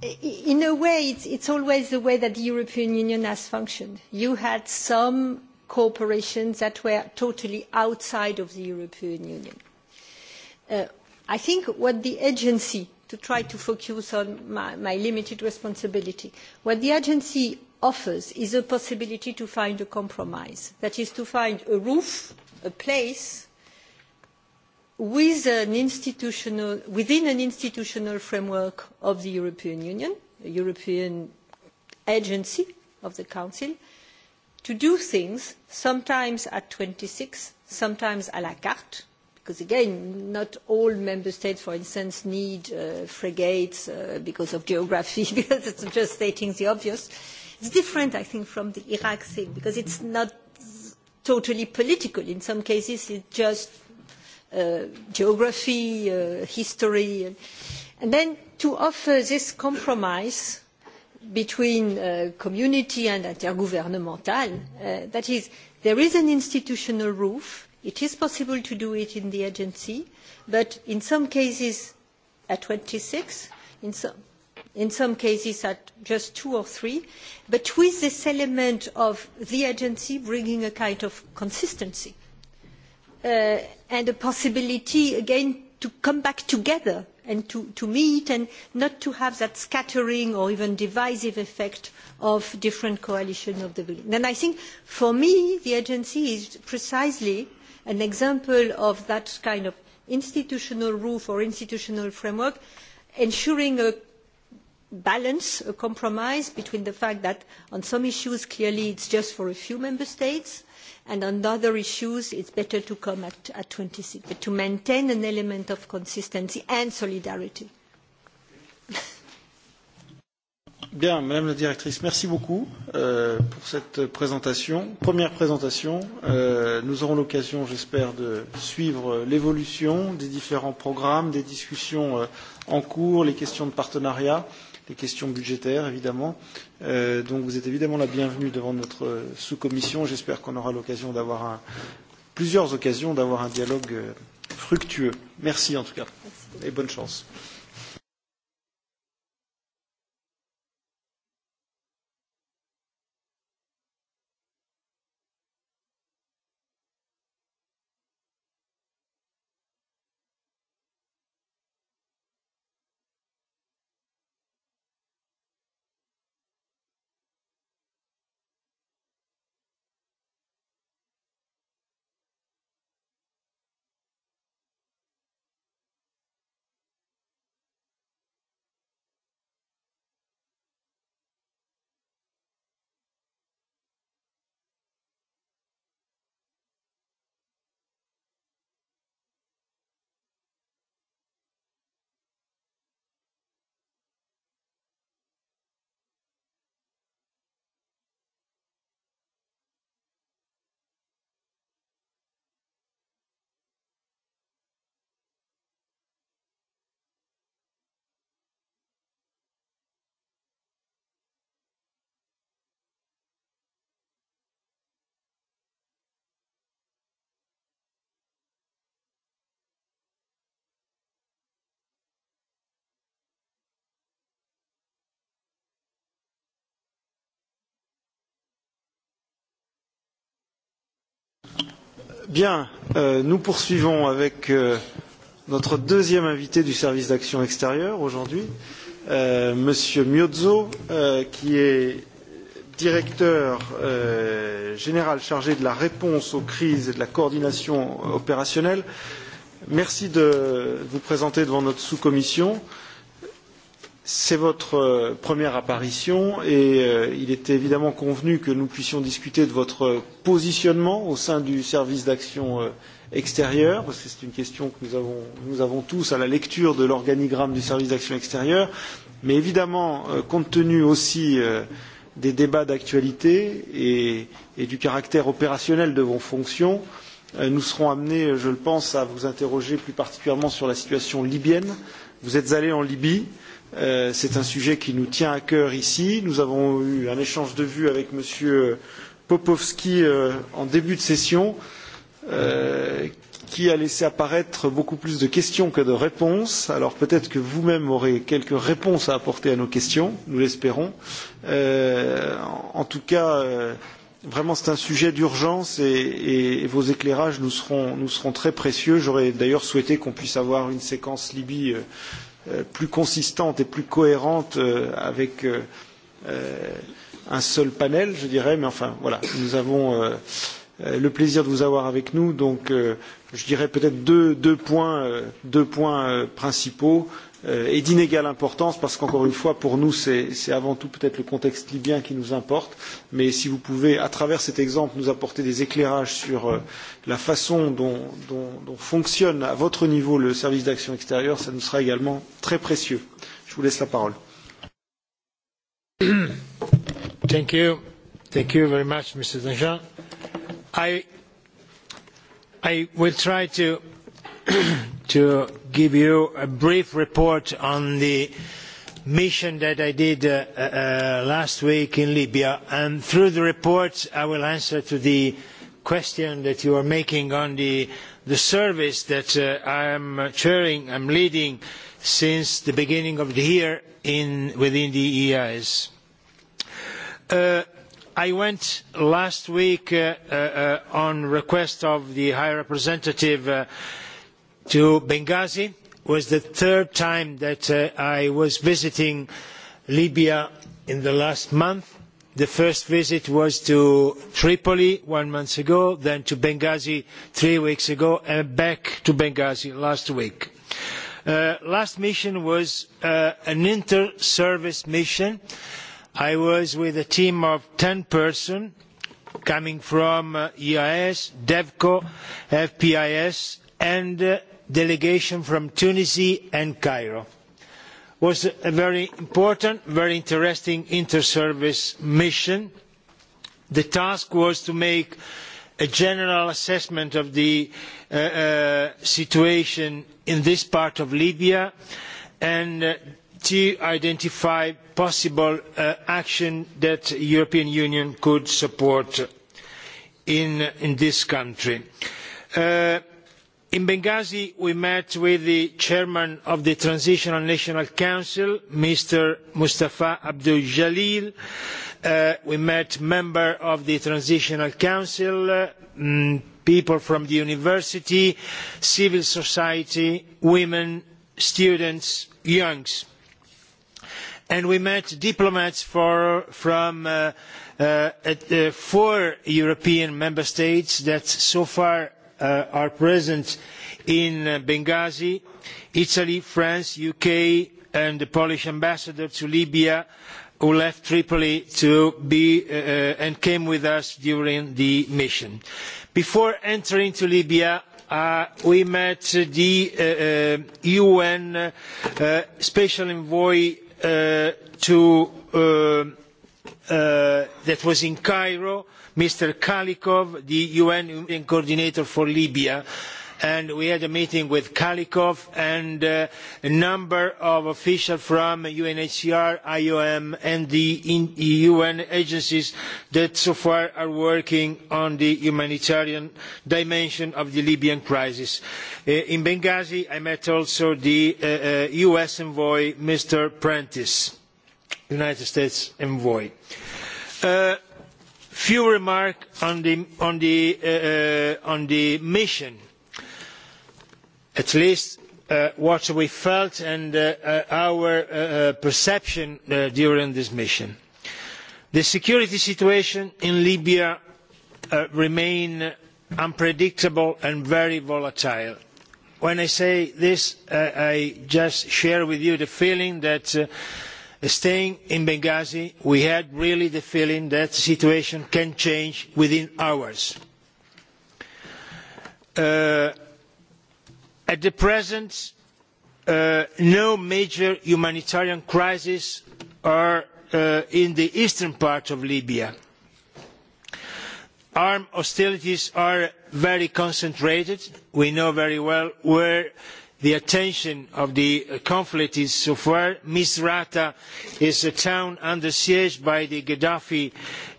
in a way, it's, it's always the way that the European Union has functioned. You had some corporations that were totally outside of the European Union. Uh, I think what the agency, to try to focus on my, my limited responsibility, what the agency offers is a possibility to find a compromise. That is to find a roof, a place, with an institutional, within an institutional framework of the European Union, a European agency of the Council, to do things sometimes at 26, sometimes à la carte, because again, not all member states, for instance, need uh, frigates uh, because of geography, because it's just stating the obvious. It's different, I think, from the Iraq thing, because it's not totally political. In some cases, it's just Uh, geography uh, and history and then to offer this compromise between uh, community and intergovernmental uh, that is there is an institutional roof it is possible to do it in the agency but in some cases at 26 in some in some cases at just two or three, but with this element of the agency bringing a kind of consistency. Uh, and a possibility again to come back together and to meet and not to have that scattering or even divisive effect of different coalitions of the willing. i think for me the agency is precisely an example of that kind of institutional roof or institutional framework ensuring a balance a compromise between the fact that on some issues clearly it is just for a few member states and on other issues it is better to come at, at 26 but to maintain an element of consistency and solidarity. Bien, Madame la Directrice, merci beaucoup euh, pour cette présentation. Première présentation, euh, nous aurons l'occasion, j'espère, de suivre l'évolution des différents programmes, des discussions euh, en cours, les questions de partenariat. Euh, des questions budgétaires, évidemment. Euh, donc vous êtes évidemment la bienvenue devant notre euh, sous-commission. J'espère qu'on aura l'occasion d'avoir plusieurs occasions d'avoir un dialogue euh, fructueux. Merci en tout cas Merci. et bonne chance. Merci. Bien, euh, nous poursuivons avec euh, notre deuxième invité du service d'action extérieure aujourd'hui, euh, Monsieur Miozzo, euh, qui est directeur euh, général chargé de la réponse aux crises et de la coordination opérationnelle. Merci de vous présenter devant notre sous-commission. Euh, C'est votre euh, première apparition et euh, il était évidemment convenu que nous puissions discuter de votre positionnement au sein du service d'action euh, extérieure, parce que c'est une question que nous avons, nous avons tous à la lecture de l'organigramme du service d'action extérieure. Mais évidemment, euh, compte tenu aussi euh, des débats d'actualité et, et du caractère opérationnel de vos fonctions, euh, nous serons amenés, je le pense, à vous interroger plus particulièrement sur la situation libyenne. Vous êtes allé en Libye. Euh, c'est un sujet qui nous tient à cœur ici. Nous avons eu un échange de vues avec M. Popovski euh, en début de session, euh, qui a laissé apparaître beaucoup plus de questions que de réponses. Alors peut-être que vous-même aurez quelques réponses à apporter à nos questions, nous l'espérons. Euh, en, en tout cas, euh, vraiment c'est un sujet d'urgence et, et, et vos éclairages nous seront, nous seront très précieux. J'aurais d'ailleurs souhaité qu'on puisse avoir une séquence Libye. Euh, Euh, plus consistante et plus cohérente euh, avec euh, euh, un seul panel, je dirais. Mais enfin, voilà, nous avons euh, euh, le plaisir de vous avoir avec nous. Donc, euh, je dirais peut-être deux, deux points, euh, deux points euh, principaux. Euh, est euh, d'inégale importance parce qu'encore une fois, pour nous, c'est avant tout peut-être le contexte libyen qui nous importe. Mais si vous pouvez, à travers cet exemple, nous apporter des éclairages sur euh, la façon dont, dont, dont fonctionne à votre niveau le service d'action extérieure, ça nous sera également très précieux. Je vous laisse la parole. Thank you. Thank you very much, Mr. Danjean. I, I will try to, to give you a brief report on the mission that i did uh, uh, last week in libya and through the report i will answer the question that you are making on the service that uh, i am chairing and leading since the beginning of the year within the eeas. i went last week on request of the high representative to benghazi. it was the third time that uh, i was visiting libya in the last month. the first visit was to tripoli one month ago then to benghazi three weeks ago and back to benghazi last week. the uh, last mission was uh, an inter service mission. i was with a team of ten persons coming from eeas devco fpis and delegation from tunisia and cairo. it was a very important very interesting inter service mission. the task was to make a general assessment of the uh, uh, situation in this part of libya and uh, to identify possible uh, action that the European Union could support in, in this country. Uh, in benghazi we met with the chairman of the transitional national council mr mustapha abdul jalil uh, we met members of the transitional council uh, mm, people from the university civil society women students young people and we met diplomats from uh, four european member states that so far Uh, are present in uh, benghazi italy france the uk and the polish ambassador to libya who left tripoli uh, and came with us during the mission. before entering libya we met the un special envoy that was in cairo mr kalikov the un coordinator for libya and we had a meeting with kalikov and uh, a number of officials from unhcr iom and the un agencies that so far are working on the humanitarian dimension of the libyan crisis. Uh, in benghazi i met also the us uh, envoy mr prentice united states envoy a few remarks uh, uh, on the mission at least uh, what we felt and our perception during this mission. the security situation in libya remains unpredictable and very volatile. when i say this i am just sharing with you the feeling that staying in benghazi we had really the feeling that the situation can change within hours. Uh, at the present uh, no major humanitarian crises are uh, in the eastern part of libya. armed hostilities are very concentrated. we know very well where the attention of the conflict is so far. misrata is a town under siege by the gaddafi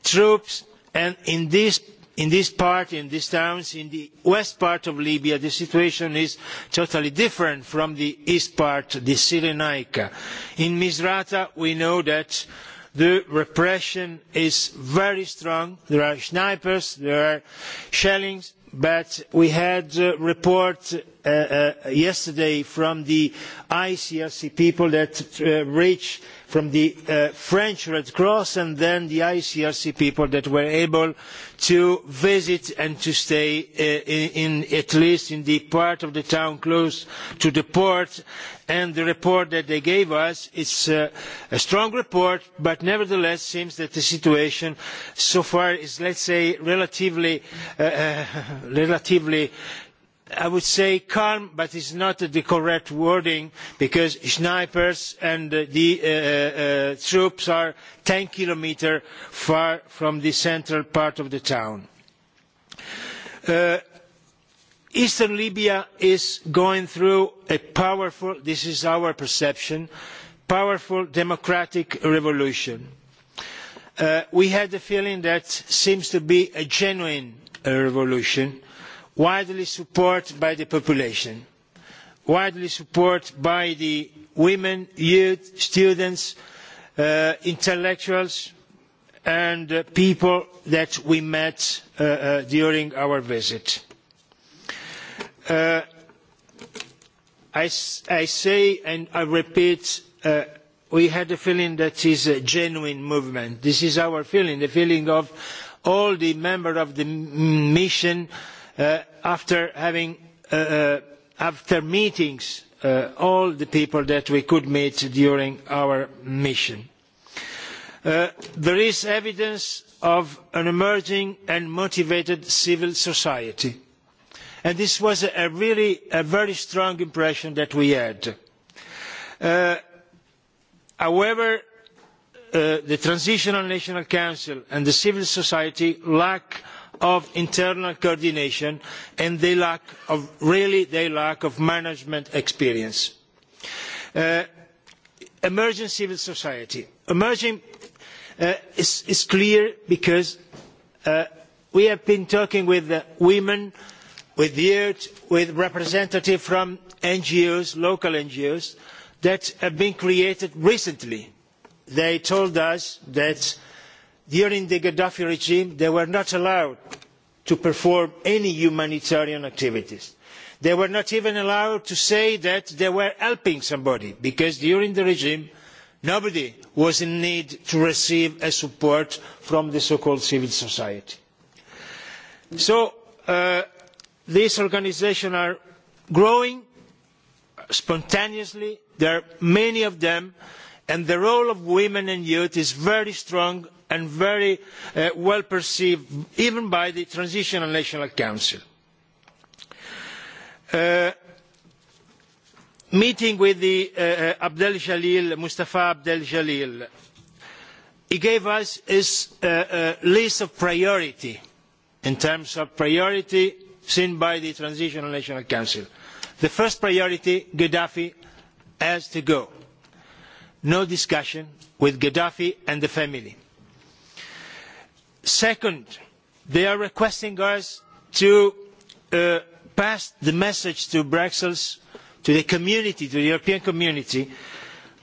troops and in this, in this part, in these towns, in the west part of libya, the situation is totally different from the east part, the cyrenaica. in misrata, we know that the repression is very strong. there are snipers, there are shellings, but we had a uh, report uh, uh, yesterday from the icrc people that reached from the uh, french red cross and then the icrc people that were able to visit and to stay uh, at least in the part of the town close to the port and the report that they gave us is uh, a strong report but nevertheless it seems that the situation so far is let's say relatively I would say calm, but it's not the correct wording because snipers and the uh, uh, uh, troops are 10 kilometers far from the central part of the town. Uh, Eastern Libya is going through a powerful, this is our perception, powerful democratic revolution. Uh, we had the feeling that seems to be a genuine uh, revolution widely supported by the population widely supported by the women youth students uh, intellectuals and uh, people that we met uh, uh, during our visit uh, I, I say and i repeat uh, we had a feeling that is a genuine movement. This is our feeling, the feeling of all the members of the mission uh, Uh, after uh, uh, meeting all the people that we could meet during our mission. there is evidence of an emerging and motivated civil society and this was a really very strong impression that we had. however the transitional national council and civil society lack of internal coordination and they lack of, really they lack of management experience. Uh, emerging civil society. Emerging uh, is, is clear because uh, we have been talking with the women, with youth, with representatives from NGOs, local NGOs, that have been created recently. They told us that uh, during the gaddafi regime they were not allowed to perform any humanitarian activities. they were not even allowed to say that they were helping somebody because during the regime nobody was in need to receive support from the so called civil society. so uh, these organisations are growing spontaneously there are many of them and the role of women and youth is very strong and very uh, well perceived even by the transitional national council. Uh, meeting with uh, mustafa abdel jalil he gave us his list of priorities in terms of priority seen by the transitional national council. the first priority gaddafi has to go. no discussion with gaddafi and the family second they are requesting us to uh, pass the message to brussels to the community to the european community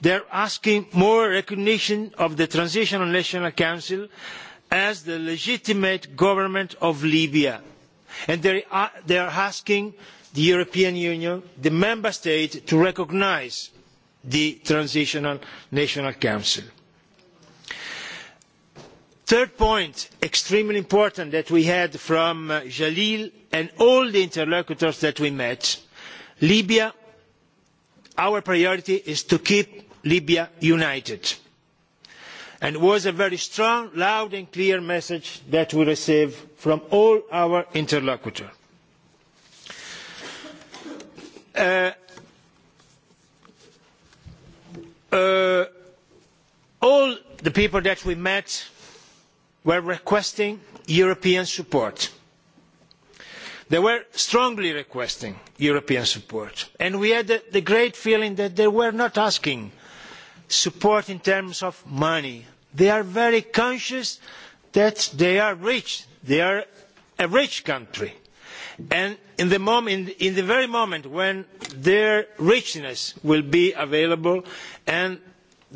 they are asking more recognition of the transitional national council as the legitimate government of libya and they are, they are asking the european union the member states to recognise the transitional national council third point extremely important that we heard from uh, jalil and all the interlocutors that we met libya our priority is to keep libya united and it was a very strong loud and clear message that we received from all our interlocutors. Uh, uh, all the people that we met were requesting european support. they were strongly requesting european support and we had the great feeling that they were not asking support in terms of money. they are very conscious that they are rich they are a rich country and in the, moment, in the very moment when their richness will be available and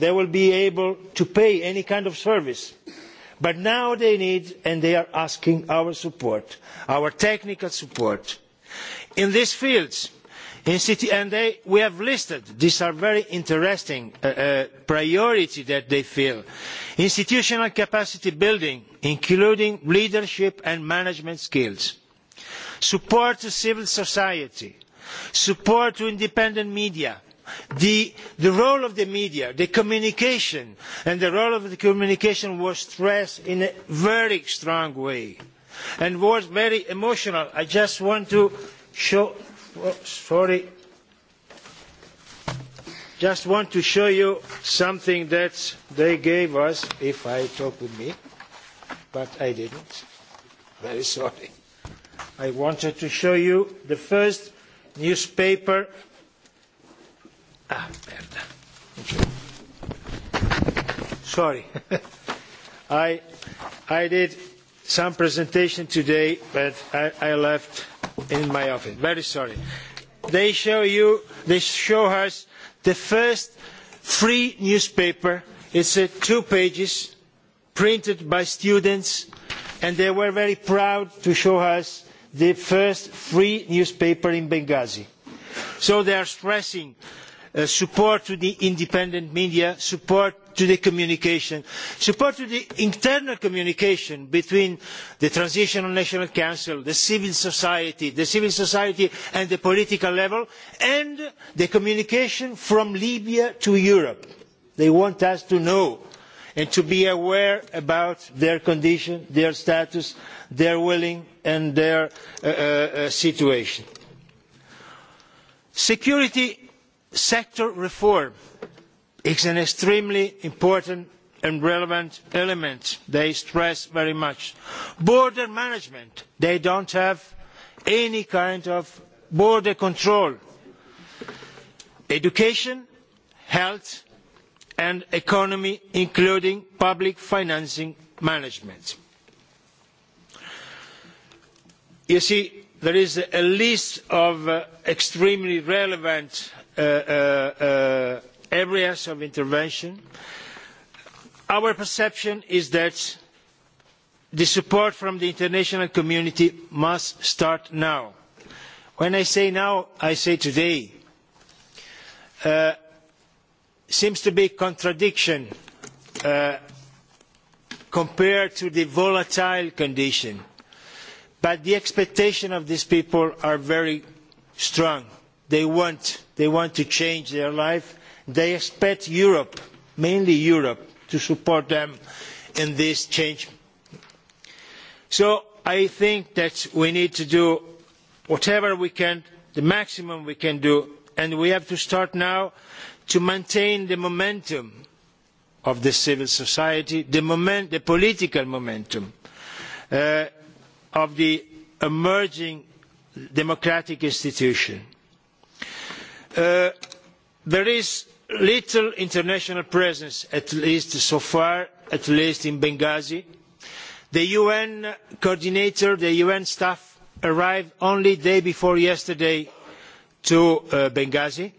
they will be able to pay any kind of service but now they need and they are asking our support our technical support in these fields in city and they we have listed these are very interesting uh, uh, priority that they feel institutional capacity building including leadership and management skills support to civil society support to independent media the role of the media, the communication, and the role of the communication was stressed in a very strong way and was very emotional. I just want to show, oh, sorry, just want to show you something that they gave us, if I talk with me, but I didn't, very sorry. I wanted to show you the first newspaper Ah, merda. Sorry. I, I did some presentation today, but I, I left in my office. Very sorry. They show you, they show us the first free newspaper. It's uh, two pages, printed by students, and they were very proud to show us the first free newspaper in Benghazi. So they are stressing Uh, support to the independent media support to the communication support to the internal communication between the transitional national council the civil society the civil society and the political level and the communication from libya to europe. they want us to know and to be aware about their condition their status their willingness and their uh, uh, situation. security sector reform is an extremely important and relevant element they stress very much. border management they do not have any kind of border control. education health and the economy including public financing management. you see there is a list of uh, extremely relevant Uh, uh, uh, areas of intervention our perception is that the support from the international community must start now. when i say now i say today. there seems to be a contradiction compared to the volatile condition but the expectations of these people are very strong they want to change their life they expect europe mainly europe to support them in this change. so i think that we need to do whatever we can the maximum we can do and we have to start now to maintain the momentum of the civil society the, moment, the political momentum uh, of the emerging democratic institutions. Uh, there is little international presence at least so far at least in benghazi. the un coordinator the un staff arrived only the day before yesterday to uh, benghazi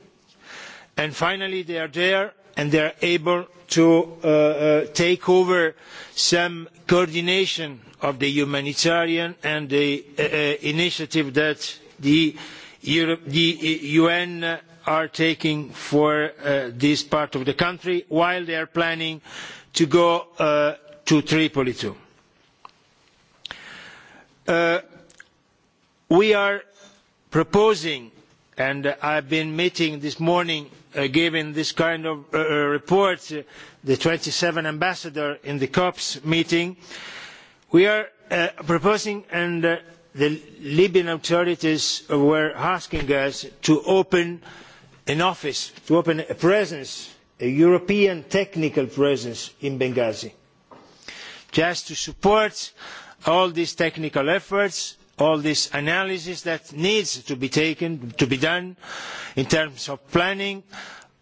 and finally they are there and they are able to uh, take over some coordination of the humanitarian and the initiative that the the un uh, are taking for uh, this part of the country while they are planning to go uh, to tripoli too. we are proposing and i have been meeting this morning giving this kind of report to the twenty seven ambassadors in the cops meeting we are proposing and the libyan authorities were asking us to open an office, to open a presence, a european technical presence in benghazi, just to support all these technical efforts, all this analysis that needs to be taken, to be done in terms of planning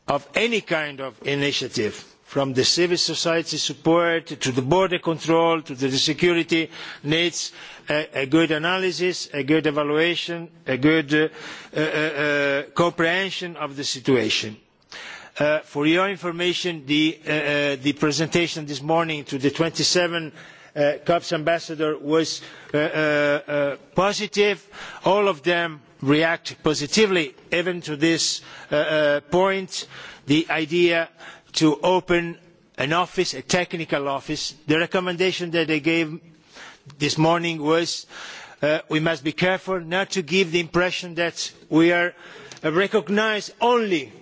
of any kind of initiative from the civil society support to the border control to the security needs a, a good analysis, a good evaluation, a good uh, uh, uh, comprehension of the situation. Uh, for your information, the, uh, uh, the presentation this morning to the 27 uh, COPs ambassador was uh, uh, uh, positive. All of them react positively even to this uh, uh, point, the idea to open an office a technical office the recommendation that they gave this morning was uh, we must be careful not to give the impression that we uh, recognise only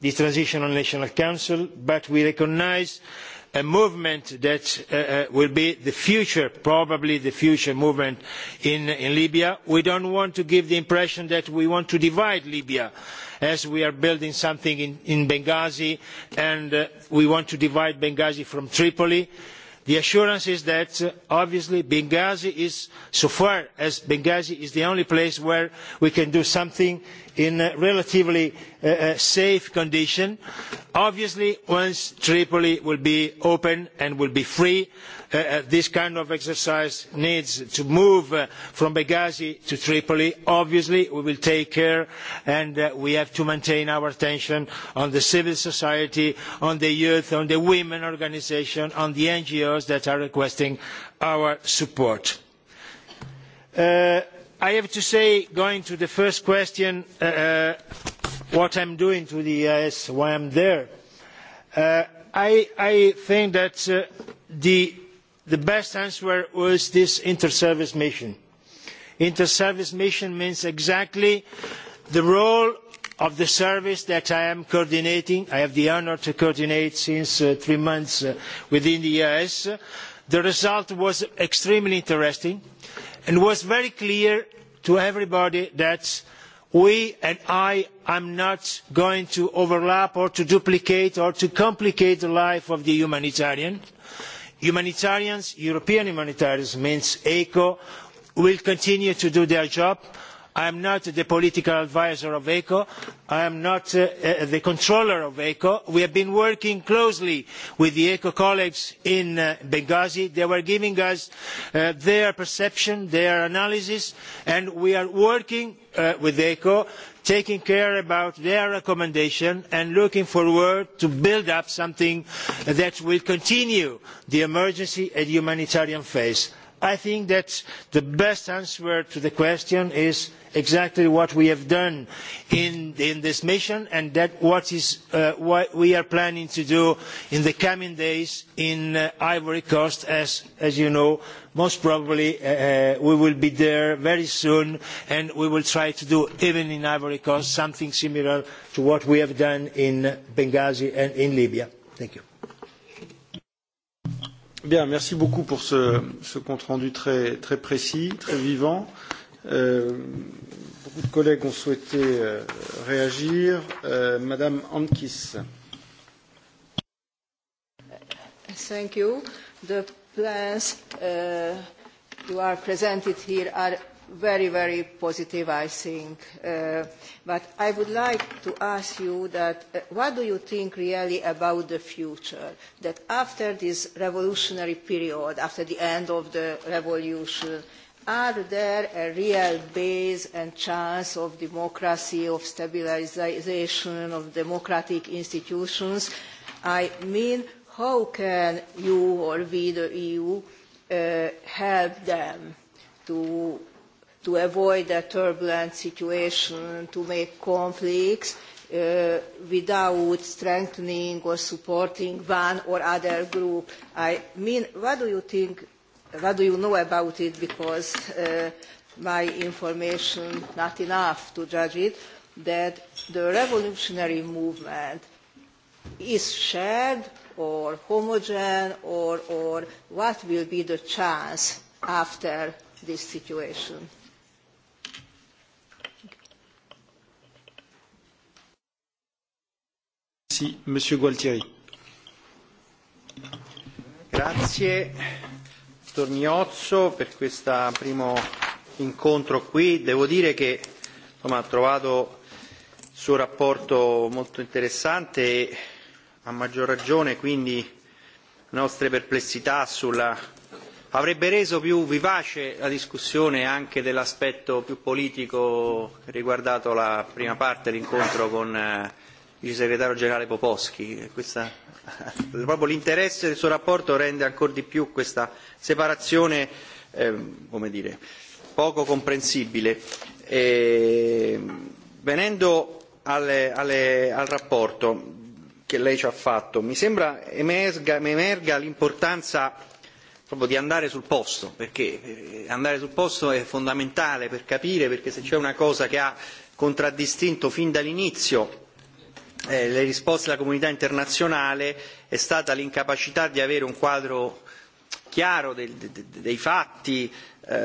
the transitional national council but we recognise also a movement that uh, uh, will be the future probably the future movement in libya. we do not want to give the impression that we want to divide libya as we are building something in benghazi and uh, we want to divide benghazi from tripoli the assurance is that uh, obviously benghazi is so far as benghazi is the only place where we can do something in a relatively uh, uh safe condition obviously once tripoli will be open and will be free Uh, uh, this kind of exercise needs to move uh, from benghazi to tripoli obviously we will take care and we have to maintain our attention on the civil society on the youth on the women organisations on the ngos that are requesting our support. i have to say going to the first question what i am doing to the eeas while i am there i think that the the best answer was this inter service mission. Inter service mission means exactly the role of the service that I am coordinating, I have the honour to coordinate since uh, three months uh, within the US. The result was extremely interesting and was very clear to everybody that we and I am not going to overlap or to duplicate or to complicate the life of the humanitarian humanitarians european humanitarians means echo will continue to do their job. i am not the political adviser of echo i am not uh, uh, the controller of echo. we have been working closely with the echo colleagues in uh, benghazi. they were giving us their perception their analysis and we are working with echo taking care of their recommendation and looking forward to building up something that will continue the emergency and humanitarian phase. i think that the best answer to the question is exactly what we have done in this mission and uh, what we are planning to do in the coming days in uh, ivory coast as you know most probably uh, we will be there very soon and we will try to do even in ivory coast something similar to what we have done in benghazi and in libya. thank you. merci beaucoup pour ce compte rendu très précis très vivant. Euh, beaucoup de collègues ont souhaité euh, réagir. Euh, Madame Ankis. Thank you. The plans uh, you are presented here are very, very positive, I think. Uh, but I would like to ask you that uh, what do you think really about the future? That after this revolutionary period, after the end of the revolution, uh, are there a real base and chance of democracy, of stabilization of democratic institutions? I mean, how can you or we, the EU, uh, help them to, to avoid a turbulent situation, to make conflicts uh, without strengthening or supporting one or other group? I mean, what do you think why do you know about it? Because uh, my information, not enough to judge it, that the revolutionary movement is shared or homogen or, or what will be the chance after this situation? Monsieur Gualtieri. Grazie. Pastor Miozzo per questo primo incontro qui. Devo dire che insomma, ha trovato il suo rapporto molto interessante e a maggior ragione quindi le nostre perplessità sulla... avrebbe reso più vivace la discussione anche dell'aspetto più politico riguardato la prima parte dell'incontro con eh, il segretario generale Popowski. E questa, proprio l'interesse del suo rapporto rende ancora di più questa separazione eh, come dire, poco comprensibile. E, venendo alle, alle, al rapporto che lei ci ha fatto, mi sembra emerga, emerga l'importanza proprio di andare sul posto, perché eh, andare sul posto è fondamentale per capire, perché se c'è una cosa che ha contraddistinto fin dall'inizio Eh, le risposte della comunità internazionale è stata l'incapacità di avere un quadro chiaro dei, dei, dei fatti, eh,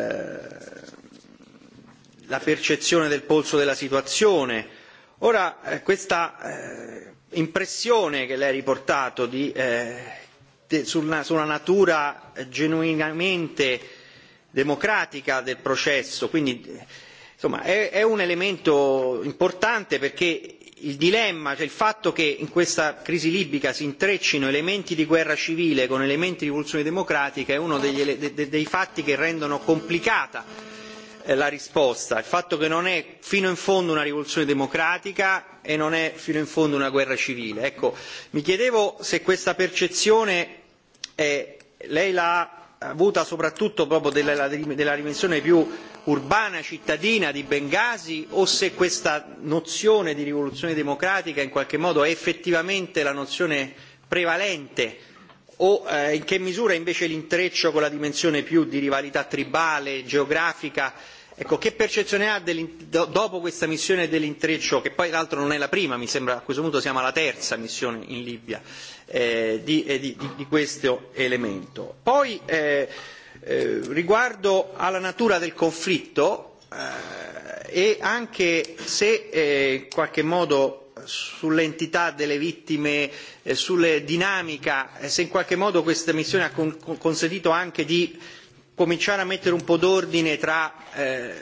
la percezione del polso della situazione. Ora, eh, questa eh, impressione che lei ha riportato di, eh, de, sulla, sulla natura genuinamente democratica del processo, quindi insomma, è, è un elemento importante perché il dilemma cioè il fatto che in questa crisi libica si intreccino elementi di guerra civile con elementi di rivoluzione democratica è uno degli, dei, dei fatti che rendono complicata eh, la risposta il fatto che non è fino in fondo una rivoluzione democratica e non è fino in fondo una guerra civile. Ecco, mi chiedevo se questa percezione è, lei l'ha avuta soprattutto proprio della, della dimensione più urbana cittadina di Bengasi o se questa nozione di rivoluzione democratica in qualche modo è effettivamente la nozione prevalente o eh, in che misura invece l'intreccio con la dimensione più di rivalità tribale, geografica, ecco, che percezione ha do, dopo questa missione dell'intreccio, che poi l'altro non è la prima, mi sembra a questo punto siamo alla terza missione in Libia, eh, di, eh, di, di, di questo elemento. Poi, eh, Eh, riguardo alla natura del conflitto eh, e anche se eh, in qualche modo sull'entità delle vittime, eh, sulle dinamica, eh, se in qualche modo questa missione ha con, con, consentito anche di cominciare a mettere un po' d'ordine tra eh,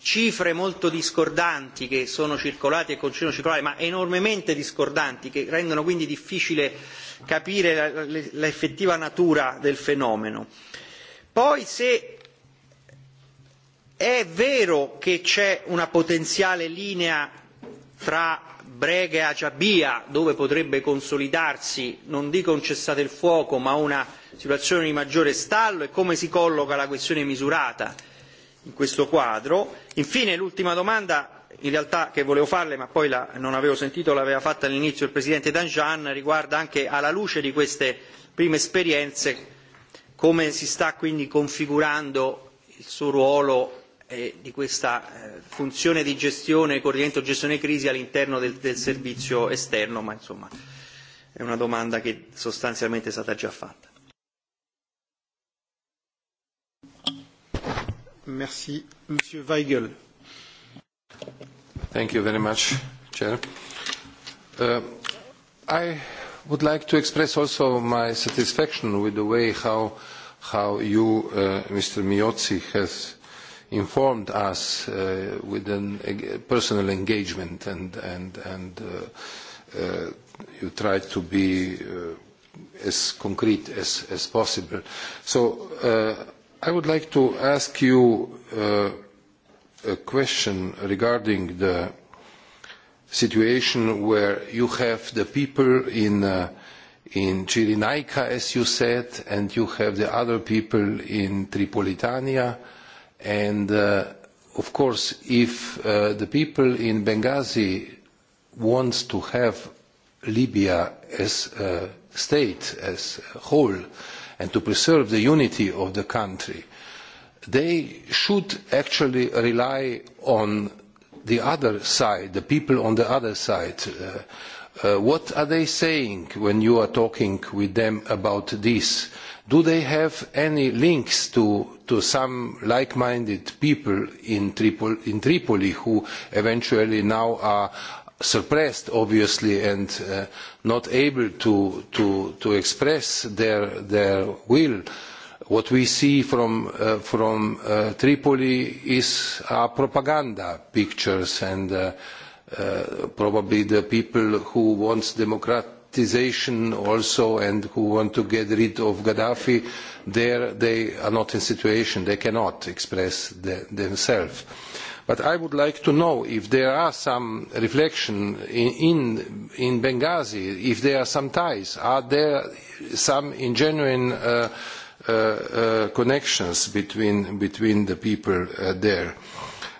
cifre molto discordanti che sono circolate e continuano a circolare, ma enormemente discordanti, che rendono quindi difficile capire l'effettiva natura del fenomeno. Eh, poi se è vero che c'è una potenziale linea fra Brega e Agiabia dove potrebbe consolidarsi, non dico un cessate il fuoco, ma una situazione di maggiore stallo e come si colloca la questione misurata in questo quadro. Infine l'ultima domanda in realtà che volevo farle ma poi la, non avevo sentito, l'aveva fatta all'inizio il Presidente Danjan, riguarda anche alla luce di queste prime esperienze come si sta quindi configurando il suo ruolo eh, di questa eh, funzione di gestione, coordinamento e gestione crisi all'interno del, del servizio esterno, ma insomma è una domanda che sostanzialmente è stata già fatta. Merci. Monsieur Weigel. Thank you very much, Chair. Uh, I would like to express also my satisfaction with the way how, how you, uh, Mr. Miozzi, has informed us uh, with an, a personal engagement and, and, and uh, uh, you tried to be uh, as concrete as, as possible. So uh, I would like to ask you uh, a question regarding the situation where you have the people in uh, in Cirenaica, as you said, and you have the other people in Tripolitania, and uh, of course, if uh, the people in Benghazi wants to have Libya as a state, as a whole, and to preserve the unity of the country, they should actually rely on the other side, the people on the other side, uh, uh, what are they saying when you are talking with them about this? Do they have any links to, to some like minded people in Tripoli, in Tripoli who eventually now are suppressed, obviously, and uh, not able to, to, to express their, their will? Uh, what we see from uh, from uh, Tripoli is our propaganda pictures and uh, uh, probably the people who want democratization also and who want to get rid of Gaddafi there they are not in situation they cannot express the, themselves but I would like to know if there are some reflection in, in, in Benghazi if there are some ties are there some ingenuine uh, Uh, uh, connections between between the people uh, there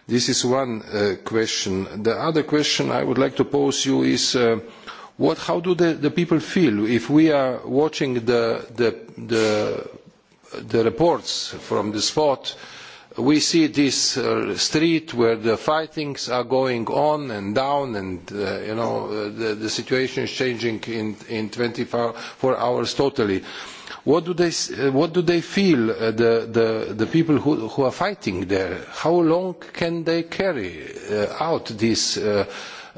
this is one uh, question the other question i would like to pose you is uh, what how do the, the people feel if we are watching the the the the reports from the spot we see this uh, street where the fightings are going on and down and uh, you know uh, the, the situation is changing in in 24 hours totally uh, what do they eh, what do they feel uh, the the the people who who are fighting there how long can they carry uh, out this uh,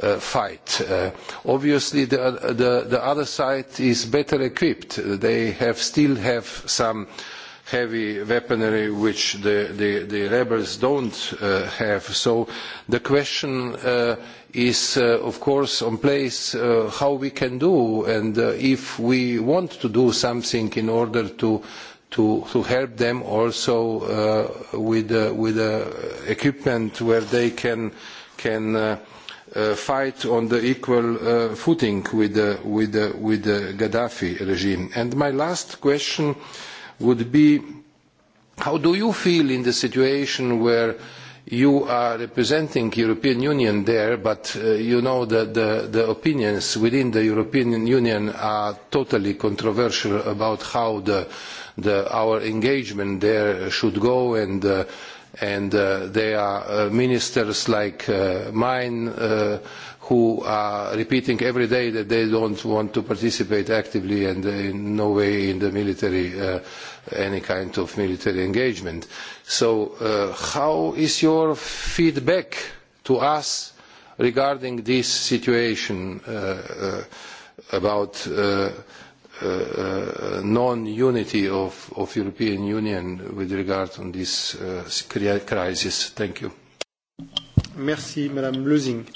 uh, fight uh, obviously the the the other side is better equipped they have still have some uh, heavy weaponry which the, the, the rebels don't uh, have. So the question uh, is, uh, of course, on place uh, how we can do and uh, if we want to do something in order to, to, to help them also uh, with, uh, with uh, equipment where they can, can uh, uh, fight on the equal uh, footing with, uh, with, uh, with the Gaddafi regime. And my last question would be how do you feel in the situation where you are representing European Union there, but uh, you know that the, the opinions within the European Union are totally controversial about how the, the, our engagement there should go and, uh, and uh, there are uh, ministers like uh, mine uh, who are repeating every day that they don't want to participate actively and in no way in the military, uh, any kind of military engagement. So uh, how is your feedback to us regarding this situation uh, uh, about uh, uh, uh, non-unity of, of European Union with regard to this uh, crisis? Thank you. Merci, Madame Lusing.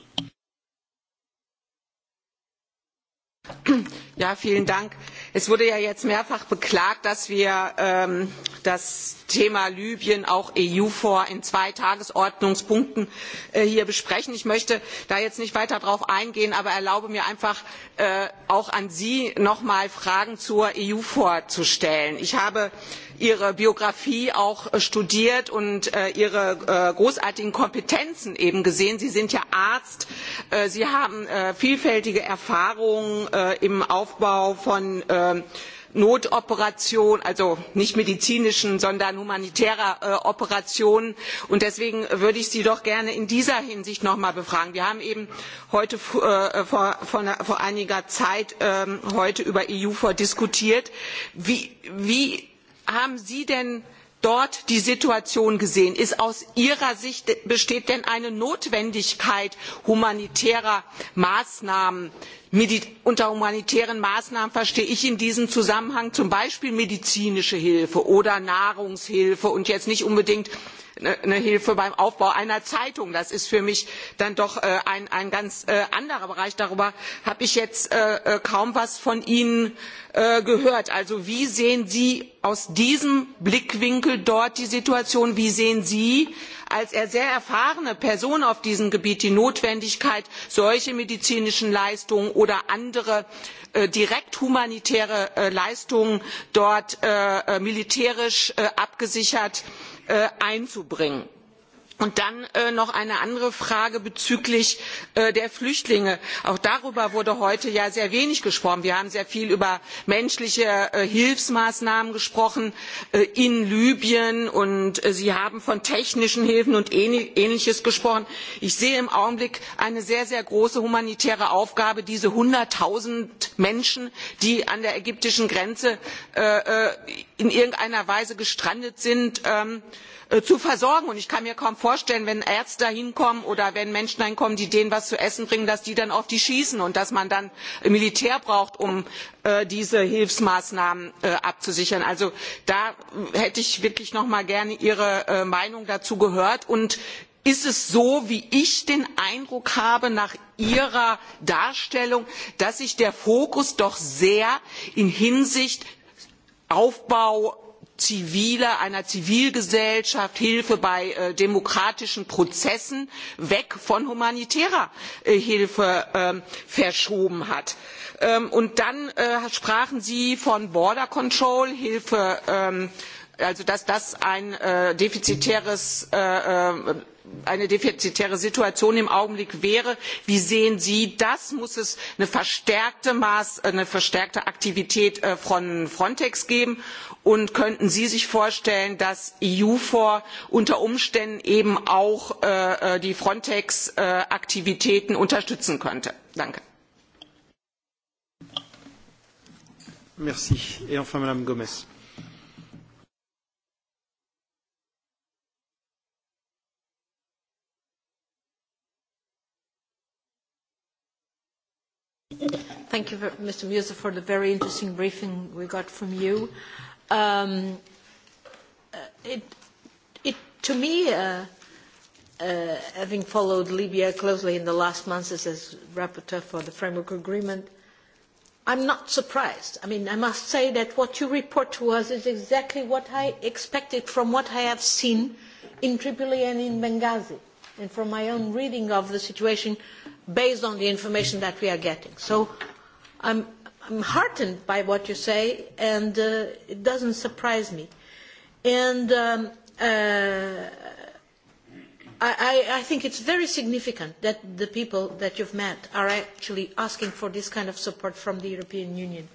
herr ja, präsident! es wurde ja jetzt mehrfach beklagt dass wir ähm, das thema libyen auch eu four in zwei tagesordnungspunkten äh, hier besprechen. ich möchte da jetzt nicht weiter darauf eingehen aber erlaube mir einfach äh, auch an sie noch mal fragen zur eu four zu stellen. ich habe ihre biografie auch äh, studiert und äh, ihre äh, großartigen kompetenzen gesehen sie sind ja arzt sie haben vielfältige erfahrungen im aufbau von ähm, notoperationen also nicht medizinischen sondern humanitären operationen und deswegen würde ich sie doch gerne in dieser hinsicht noch einmal befragen wir haben eben heute vor einiger zeit ähm, über eu four diskutiert wie haben sie denn dort die situation gesehen? besteht aus ihrer sicht denn eine notwendigkeit humanitärer maßnahmen zu ergreifen? unter humanitären maßnahmen verstehe ich in diesem zusammenhang zum beispiel medizinische hilfe oder nahrungshilfe und jetzt nicht unbedingt eine hilfe beim aufbau einer zeitung das ist für mich dann doch äh, ein ganz äh, anderer bereich. darüber habe ich jetzt äh, kaum etwas von ihnen gehört. also wie sehen sie aus diesem blickwinkel dort die situation wie sehen sie als er sehr erfahrene person auf diesem gebiet die notwendigkeit solche medizinischen leistungen oder andere äh, direkt humanitäre äh, leistungen dort äh, militärisch abgesichert einzubringen und dann äh, noch eine andere frage bezüglich äh, der flüchtlinge auch darüber wurde heute ja sehr wenig gesprochen. wir haben sehr viel über menschliche äh, hilfsmaßnahmen gesprochen in libyen und sie haben von technischen hilfen und ähnlichem gesprochen. ich sehe im augenblick eine sehr sehr große humanitäre aufgabe diese hunderttausend menschen die an der ägyptischen grenze in irgendeiner weise gestrandet sind ähm, Äh, zu versorgen und ich kann mir kaum vorstellen wenn ärzte hinkommen oder wenn menschen hinkommen die denen etwas zu essen bringen dass die dann auf die schießen und dass man dann militär braucht um äh, diese hilfsmaßnahmen äh, abzusichern. also da hätte ich wirklich noch einmal gerne ihre meinung dazu gehört. und ist es so wie ich den eindruck habe nach ihrer darstellung dass sich der fokus doch sehr in hinsicht aufbau zivile einer zivilgesellschaft hilfe bei äh, demokratischen prozessen weg von humanitärer äh, hilfe ähm, verschoben hat. Ähm, dann äh, sprachen sie von border control hilfe ähm, also dass das ein defizitäres eine defizitäre situation im augenblick wäre wie sehen sie das? muss es eine verstärkte aktivität äh, von frontex geben und könnten sie sich vorstellen dass eufor unter umständen eben auch äh, äh, die frontex aktivitäten unterstützen könnte? Thank you, Mr. Musa, for the very interesting briefing we got from you. Um, uh, it, it, to me, uh, uh, having followed Libya closely in the last months as rapporteur for the framework agreement, I'm not surprised. I mean, I must say that what you report to us is exactly what I expected from what I have seen in Tripoli and in Benghazi, and from my own reading of the situation based on the information that we are getting. So I'm, I'm heartened by what you say, and uh, it doesn't surprise me. And um, uh, I, I think it's very significant that the people that you've met are actually asking for this kind of support from the European Union.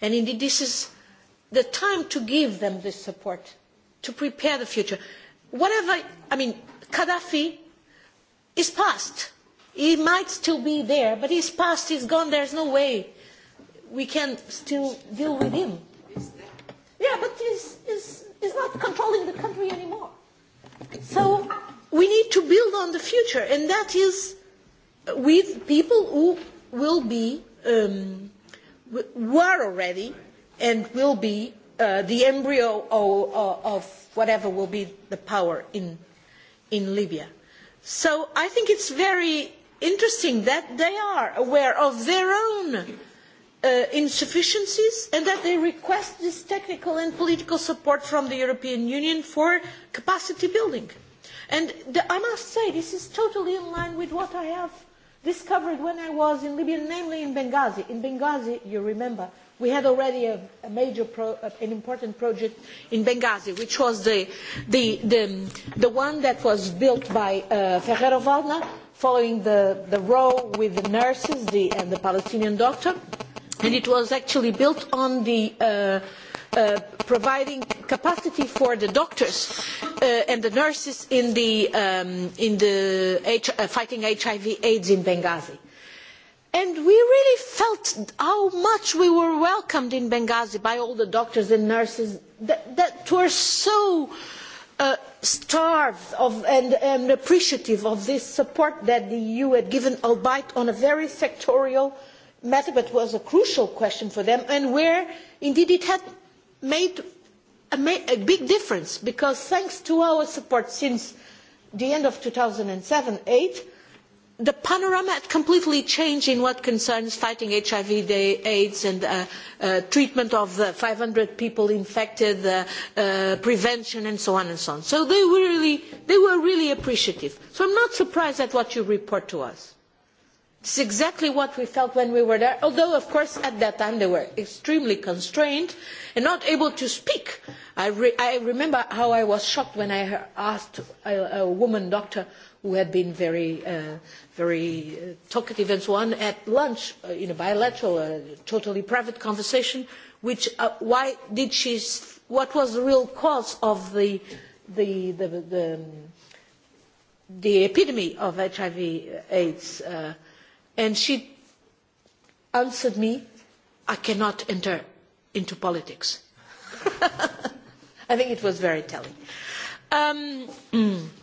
And indeed, this is the time to give them this support, to prepare the future. Whatever, I mean, Gaddafi is past he might still be there, but his past is gone. There's no way we can still deal with him. Yeah, but he's, he's, he's not controlling the country anymore. So we need to build on the future, and that is with people who will be, um, were already, and will be uh, the embryo of, of whatever will be the power in, in Libya. So I think it's very interesting that they are aware of their own uh, insufficiencies and that they request this technical and political support from the European Union for capacity building. And the, I must say, this is totally in line with what I have discovered when I was in Libya, namely in Benghazi. In Benghazi, you remember, we had already a, a major, pro, a, an important project in Benghazi, which was the, the, the, the one that was built by uh, Ferrero Waldner, following the, the row with the nurses the, and uh, the Palestinian doctor. And it was actually built on the uh, uh, providing capacity for the doctors uh, and the nurses in the, um, in the H- uh, fighting HIV AIDS in Benghazi. And we really felt how much we were welcomed in Benghazi by all the doctors and nurses that, that were so uh, starved of and, and appreciative of this support that the EU had given, albeit on a very sectorial matter, but was a crucial question for them, and where indeed it had made a, ma- a big difference, because thanks to our support since the end of 2007 8, the panorama had completely changed in what concerns fighting HIV, AIDS, and uh, uh, treatment of the 500 people infected, uh, uh, prevention, and so on and so on. So they were, really, they were really appreciative. So I'm not surprised at what you report to us. It's exactly what we felt when we were there, although, of course, at that time they were extremely constrained and not able to speak. I, re- I remember how I was shocked when I asked a, a woman doctor, who had been very, uh, very uh, talkative and so on, at lunch, uh, in a bilateral, uh, totally private conversation, which, uh, why did she, what was the real cause of the, the, the, the, the, um, the epidemic of HIV uh, AIDS? Uh, and she answered me, I cannot enter into politics. I think it was very telling. Um,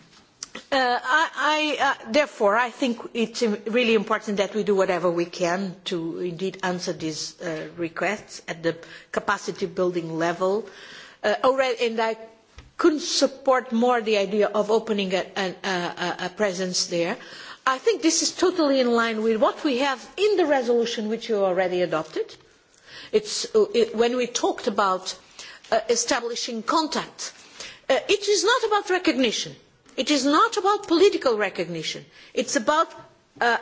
Uh, uh, therefore i think it is really important that we do whatever we can to answer these uh, requests at the capacity building level and i could not support more the idea of opening a presence there. i think this is totally in line with what we have in the resolution which you already adopted. when we talked about establishing contact it is not about recognition. It is not about political recognition. It's about uh,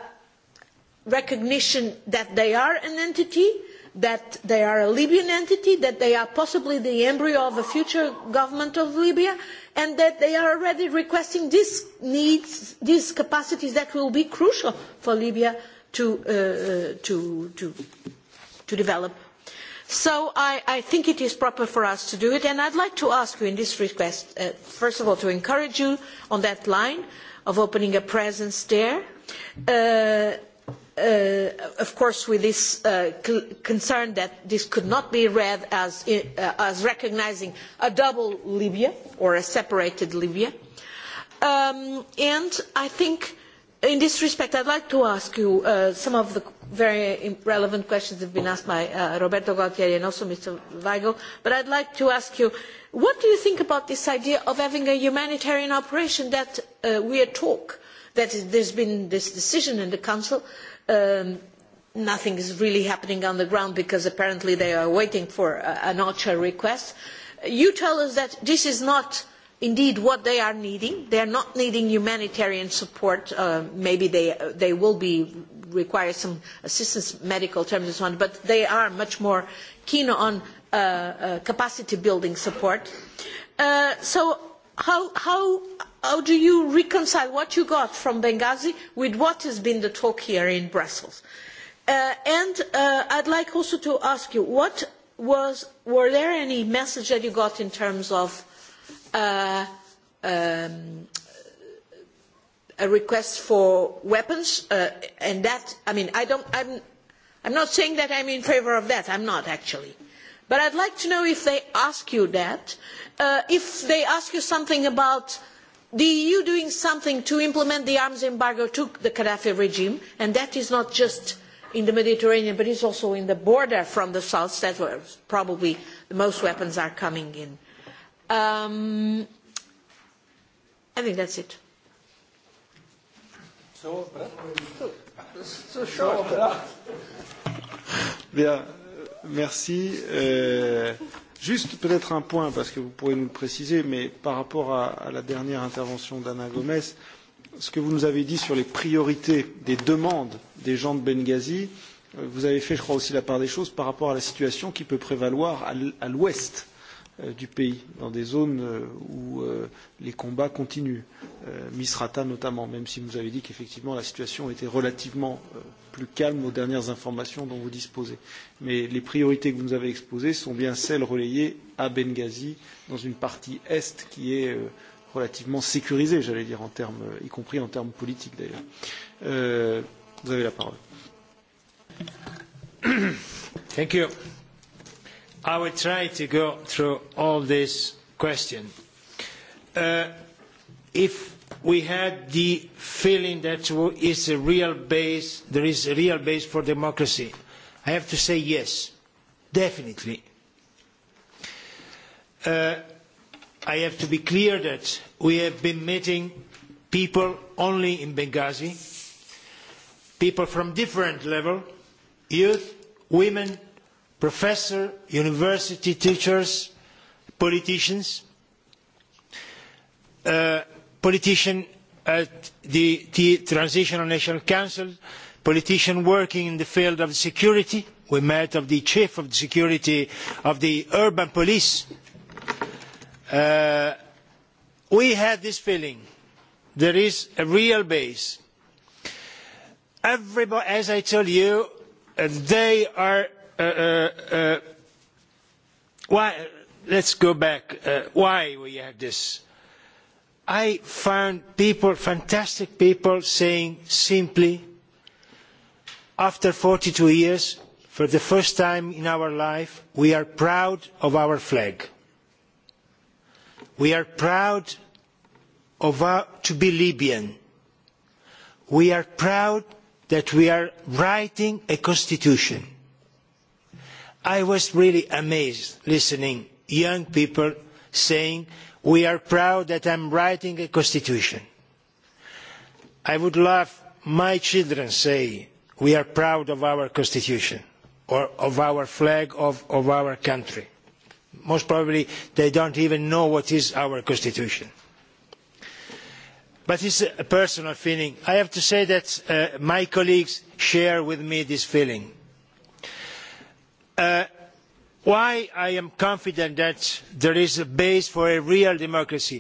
recognition that they are an entity, that they are a Libyan entity, that they are possibly the embryo of a future government of Libya, and that they are already requesting these needs, these capacities that will be crucial for Libya to, uh, uh to, to, to develop so i think it is proper for us to do it and i would like to ask you in this request uh, first of all to encourage you on that line of opening a presence there uh, uh of course with this uh, concern that this could not be read as, uh, as recognizing a double Libya or a separated Libya. Um, and I think uh, in this respect, I'd like to ask you uh, some of the very relevant questions that have been asked by uh, Roberto Galtieri and also Mr. Weigel. But I'd like to ask you, what do you think about this idea of having a humanitarian operation that uh, we are talk, that there's been this decision in the Council, um, nothing is really happening on the ground because apparently they are waiting for a, uh, an OCHA request. You tell us that this is not uh, indeed what they are needing they are not needing humanitarian support uh, maybe they they will be require some assistance medical terms and so on but they are much more keen on uh, uh, capacity building support uh, so how how how do you reconcile what you got from Benghazi with what has been the talk here in Brussels? Uh, and uh, I'd like also to ask you, what was, were there any message that you got in terms of a, um, a request for weapons, uh, and that, I mean, I don't, I'm, I'm not saying that I'm in favor of that, I'm not actually. But I'd like to know if they ask you that, uh, if they ask you something about the EU doing something to implement the arms embargo to the Gaddafi regime, and that is not just in the Mediterranean, but it's also in the border from the south, that's where probably the most weapons are coming in. Uh, Um, I think that's it. So, so short. Bien, merci. Euh, juste peut-être un point, parce que vous pourrez nous le préciser, mais par rapport à la dernière intervention d'Anna Gomes, ce que vous nous avez dit sur les priorités des demandes des gens de Benghazi, euh, vous avez fait, je crois, aussi la part des choses par rapport à la situation qui peut prévaloir à l'ouest Euh, du pays, dans des zones euh, où euh, les combats continuent, euh, Misrata notamment, même si vous avez dit qu'effectivement la situation était relativement euh, plus calme aux dernières informations dont vous disposez. Mais les priorités que vous nous avez exposées sont bien celles relayées à Benghazi, dans une partie est qui est euh, relativement sécurisée, j'allais dire, en termes, euh, y compris en termes politiques d'ailleurs. Euh, vous avez la parole. Thank you. I will try to go through all this question. Uh, if we had the feeling that is a real base, there is a real base for democracy, I have to say yes, definitely. Uh, I have to be clear that we have been meeting people only in Benghazi, people from different level, youth, women, professors university teachers politicians uh, politicians at the, the transitional national council politicians working in the field of security we met of the chief of security of the urban police uh, we had this feeling there is a real base everybody as i told you uh, they are Uh, uh, uh, why let's go back why we have this i found people fantastic people saying simply after forty two years for the first time in our life we are proud of our flag we are proud of our, to be libyan we are proud that we are writing a constitution I was really amazed listening to young people saying, We are proud that I'm writing a constitution. I would love my children say, We are proud of our constitution or of our flag of, of our country. Most probably they don't even know what is our constitution. But it's a personal feeling. I have to say that uh, my colleagues share with me this feeling. Uh, why i am confident that there is a base for a real democracy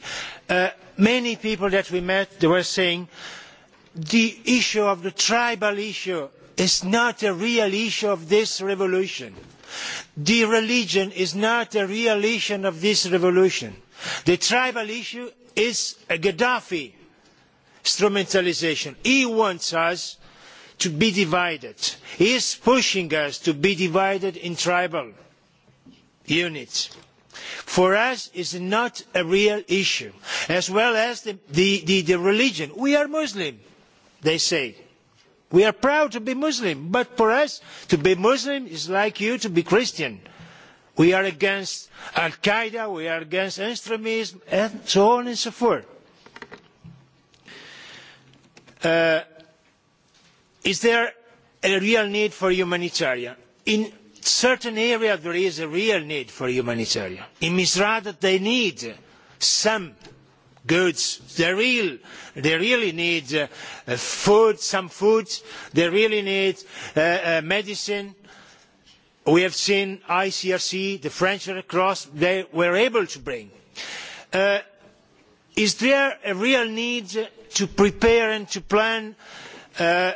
uh, many people that we met were saying the issue of the tribal issue is not a real issue of this revolution the religion is not a real issue of this revolution the tribal issue is a gaddafi instrumentalisation he wants us to be divided. He is pushing us to be divided in tribal units. For us, it's not a real issue. As well as the, the, the, the religion. We are Muslim, they say. We are proud to be Muslim. But for us, to be Muslim is like you to be Christian. We are against Al Qaeda, we are against extremism, and so on and so forth. Uh, is there a real need for humanitarian? In certain areas there is a real need for humanitarian. In Misrata they need some goods. They, real, they really need uh, uh food, some food. They really need uh, uh, medicine. We have seen ICRC, the French Red Cross, they were able to bring. Uh, is there a real need to prepare and to plan uh,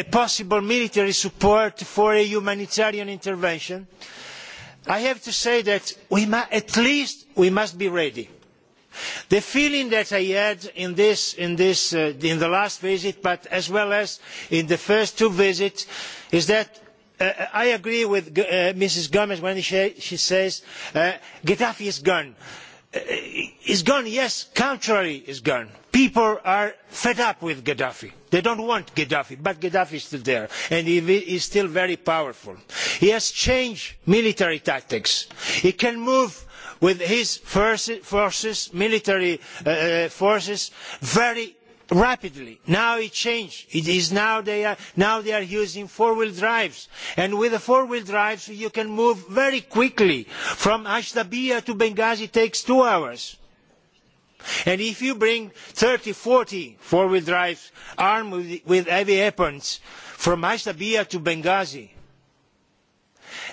a possible military support for a humanitarian intervention, I have to say that we ma- at least we must be ready. The feeling that I had in this, in this, uh, in the last visit, but as well as in the first two visits, is that uh, uh I agree with uh, Mrs. Gomez when she, she says, uh, Gaddafi is gone. Uh, is uh, gone, yes, contrary is gone. People are fed up with Gaddafi. Uh, they do not want gaddafi but gaddafi is still there and he is still very powerful. he has changed military tactics. he can move with his forces military uh, uh, forces very rapidly. now he changed. it is now they are now they are using four wheel drives and with the four wheel drives you can move very quickly from ashdabia to benghazi takes two hours. And if you bring 30, 40 four wheel drives armed with, with heavy weapons from Ashtabia to Benghazi,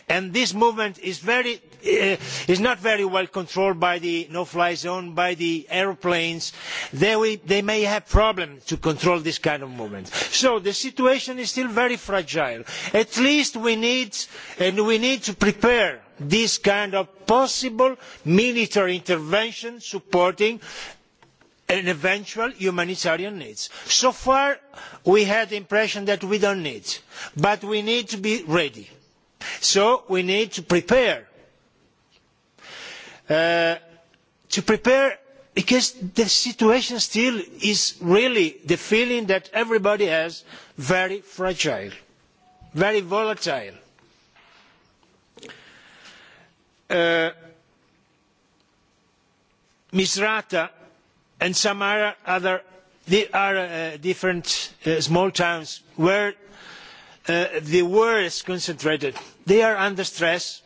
and this movement is, very, uh, is not very well controlled by the no fly zone, by the aeroplanes, they, will, they may have problems to control this kind of movement. So the situation is still very fragile. At least we need, and we need to prepare this kind of possible military intervention supporting an eventual humanitarian needs. So far we had the impression that we don't need, but we need to be ready. So we need to prepare. Uh, to prepare because the situation still is really the feeling that everybody has very fragile, very volatile. Uh, misrata and some other uh, different uh, small towns where the war is concentrated they are under stress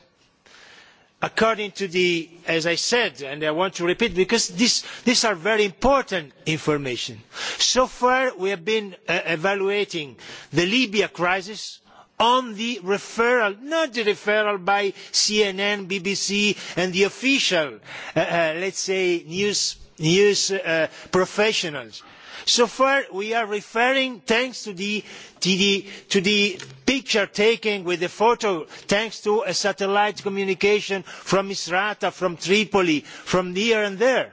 according to the as i said and i want to repeat because these are very important information so far we have been evaluating the libya crisis on the referral not the referral by cnn bbc and the official uh, uh, let's say news, news uh, professionals. so far we are referring thanks to the, to the, to the picture taken with the photo thanks to a satellite communication from misrata from tripoli from here and there.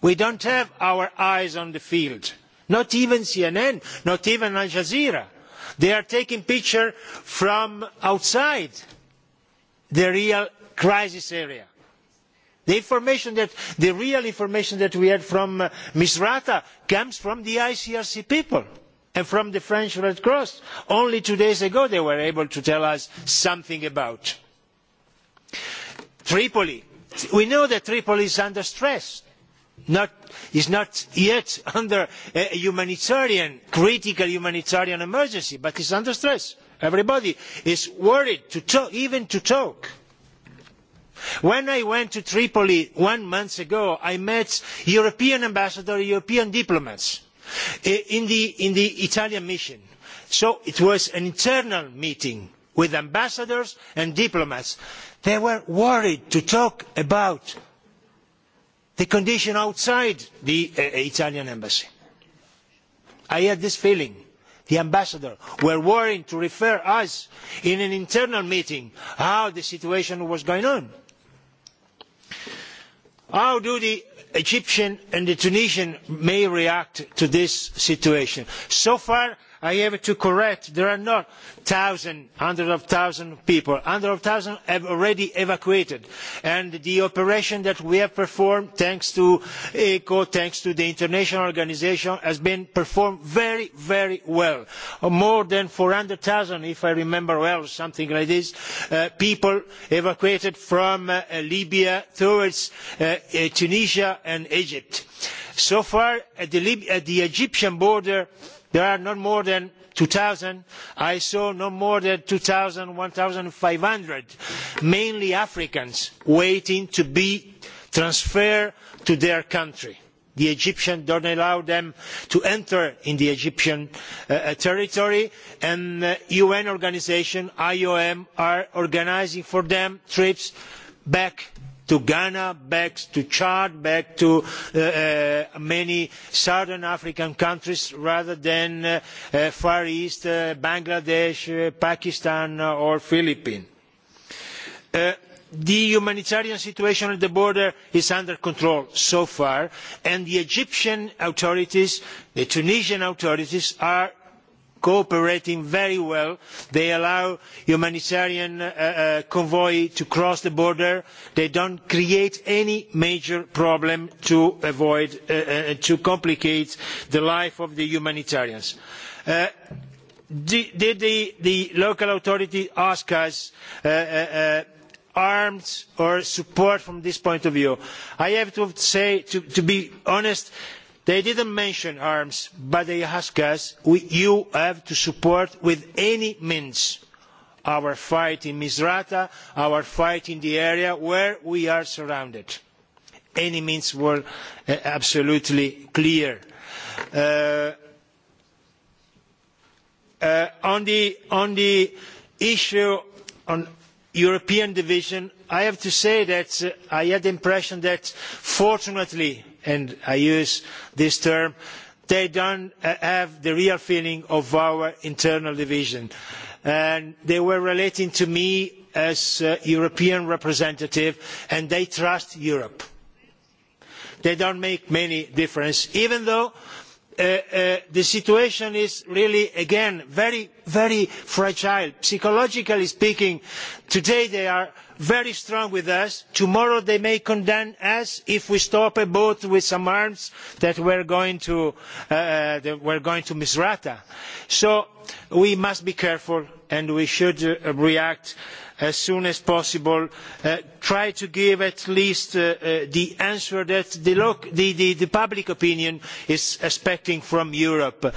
we don't have our eyes on the field. Not even CNN, not even Al Jazeera they are taking pictures from outside the real crisis area. the information that the real information that we had from uh, ms rata comes from the icrc people and from the french red cross. only two days ago they were able to tell us something about tripoli. we know that tripoli is under stress not, is not yet under a humanitarian, critical humanitarian emergency, but it's under stress. Everybody is worried to talk, even to talk. When I went to Tripoli one month ago, I met European ambassador, European diplomats eh, in the, in the Italian mission. So it was an internal meeting with ambassadors and diplomats. They were worried to talk about the condition outside the uh, uh, Italian embassy. I had this feeling. The ambassador were worried to refer us in an internal meeting how the situation was going on. How do the Egyptian and the Tunisian may react to this situation? So far, i have to correct there are not thousands hundreds of thousands of people hundreds of thousands have already evacuated and the operation that we have performed thanks to echo thanks to the international organisation has been performed very very well more than four hundred zero if i remember well or something like this uh, people evacuated from uh, libya towards uh, tunisia and egypt. so far at the egyptian border there are not more than two thousand i saw no more than two thousand one thousand five hundred mainly africans waiting to be transferred to their country. the egyptians do not allow them to enter the egyptian uh, uh, territory and un uh, organisations iom are organising for them trips back to ghana back to chad back to uh, uh, many southern african countries rather than the uh, far east bangladesh pakistan or the philippines. the humanitarian situation at the border is under control so far and the egyptian authorities and the tunisian authorities are cooperating very well they allow a humanitarian uh, uh, convoy to cross the border they do not create any major problem to avoid uh, to complicate the life of the humanitarians. did the local authority ask us for arms or support from this point of view? i have to say to be honest that they did not mention arms but they asked us you have to support with any means our fight in misrata our fight in the area where we are surrounded. any means were uh, absolutely clear. Uh, uh, on, the, on the issue on european division i have to say that uh, i had the impression that fortunately and i use this term they do not uh, have the real feeling of our internal division and they were relating to me as a european representative and they trust europe. they do not make many differences even though uh, uh, the situation is really again very very fragile. psychologically speaking today they are very strong with us tomorrow they may condemn us if we stop a boat with some arms that were going to uh, uh, misrata. so we must be careful and we should uh, react as soon as possible try to give at least the answer that the public opinion is expecting from europe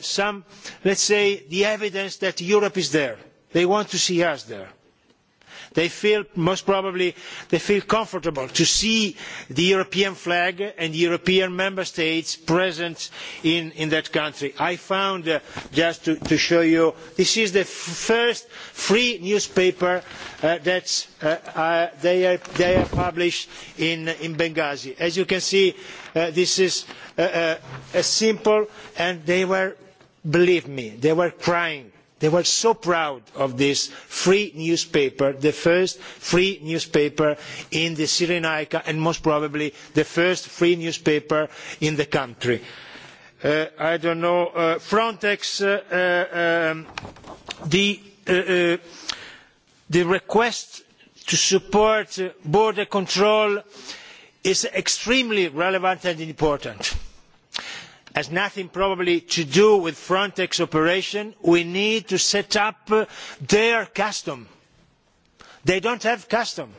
some let us say evidence that europe is there. they want to see us there they feel most probably comfortable to see the european flag and the european member states present in that country. i found uh, just to show you this is the first free newspaper uh, that uh, they have published in benghazi. as you can see this is simple and they were believe me they were crying. They were so proud of this free newspaper, the first free newspaper in the Cyrenaica and most probably the first free newspaper in the country. Uh, I don't know, uh, Frontex, uh, uh um, the, uh, uh, the request to support border control is extremely relevant and important has nothing probably to do with frontex operation we need to set up uh, their customs. they do not have customs.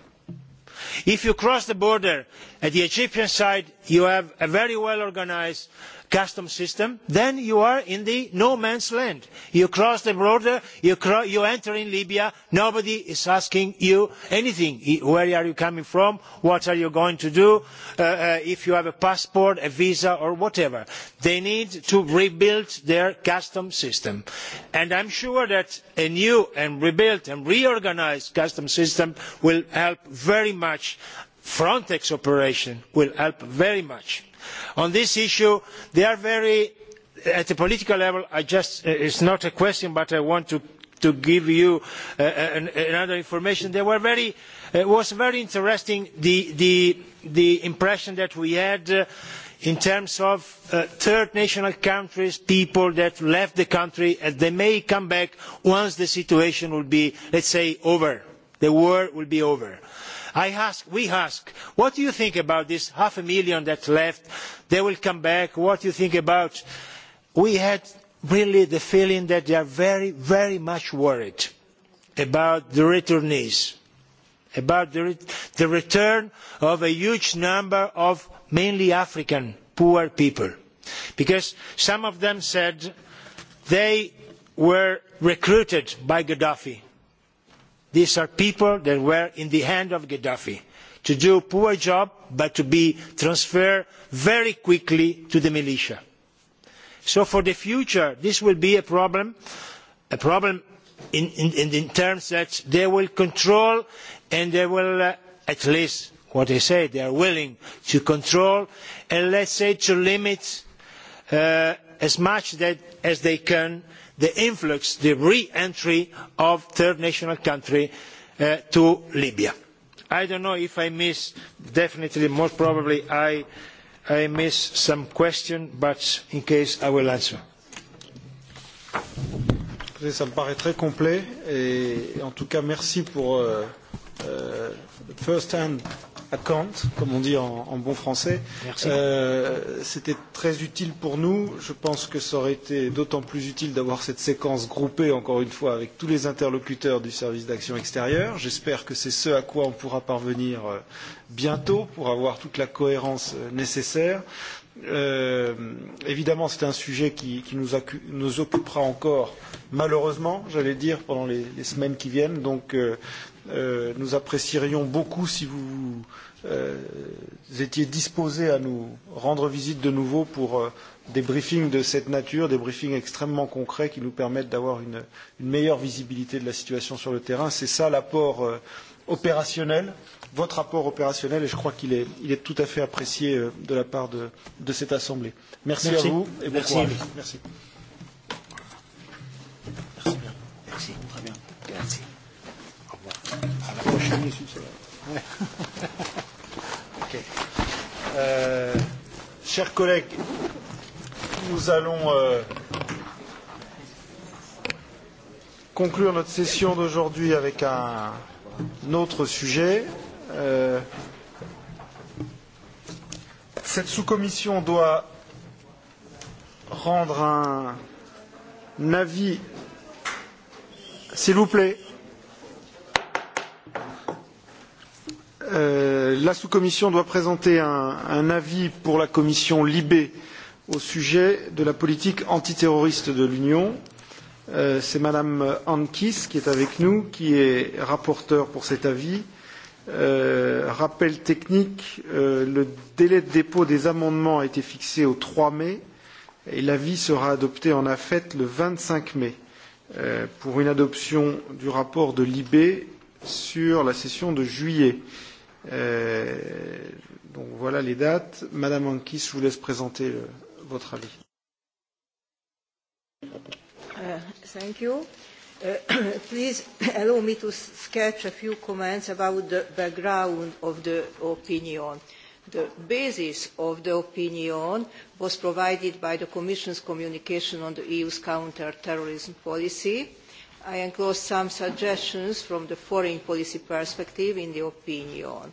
if you cross the border at the egyptian side you have a very well organised customs system then you are in no man's land you cross the border you enter libya nobody is asking you anything where are you coming from what are you going to do uh, uh, if you have a passport a visa or whatever. they need to rebuild their customs system and i am sure that a new and rebuilt and reorganised customs system will help very much frontex operation will help very much on this issue they are very at the political level uh, it is not a question but i want to to give you uh, another information they were very uh, it was very interesting the the the impression that we had uh, in terms of uh, third national countries, people that left the country, and they may come back once the situation will be, let's say, over. The war will be over. Uh, I ask, we ask, what do you think about this half a million that left? They will come back. What do you think about? We had really the feeling that they are very, very much worried about the returnees, about the, re- the return of a huge number of mainly African poor people. Because some of them said they were recruited by Gaddafi these are people that were in the hands of gaddafi to do a poor job but to be transferred very quickly to the militia. so for the future this will be a problem a problem in, in, in terms that they will control and they will uh, at least what they say they are willing to control and let's say to limit uh, as much that as they can uh, the influx the re entry of third national countries uh, to libya. i do not know if i missed definitely most probably i missed some question but in any case i will answer. cela me paraît très complet et en tout cas merci pour euh, euh, first hand à Kant, comme on dit en, en bon français. Euh, c'était euh, très utile pour nous. Je pense que ça aurait été d'autant plus utile d'avoir cette séquence groupée, encore une fois, avec tous les interlocuteurs du service d'action extérieure. J'espère que c'est ce à quoi on pourra parvenir euh, bientôt pour avoir toute la cohérence euh, nécessaire. Euh, évidemment, c'est un sujet qui, qui nous, nous occupera encore, malheureusement, j'allais dire, pendant les, les semaines qui viennent. Donc, euh, Euh, nous apprécierions beaucoup si vous euh, étiez disposé à nous rendre visite de nouveau pour euh, des briefings de cette nature, des briefings extrêmement concrets qui nous permettent d'avoir une, une meilleure visibilité de la situation sur le terrain. C'est ça l'apport euh, opérationnel, votre apport opérationnel, et je crois qu'il est, il est tout à fait apprécié euh, de la part de, de cette Assemblée. Merci, Merci à vous et bon Merci. courage. Merci. nisi celo. okay. euh, chers collègues, nous allons euh, conclure notre session d'aujourd'hui avec un, un autre sujet. Euh, cette sous-commission doit rendre un, un avis. S'il vous plaît. Euh, la sous commission doit présenter un, un avis pour la commission Libé au sujet de la politique antiterroriste de l'Union. Euh, C'est Madame Ankis qui est avec nous, qui est rapporteure pour cet avis. Euh, rappel technique euh, le délai de dépôt des amendements a été fixé au 3 mai et l'avis sera adopté en affaire le 25 mai euh, pour une adoption du rapport de l'IB sur la session de juillet. Euh, Euh, donc voilà les dates. Madame Ankis, je vous laisse présenter le, euh, votre avis. Uh, thank you. Uh, please allow me to sketch a few comments about the background of the opinion. The basis of the opinion was provided by the Commission's communication on the EU's counter-terrorism policy. Uh, I enclose some suggestions from the foreign policy perspective in the opinion.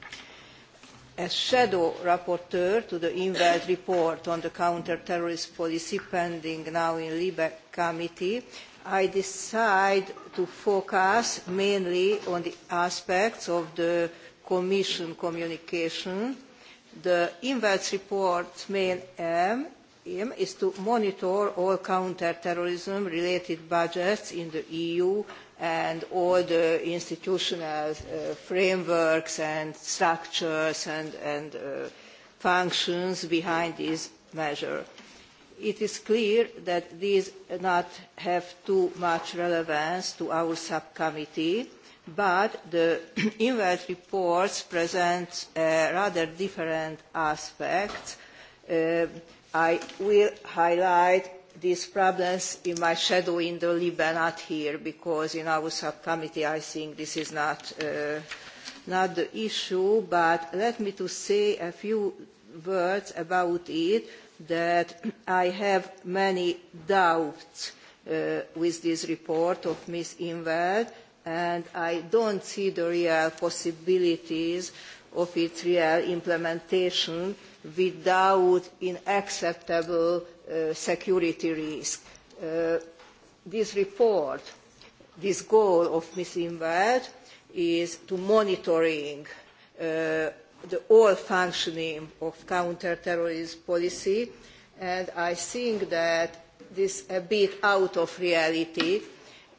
As shadow rapporteur to the Inveld report on the counter-terrorist policy pending now in Libe committee, I decide to focus mainly on the aspects of the Commission communication. The Inveld report's main aim aim is to monitor all counterterrorism related budgets in the EU and all the institutional uh, frameworks and structures and, and uh, functions behind this measure. It is clear that these not have too much relevance to our subcommittee, but the INVELT reports present a rather different aspects. Uh, I will highlight these problems in my shadow in the Libya, not here, because in our subcommittee I think this is not, uh, not the issue, but let me to say a few words about it, that I have many doubts uh, with this report of Ms. Inveld, and I don't see the real possibilities of its real implementation uh, without an acceptable uh, security risk. Uh, this report, this goal of MISINVAD is to monitoring uh, the all functioning of counterterrorism policy and I think that this is a bit out of reality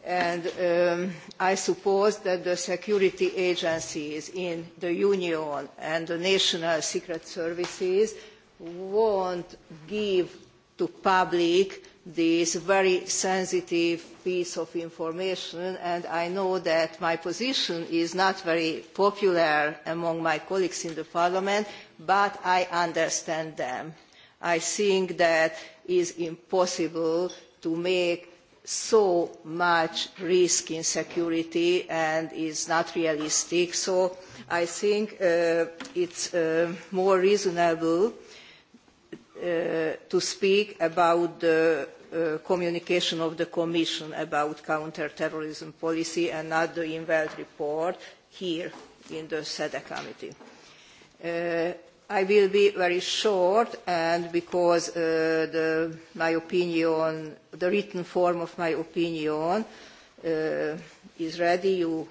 and um, I suppose that the security agencies in the Union and the national secret services won't give to public this very sensitive piece of information and I know that my position is not very popular among my colleagues in the parliament but I understand them. I think that it is impossible to make so much risk in security and is not realistic. So I think uh, it's uh, more reasonable uh, to speak about the uh, communication of the Commission about counterterrorism policy and not the INVELT report here in the SEDA committee. Uh, I will be very short, and because uh, the, my opinion, the written form of my opinion uh, is ready, you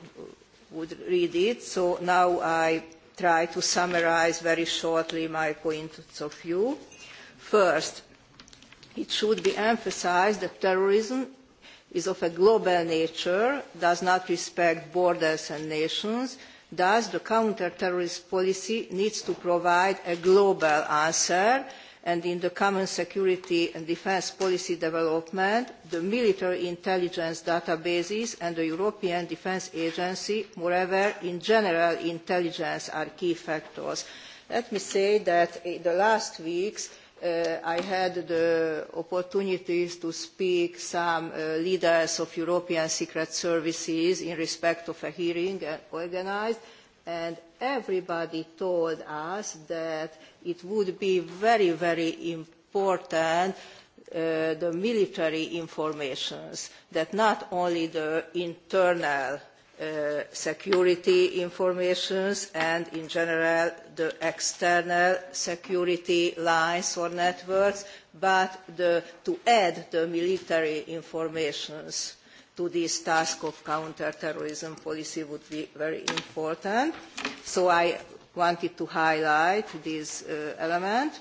would read it. So now I try to summarize very shortly my points of view. First, it should be emphasized that terrorism is of a global nature, does not respect borders and nations, Thus, the counterterrorist policy needs to provide a global answer, and in the common security and defense policy development, the military intelligence databases and the European Defense Agency, moreover, in general intelligence are key factors. Let me say that in the last weeks, uh, I had the opportunities to speak some uh, leaders of European secret services in respect of a hearing uh, organized, and everybody told us that it would be very, very important uh, the military informations that not only the internal Uh, security information and in general the external security lines or networks, but the, to add the military information to this task of counterterrorism policy would be very important. So I wanted to highlight this uh, element.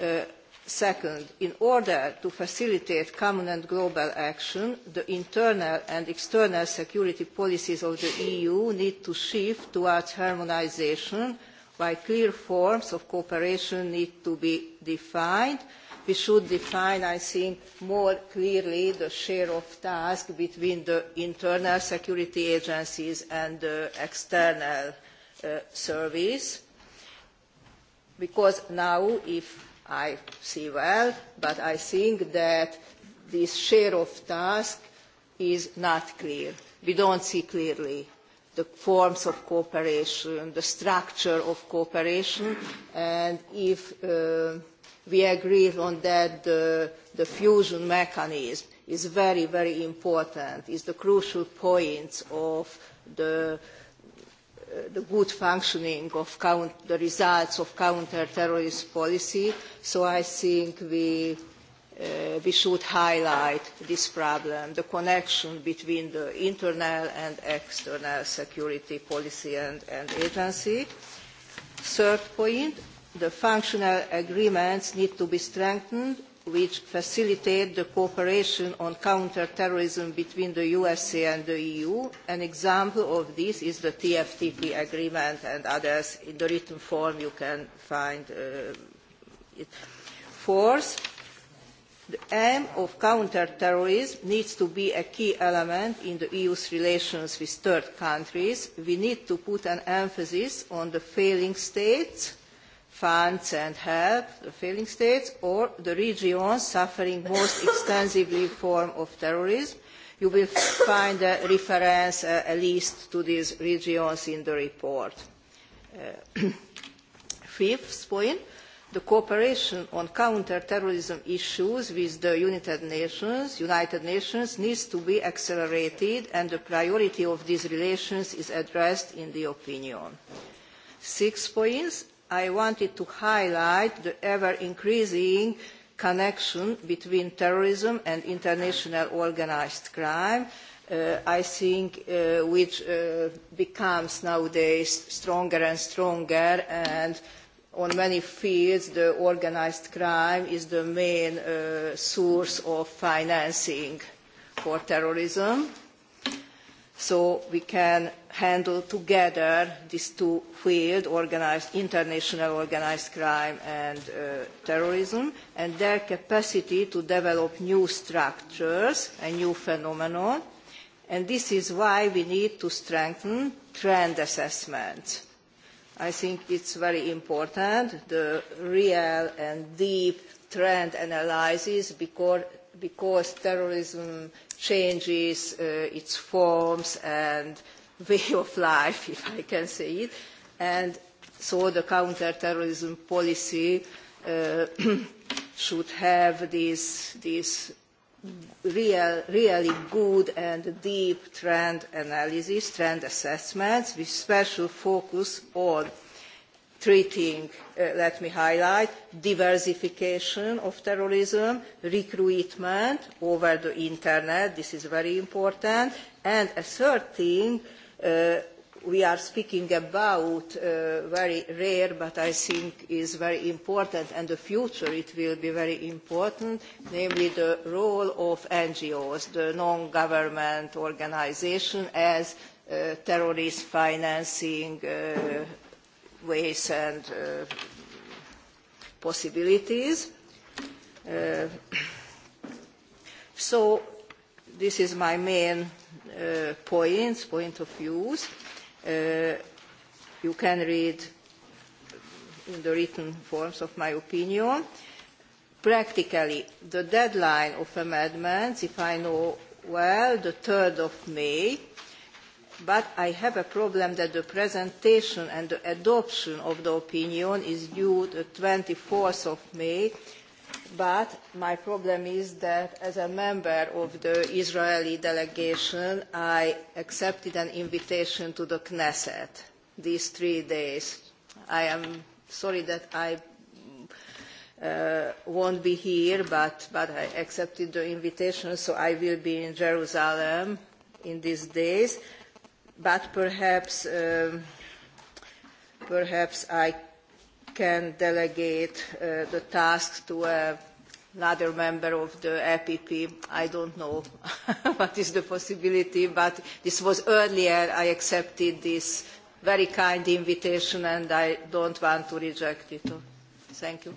Uh, Second, in order to facilitate common and global action, the internal and external security policies of the EU need to shift towards harmonization, while clear forms of cooperation need to be defined. We should define, I think, more clearly the share of tasks between the internal security agencies and the external uh, service. Because now, if I see well, but I think that this share of task is not clear. We don't see clearly the forms of cooperation, the structure of cooperation, and if uh, we agree on that, the, the fusion mechanism is very, very important, is the crucial point of the uh, the good functioning of count, the results of counter-terrorist policy. So I think we, uh, we should highlight this problem, the connection between the internal and external security policy and, and agency. Third point, the functional agreements need to be strengthened which facilitate the cooperation on counterterrorism between the USA and the EU. An example of this is the TFTP agreement and others in the written form you can find uh, it. Fourth, the aim of counterterrorism needs to be a key element in the EU's relations with third countries. We need to put an emphasis on the failing states funds and help the failing states or the regions suffering most extensively form of terrorism. You will find a reference uh, at least to these regions in the report. Uh, fifth point, the cooperation on counter-terrorism issues with the United Nations, United Nations needs to be accelerated and the priority of these relations is addressed in the opinion. Six points, I wanted to highlight the ever-increasing connection between terrorism and international organized crime, uh, I think uh, which uh, becomes nowadays stronger and stronger and on many fields the organized crime is the main uh, source of financing for terrorism. Uh, so we can handle together these two fields, organized, international organized crime and uh, terrorism, and their capacity to develop new structures and new phenomena. And this is why we need to strengthen trend assessment. I think it's very important, the real and deep trend analysis, because because terrorism changes uh, its forms and way of life, if I can say it. And so the counterterrorism policy uh, should have this, this real, really good and deep trend analysis, trend assessments, with special focus on treating uh, let me highlight diversification of terrorism recruitment over the internet this is very important and a third thing uh, we are speaking about uh, very rare but i think is very important and the future it will be very important namely the role of ngos the non government organization as uh, terrorist financing uh, ways and uh, possibilities. Uh, so this is my main uh, points, point of views. Uh, you can read in the written forms of my opinion. Practically, the deadline of amendments, if I know well, the 3rd of May, uh, but I have a problem that the presentation and the adoption of the opinion is due the 24th of May, but my problem is that as a member of the Israeli delegation, I accepted an invitation to the Knesset these three days. I am sorry that I uh, won't be here, but, but I accepted the invitation, so I will be in Jerusalem in these days but perhaps um, perhaps I can delegate uh, the task to uh, another member of the EPP. I don't know what is the possibility, but this was earlier I accepted this very kind invitation and I don't want to reject it. Thank you.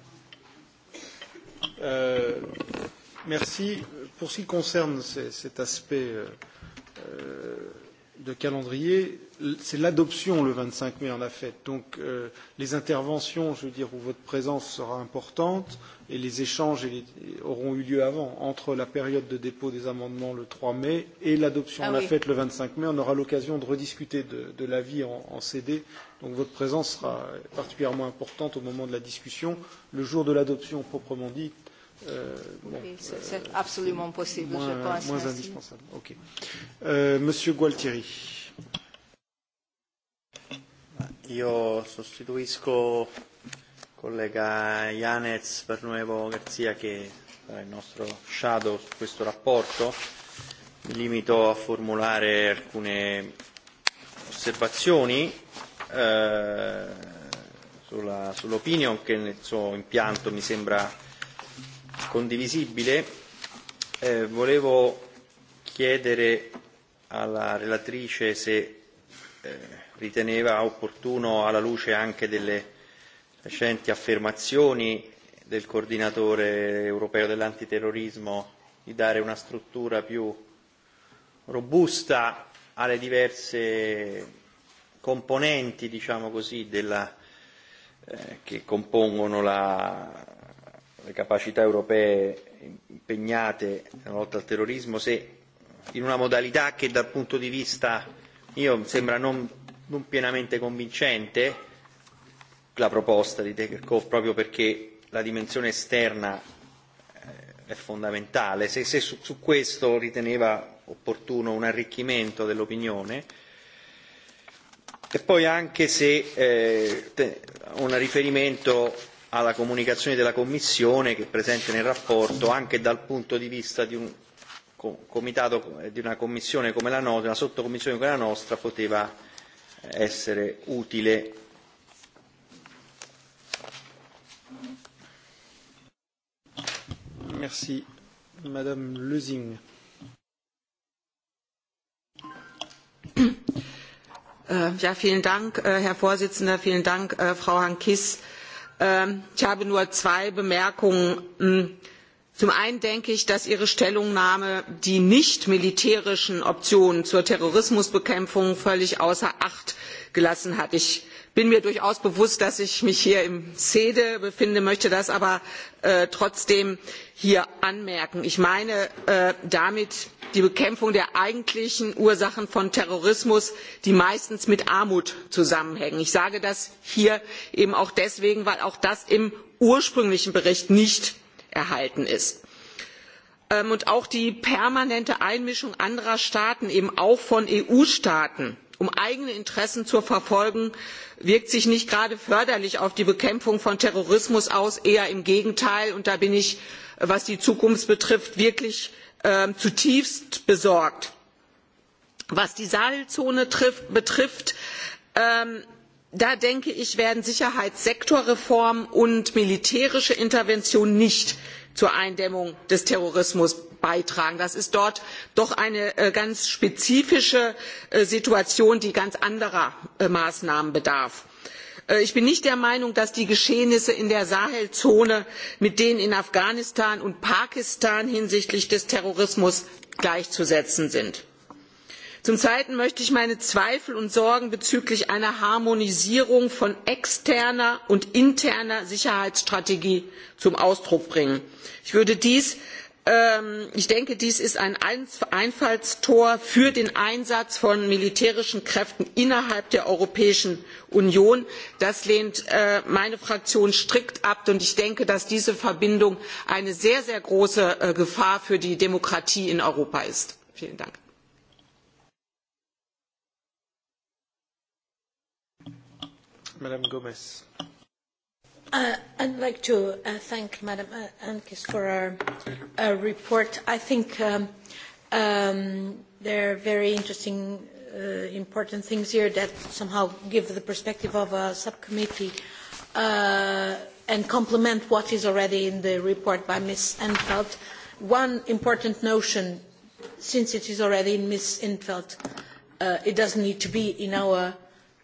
Euh, merci. Pour ce qui concerne ces, cet aspect euh, euh de calendrier, c'est l'adoption le 25 mai en a fait. Donc euh, les interventions, je veux dire, où votre présence sera importante et les échanges et les, auront eu lieu avant, entre la période de dépôt des amendements le 3 mai et l'adoption ah en oui. a fait le 25 mai, on aura l'occasion de rediscuter de, de l'avis en, en CD. Donc votre présence sera particulièrement importante au moment de la discussion, le jour de l'adoption proprement dit, Euh, C'est absolument possible. Moins, je pense moins indispensable. Okay. Euh, Monsieur Gualtieri. Io sostituisco collega Janez per nuovo Garzia che è il nostro shadow su questo rapporto. Mi limito a formulare alcune osservazioni eh, sull'opinion sull che nel suo impianto mi sembra eh, condivisibile. Eh, volevo chiedere alla relatrice se eh, riteneva opportuno, alla luce anche delle recenti affermazioni del coordinatore europeo dell'antiterrorismo, di dare una struttura più robusta alle diverse componenti diciamo così, della, eh, che compongono la, le capacità europee impegnate nella lotta al terrorismo se in una modalità che dal punto di vista mio sembra non, non pienamente convincente la proposta di Dekerkov proprio perché la dimensione esterna eh, è fondamentale, se, se su, su questo riteneva opportuno un arricchimento dell'opinione e poi anche se eh, un riferimento alla comunicazione della Commissione che è presente nel rapporto anche dal punto di vista di un comitato eh, di una commissione come la nostra, una sottocommissione come la nostra poteva eh, essere utile. Merci. Madame Lusing. Äh, ja, vielen Dank, äh, Herr Vorsitzender. Vielen Dank, äh, Frau Hankis. Ähm, ich habe nur zwei bemerkungen ähm, zum einen denke ich dass ihre stellungnahme die nicht militärischen optionen zur terrorismusbekämpfung völlig außer acht gelassen hat bin mir durchaus bewusst dass ich mich hier im cede befinde möchte das aber äh, trotzdem hier anmerken. ich meine äh, damit die bekämpfung der eigentlichen ursachen von terrorismus die meistens mit armut zusammenhängen. ich sage das hier eben auch deswegen weil auch das im ursprünglichen bericht nicht enthalten ist. Ähm, auch die permanente einmischung anderer staaten eben auch von eu staaten um eigene interessen zu verfolgen wirkt sich nicht gerade förderlich auf die bekämpfung von terrorismus aus eher im gegenteil und da bin ich äh, was die zukunft betrifft wirklich ähm, zutiefst besorgt. was die sahelzone betrifft ähm, da denke ich werden sicherheitssektorreformen und militärische interventionen nicht zur eindämmung des terrorismus beitragen. das ist dort doch eine äh, ganz spezifische äh, situation die ganz anderer äh, maßnahmen bedarf. ich bin nicht der meinung dass die geschehnisse in der sahelzone mit denen in afghanistan und pakistan hinsichtlich des terrorismus gleichzusetzen sind. zum zweiten möchte ich meine zweifel und sorgen bezüglich einer harmonisierung von externer und interner sicherheitsstrategie zum ausdruck bringen. ich würde dies Ähm, ich denke dies ist ein einfallstor für den einsatz von militärischen kräften innerhalb der europäischen union. das lehnt äh, meine fraktion strikt ab und ich denke dass diese verbindung eine sehr sehr große äh, gefahr für die demokratie in europa ist. Uh, I'd like to uh, thank Madam Ankis for our uh, report. I think um, um, there are very interesting, uh, important things here that somehow give the perspective of a subcommittee uh, and complement what is already in the report by Ms. Enfeld. One important notion, since it is already in Ms. Enfeld, uh, it doesn't need to be in our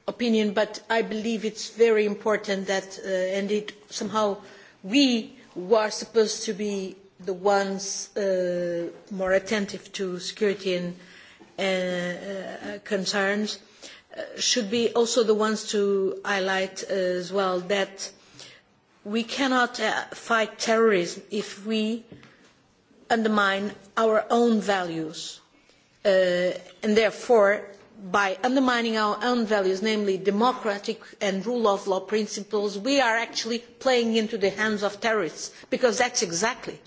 opinion, but I believe it's very important that, uh, and it somehow we were supposed to be the ones uh, more attentive to security and uh, uh, concerns, uh, should be also the ones to highlight as well that we cannot uh, fight terrorism if we undermine our own values uh, and therefore by undermining our own values, namely democratic and rule of law principles, we are actually playing into the hands of terrorists, because that's exactly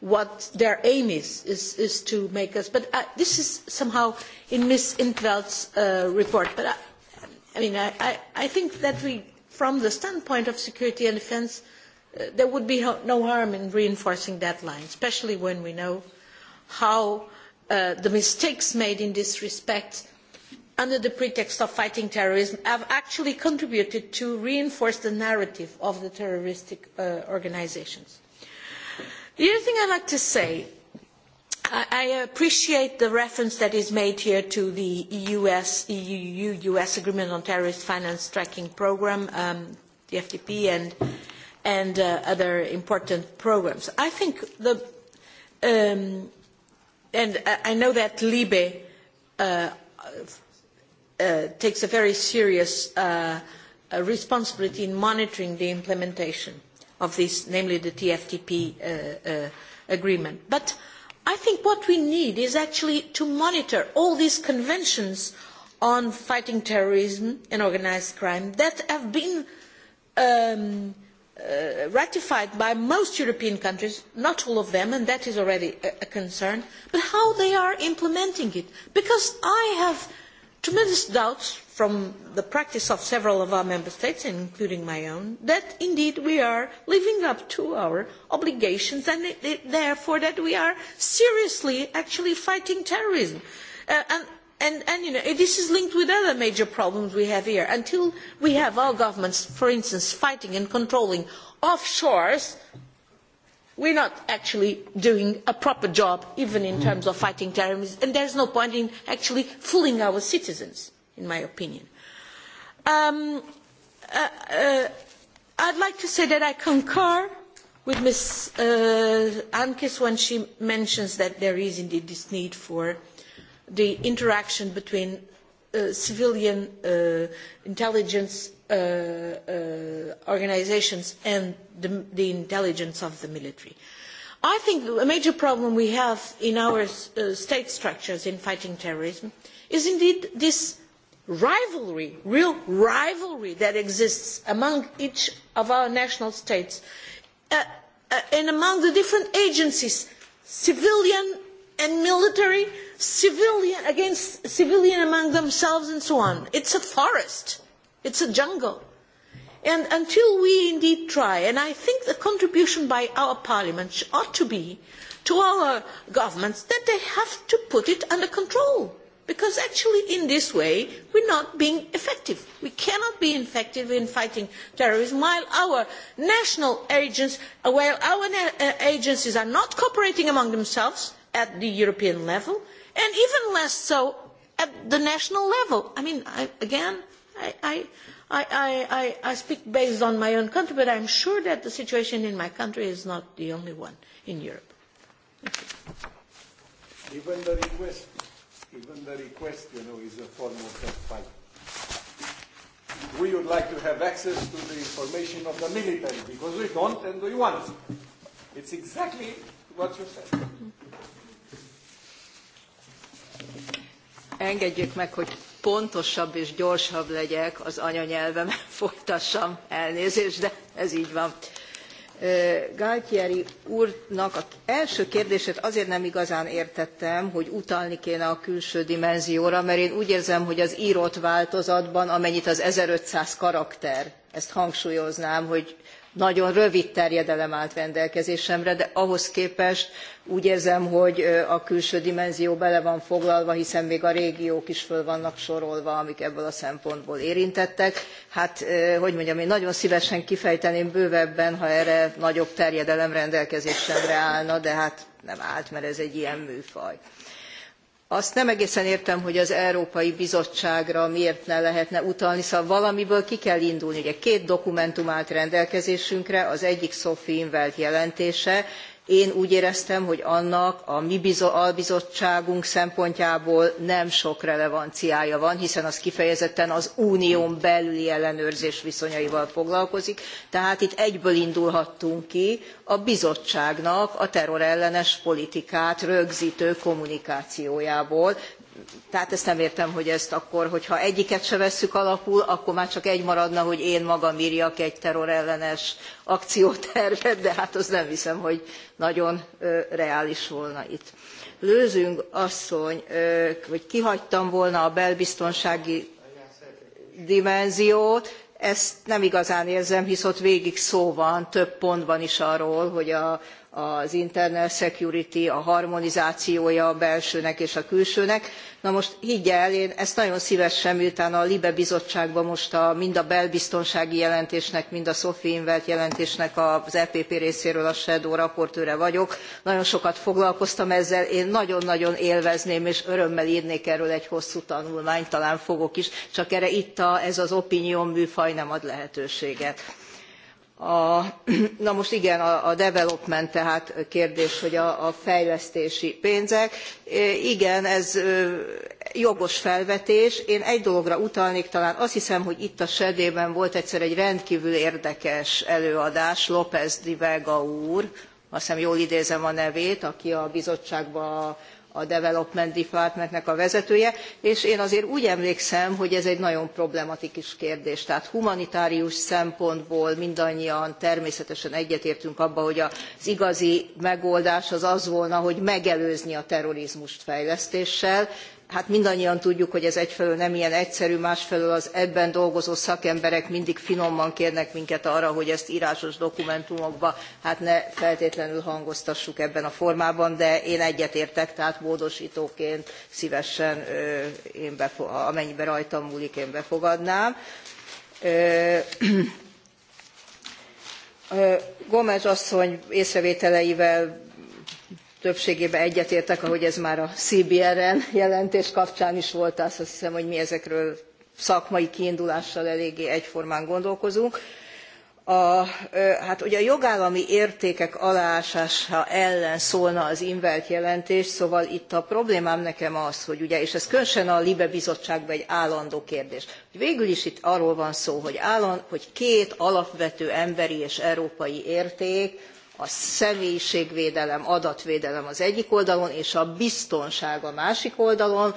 what their aim is, is, is to make us. But uh, this is somehow in Ms. Intveld's uh, report. But I, uh, I mean, I, I, I think that we, from the standpoint of security and defense, uh, there would be no harm in reinforcing that line, especially when we know how uh, the mistakes made in this respect under the pretext of fighting terrorism have actually contributed to reinforce the narrative of the terrorist uh, organizations. The other thing I'd like to say, I, I appreciate the reference that is made here to the EU-US EU -US Agreement on Terrorist Finance Tracking Program, um, the FTP, and, and uh, other important programs. I think the, um, and I, I know that Libe uh, Uh, takes a very serious uh, uh, responsibility in monitoring the implementation of this, namely the TFTP uh, uh, agreement. But I think what we need is actually to monitor all these conventions on fighting terrorism and organized crime that have been um, uh, ratified by most European countries, not all of them, and that is already a, a concern, but how they are implementing it. Because I have tremendous doubts from the practice of several of our member states, including my own, that indeed we are living up to our obligations and it, it, therefore that we are seriously actually fighting terrorism. Uh, and, and, and you know, this is linked with other major problems we have here. Until we have our governments, for instance, fighting and controlling offshores, we are not actually doing a proper job, even in mm. terms of fighting terrorism, and there is no point in actually fooling our citizens, in my opinion. Um, uh, uh, I'd like to say that I concur with Ms. Uh, Ankes when she mentions that there is indeed this need for the interaction between Uh, civilian uh, intelligence uh, uh, organizations and the, the intelligence of the military. I think a major problem we have in our uh, state structures in fighting terrorism is indeed this rivalry, real rivalry that exists among each of our national states uh, uh, and among the different agencies, civilian and military, uh, civilian against civilian among themselves and so on. It's a forest. It's a jungle. And until we indeed try, and I think the contribution by our parliament ought to be to our governments that they have to put it under control. Because actually in this way, we're not being effective. We cannot be effective in fighting terrorism while our national agents, while our uh, agencies are not cooperating among themselves at the European level, and even less so at the national level. I mean, I, again, I, I, I, I, I speak based on my own country, but I'm sure that the situation in my country is not the only one in Europe. Even the request, even the request, you know, is a form of fight. We would like to have access to the information of the military because we don't and we want. It's exactly what you said. Engedjük meg, hogy pontosabb és gyorsabb legyek az anyanyelvem, folytassam elnézést, de ez így van. Galtieri úrnak az első kérdését azért nem igazán értettem, hogy utalni kéne a külső dimenzióra, mert én úgy érzem, hogy az írott változatban, amennyit az 1500 karakter, ezt hangsúlyoznám, hogy nagyon rövid terjedelem állt rendelkezésemre de ahhoz képest úgy érzem hogy a külső dimenzió bele van foglalva hiszen még a régiók is föl vannak sorolva amik ebből a szempontból érintettek. hát hogy mondjam én nagyon szvesen kifejteném bővebben ha erre nagyobb terjedelem rendelkezésemre állna de hát nem állt mert ez egy ilyen műfaj azt nem egészen értem, hogy az Európai Bizottságra miért ne lehetne utalni, szóval valamiből ki kell indulni. Ugye két dokumentum állt rendelkezésünkre, az egyik Sophie Invelt jelentése, én úgy éreztem, hogy annak a mi albizottságunk szempontjából nem sok relevanciája van, hiszen az kifejezetten az unión belüli ellenőrzés viszonyaival foglalkozik. Tehát itt egyből indulhattunk ki a bizottságnak a terrorellenes politikát rögzítő kommunikációjából, tehát ezt nem értem, hogy ezt akkor, hogyha egyiket se vesszük alapul, akkor már csak egy maradna, hogy én magam írjak egy terrorellenes akciótervet, de hát azt nem hiszem, hogy nagyon ö, reális volna itt. Lőzünk asszony, ö, hogy kihagytam volna a belbiztonsági dimenziót, ezt nem igazán érzem, hisz ott végig szó van, több pont van is arról, hogy a, az internal security, a harmonizációja a belsőnek és a külsőnek na most higgye el én ezt nagyon szvesen miután a libe bizottságban most a, mind a belbiztonsági jelentésnek, mind a Sophie Invert jelentésnek az EPP részéről a Shadow raportőre vagyok. Nagyon sokat foglalkoztam ezzel, én nagyon-nagyon élvezném és örömmel írnék erről egy hosszú tanulmányt, talán fogok is, csak erre itt a, ez az opinion műfaj nem ad lehetőséget. na most igen a development tehát kérdés hogy a fejlesztési pénzek igen ez jogos felvetés én egy dologra utalnék talán azt hiszem hogy itt a sedében volt egyszer egy rendkvül érdekes előadás lópez de vega úr azt hiszem jól idézem a nevét aki a bizottságban a a Development Departmentnek a vezetője, és én azért úgy emlékszem, hogy ez egy nagyon problematikus kérdés. Tehát humanitárius szempontból mindannyian természetesen egyetértünk abba, hogy az igazi megoldás az az volna, hogy megelőzni a terrorizmust fejlesztéssel, hát mindannyian tudjuk, hogy ez egyfelől nem ilyen egyszerű, másfelől az ebben dolgozó szakemberek mindig finoman kérnek minket arra, hogy ezt írásos dokumentumokba hát ne feltétlenül hangoztassuk ebben a formában, de én egyetértek, tehát módosítóként szívesen, ö, én befo- amennyiben rajtam múlik, én befogadnám. Ö, Gomez asszony észrevételeivel többségében egyetértek, ahogy ez már a CBRN jelentés kapcsán is volt, azt hiszem, hogy mi ezekről szakmai kiindulással eléggé egyformán gondolkozunk. A, hát ugye a jogállami értékek aláásása ellen szólna az invert jelentés, szóval itt a problémám nekem az, hogy ugye, és ez különösen a Libe Bizottságban egy állandó kérdés, hogy végül is itt arról van szó, hogy, állan, hogy két alapvető emberi és európai érték, a személyiségvédelem, adatvédelem az egyik oldalon, és a biztonság a másik oldalon.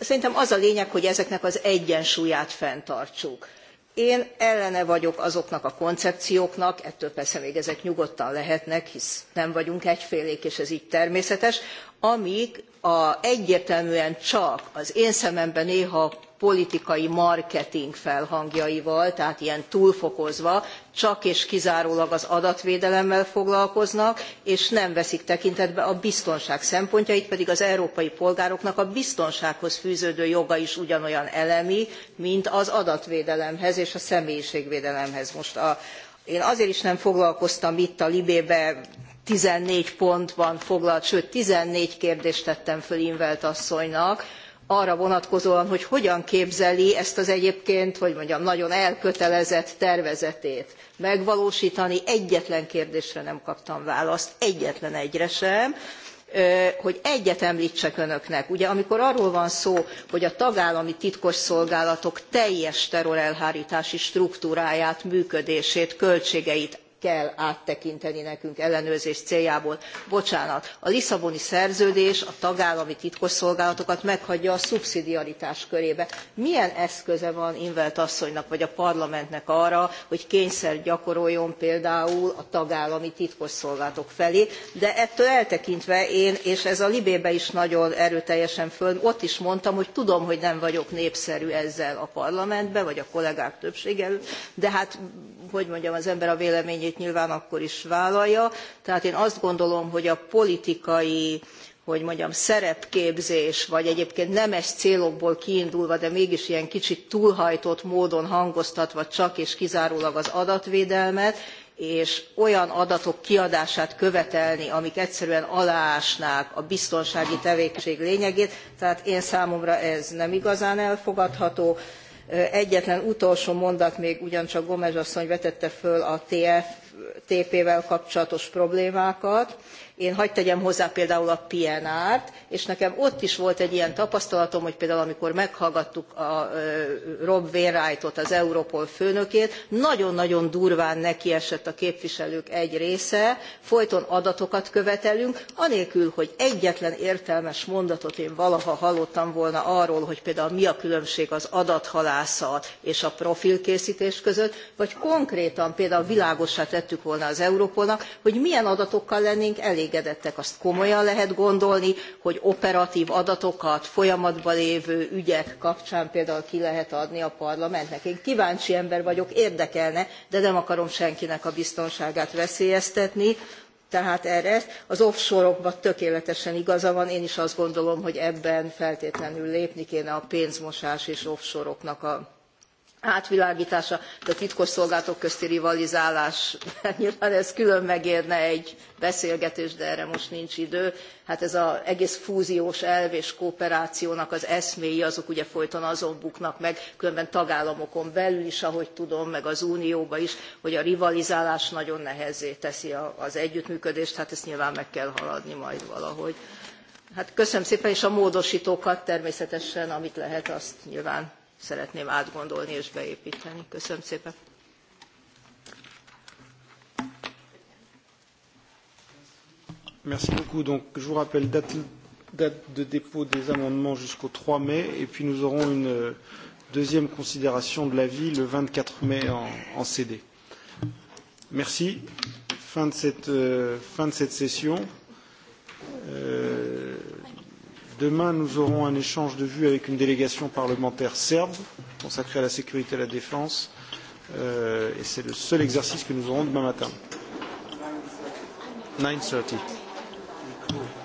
Szerintem az a lényeg, hogy ezeknek az egyensúlyát fenntartsuk. Én ellene vagyok azoknak a koncepcióknak, ettől persze még ezek nyugodtan lehetnek, hisz nem vagyunk egyfélék, és ez így természetes, amíg a egyértelműen csak az én szememben néha politikai marketing felhangjaival tehát ilyen túlfokozva csak és kizárólag az adatvédelemmel foglalkoznak és nem veszik tekintetbe a biztonság szempontjait pedig az európai polgároknak a biztonsághoz fűződő joga is ugyanolyan elemi mint az adatvédelemhez és a személyiségvédelemhez. Most a, én azért is nem foglalkoztam itt a libébe 14 pontban foglalt, sőt 14 kérdést tettem föl Invelt asszonynak, arra vonatkozóan, hogy hogyan képzeli ezt az egyébként, hogy mondjam, nagyon elkötelezett tervezetét megvalósítani, egyetlen kérdésre nem kaptam választ, egyetlen egyre sem, hogy egyet említsek önöknek. Ugye amikor arról van szó, hogy a tagállami titkos szolgálatok teljes terrorelhárítási struktúráját, működését, költségeit kell áttekinteni nekünk ellenőrzés céljából. Bocsánat, a Lisszaboni szerződés a tagállami titkosszolgálatokat meghagyja a szubszidiaritás körébe. Milyen eszköze van Invelt asszonynak vagy a parlamentnek arra, hogy kényszer gyakoroljon például a tagállami titkosszolgálatok felé, de ettől eltekintve én, és ez a libébe is nagyon erőteljesen föl, ott is mondtam, hogy tudom, hogy nem vagyok népszerű ezzel a parlamentben, vagy a kollégák többséggel, de hát, hogy mondjam, az ember a véleményét amit nyilván akkor is vállalja. Tehát én azt gondolom, hogy a politikai hogy mondjam, szerepképzés, vagy egyébként nemes célokból kiindulva, de mégis ilyen kicsit túlhajtott módon hangoztatva csak és kizárólag az adatvédelmet, és olyan adatok kiadását követelni, amik egyszerűen aláásnák a biztonsági tevékenység lényegét, tehát én számomra ez nem igazán elfogadható. Egyetlen utolsó mondat még ugyancsak Gomez asszony vetette föl a TF tp vel kapcsolatos problémákat én hagy tegyem hozzá például a pnr t és nekem ott is volt egy ilyen tapasztalatom hogy például amikor meghallgattuk a rob wainwrightot az europol főnökét nagyon nagyon durván nekiesett a képviselők egy része folyton adatokat követelünk anélkül hogy egyetlen értelmes mondatot én valaha hallottam volna arról hogy például mi a különbség az adathalászat és a profilkésztés között vagy konkrétan például világossá tettük volna az europolnak hogy milyen adatokkal lennénk elégedettek elégedettek, azt komolyan lehet gondolni, hogy operatív adatokat folyamatban lévő ügyek kapcsán például ki lehet adni a parlamentnek. Én kíváncsi ember vagyok, érdekelne, de nem akarom senkinek a biztonságát veszélyeztetni. Tehát erre az offshore-okban tökéletesen igaza van, én is azt gondolom, hogy ebben feltétlenül lépni kéne a pénzmosás és offshore-oknak a átvilágítása, de a titkosszolgálatok közti rivalizálás, nyilván ez külön megérne egy beszélgetés, de erre most nincs idő. Hát ez az egész fúziós elv és kooperációnak az eszméi, azok ugye folyton azon buknak meg, különben tagállamokon belül is, ahogy tudom, meg az Unióba is, hogy a rivalizálás nagyon nehezé teszi az együttműködést, hát ezt nyilván meg kell haladni majd valahogy. Hát köszönöm szépen, és a módosítókat természetesen, amit lehet, azt nyilván szeretném átgondolni és beépíteni. Köszönöm szépen. Merci beaucoup. Donc, je vous rappelle date, date de dépôt des amendements jusqu'au 3 mai, et puis nous aurons une deuxième considération de l'avis le 24 mai en, en CD. Merci. Fin de cette, euh, fin de cette session. Euh... Demain, nous aurons un échange de vues avec une délégation parlementaire serbe consacrée à la sécurité et à la défense. Euh, et c'est le seul exercice que nous aurons demain matin. 9.30. Cool.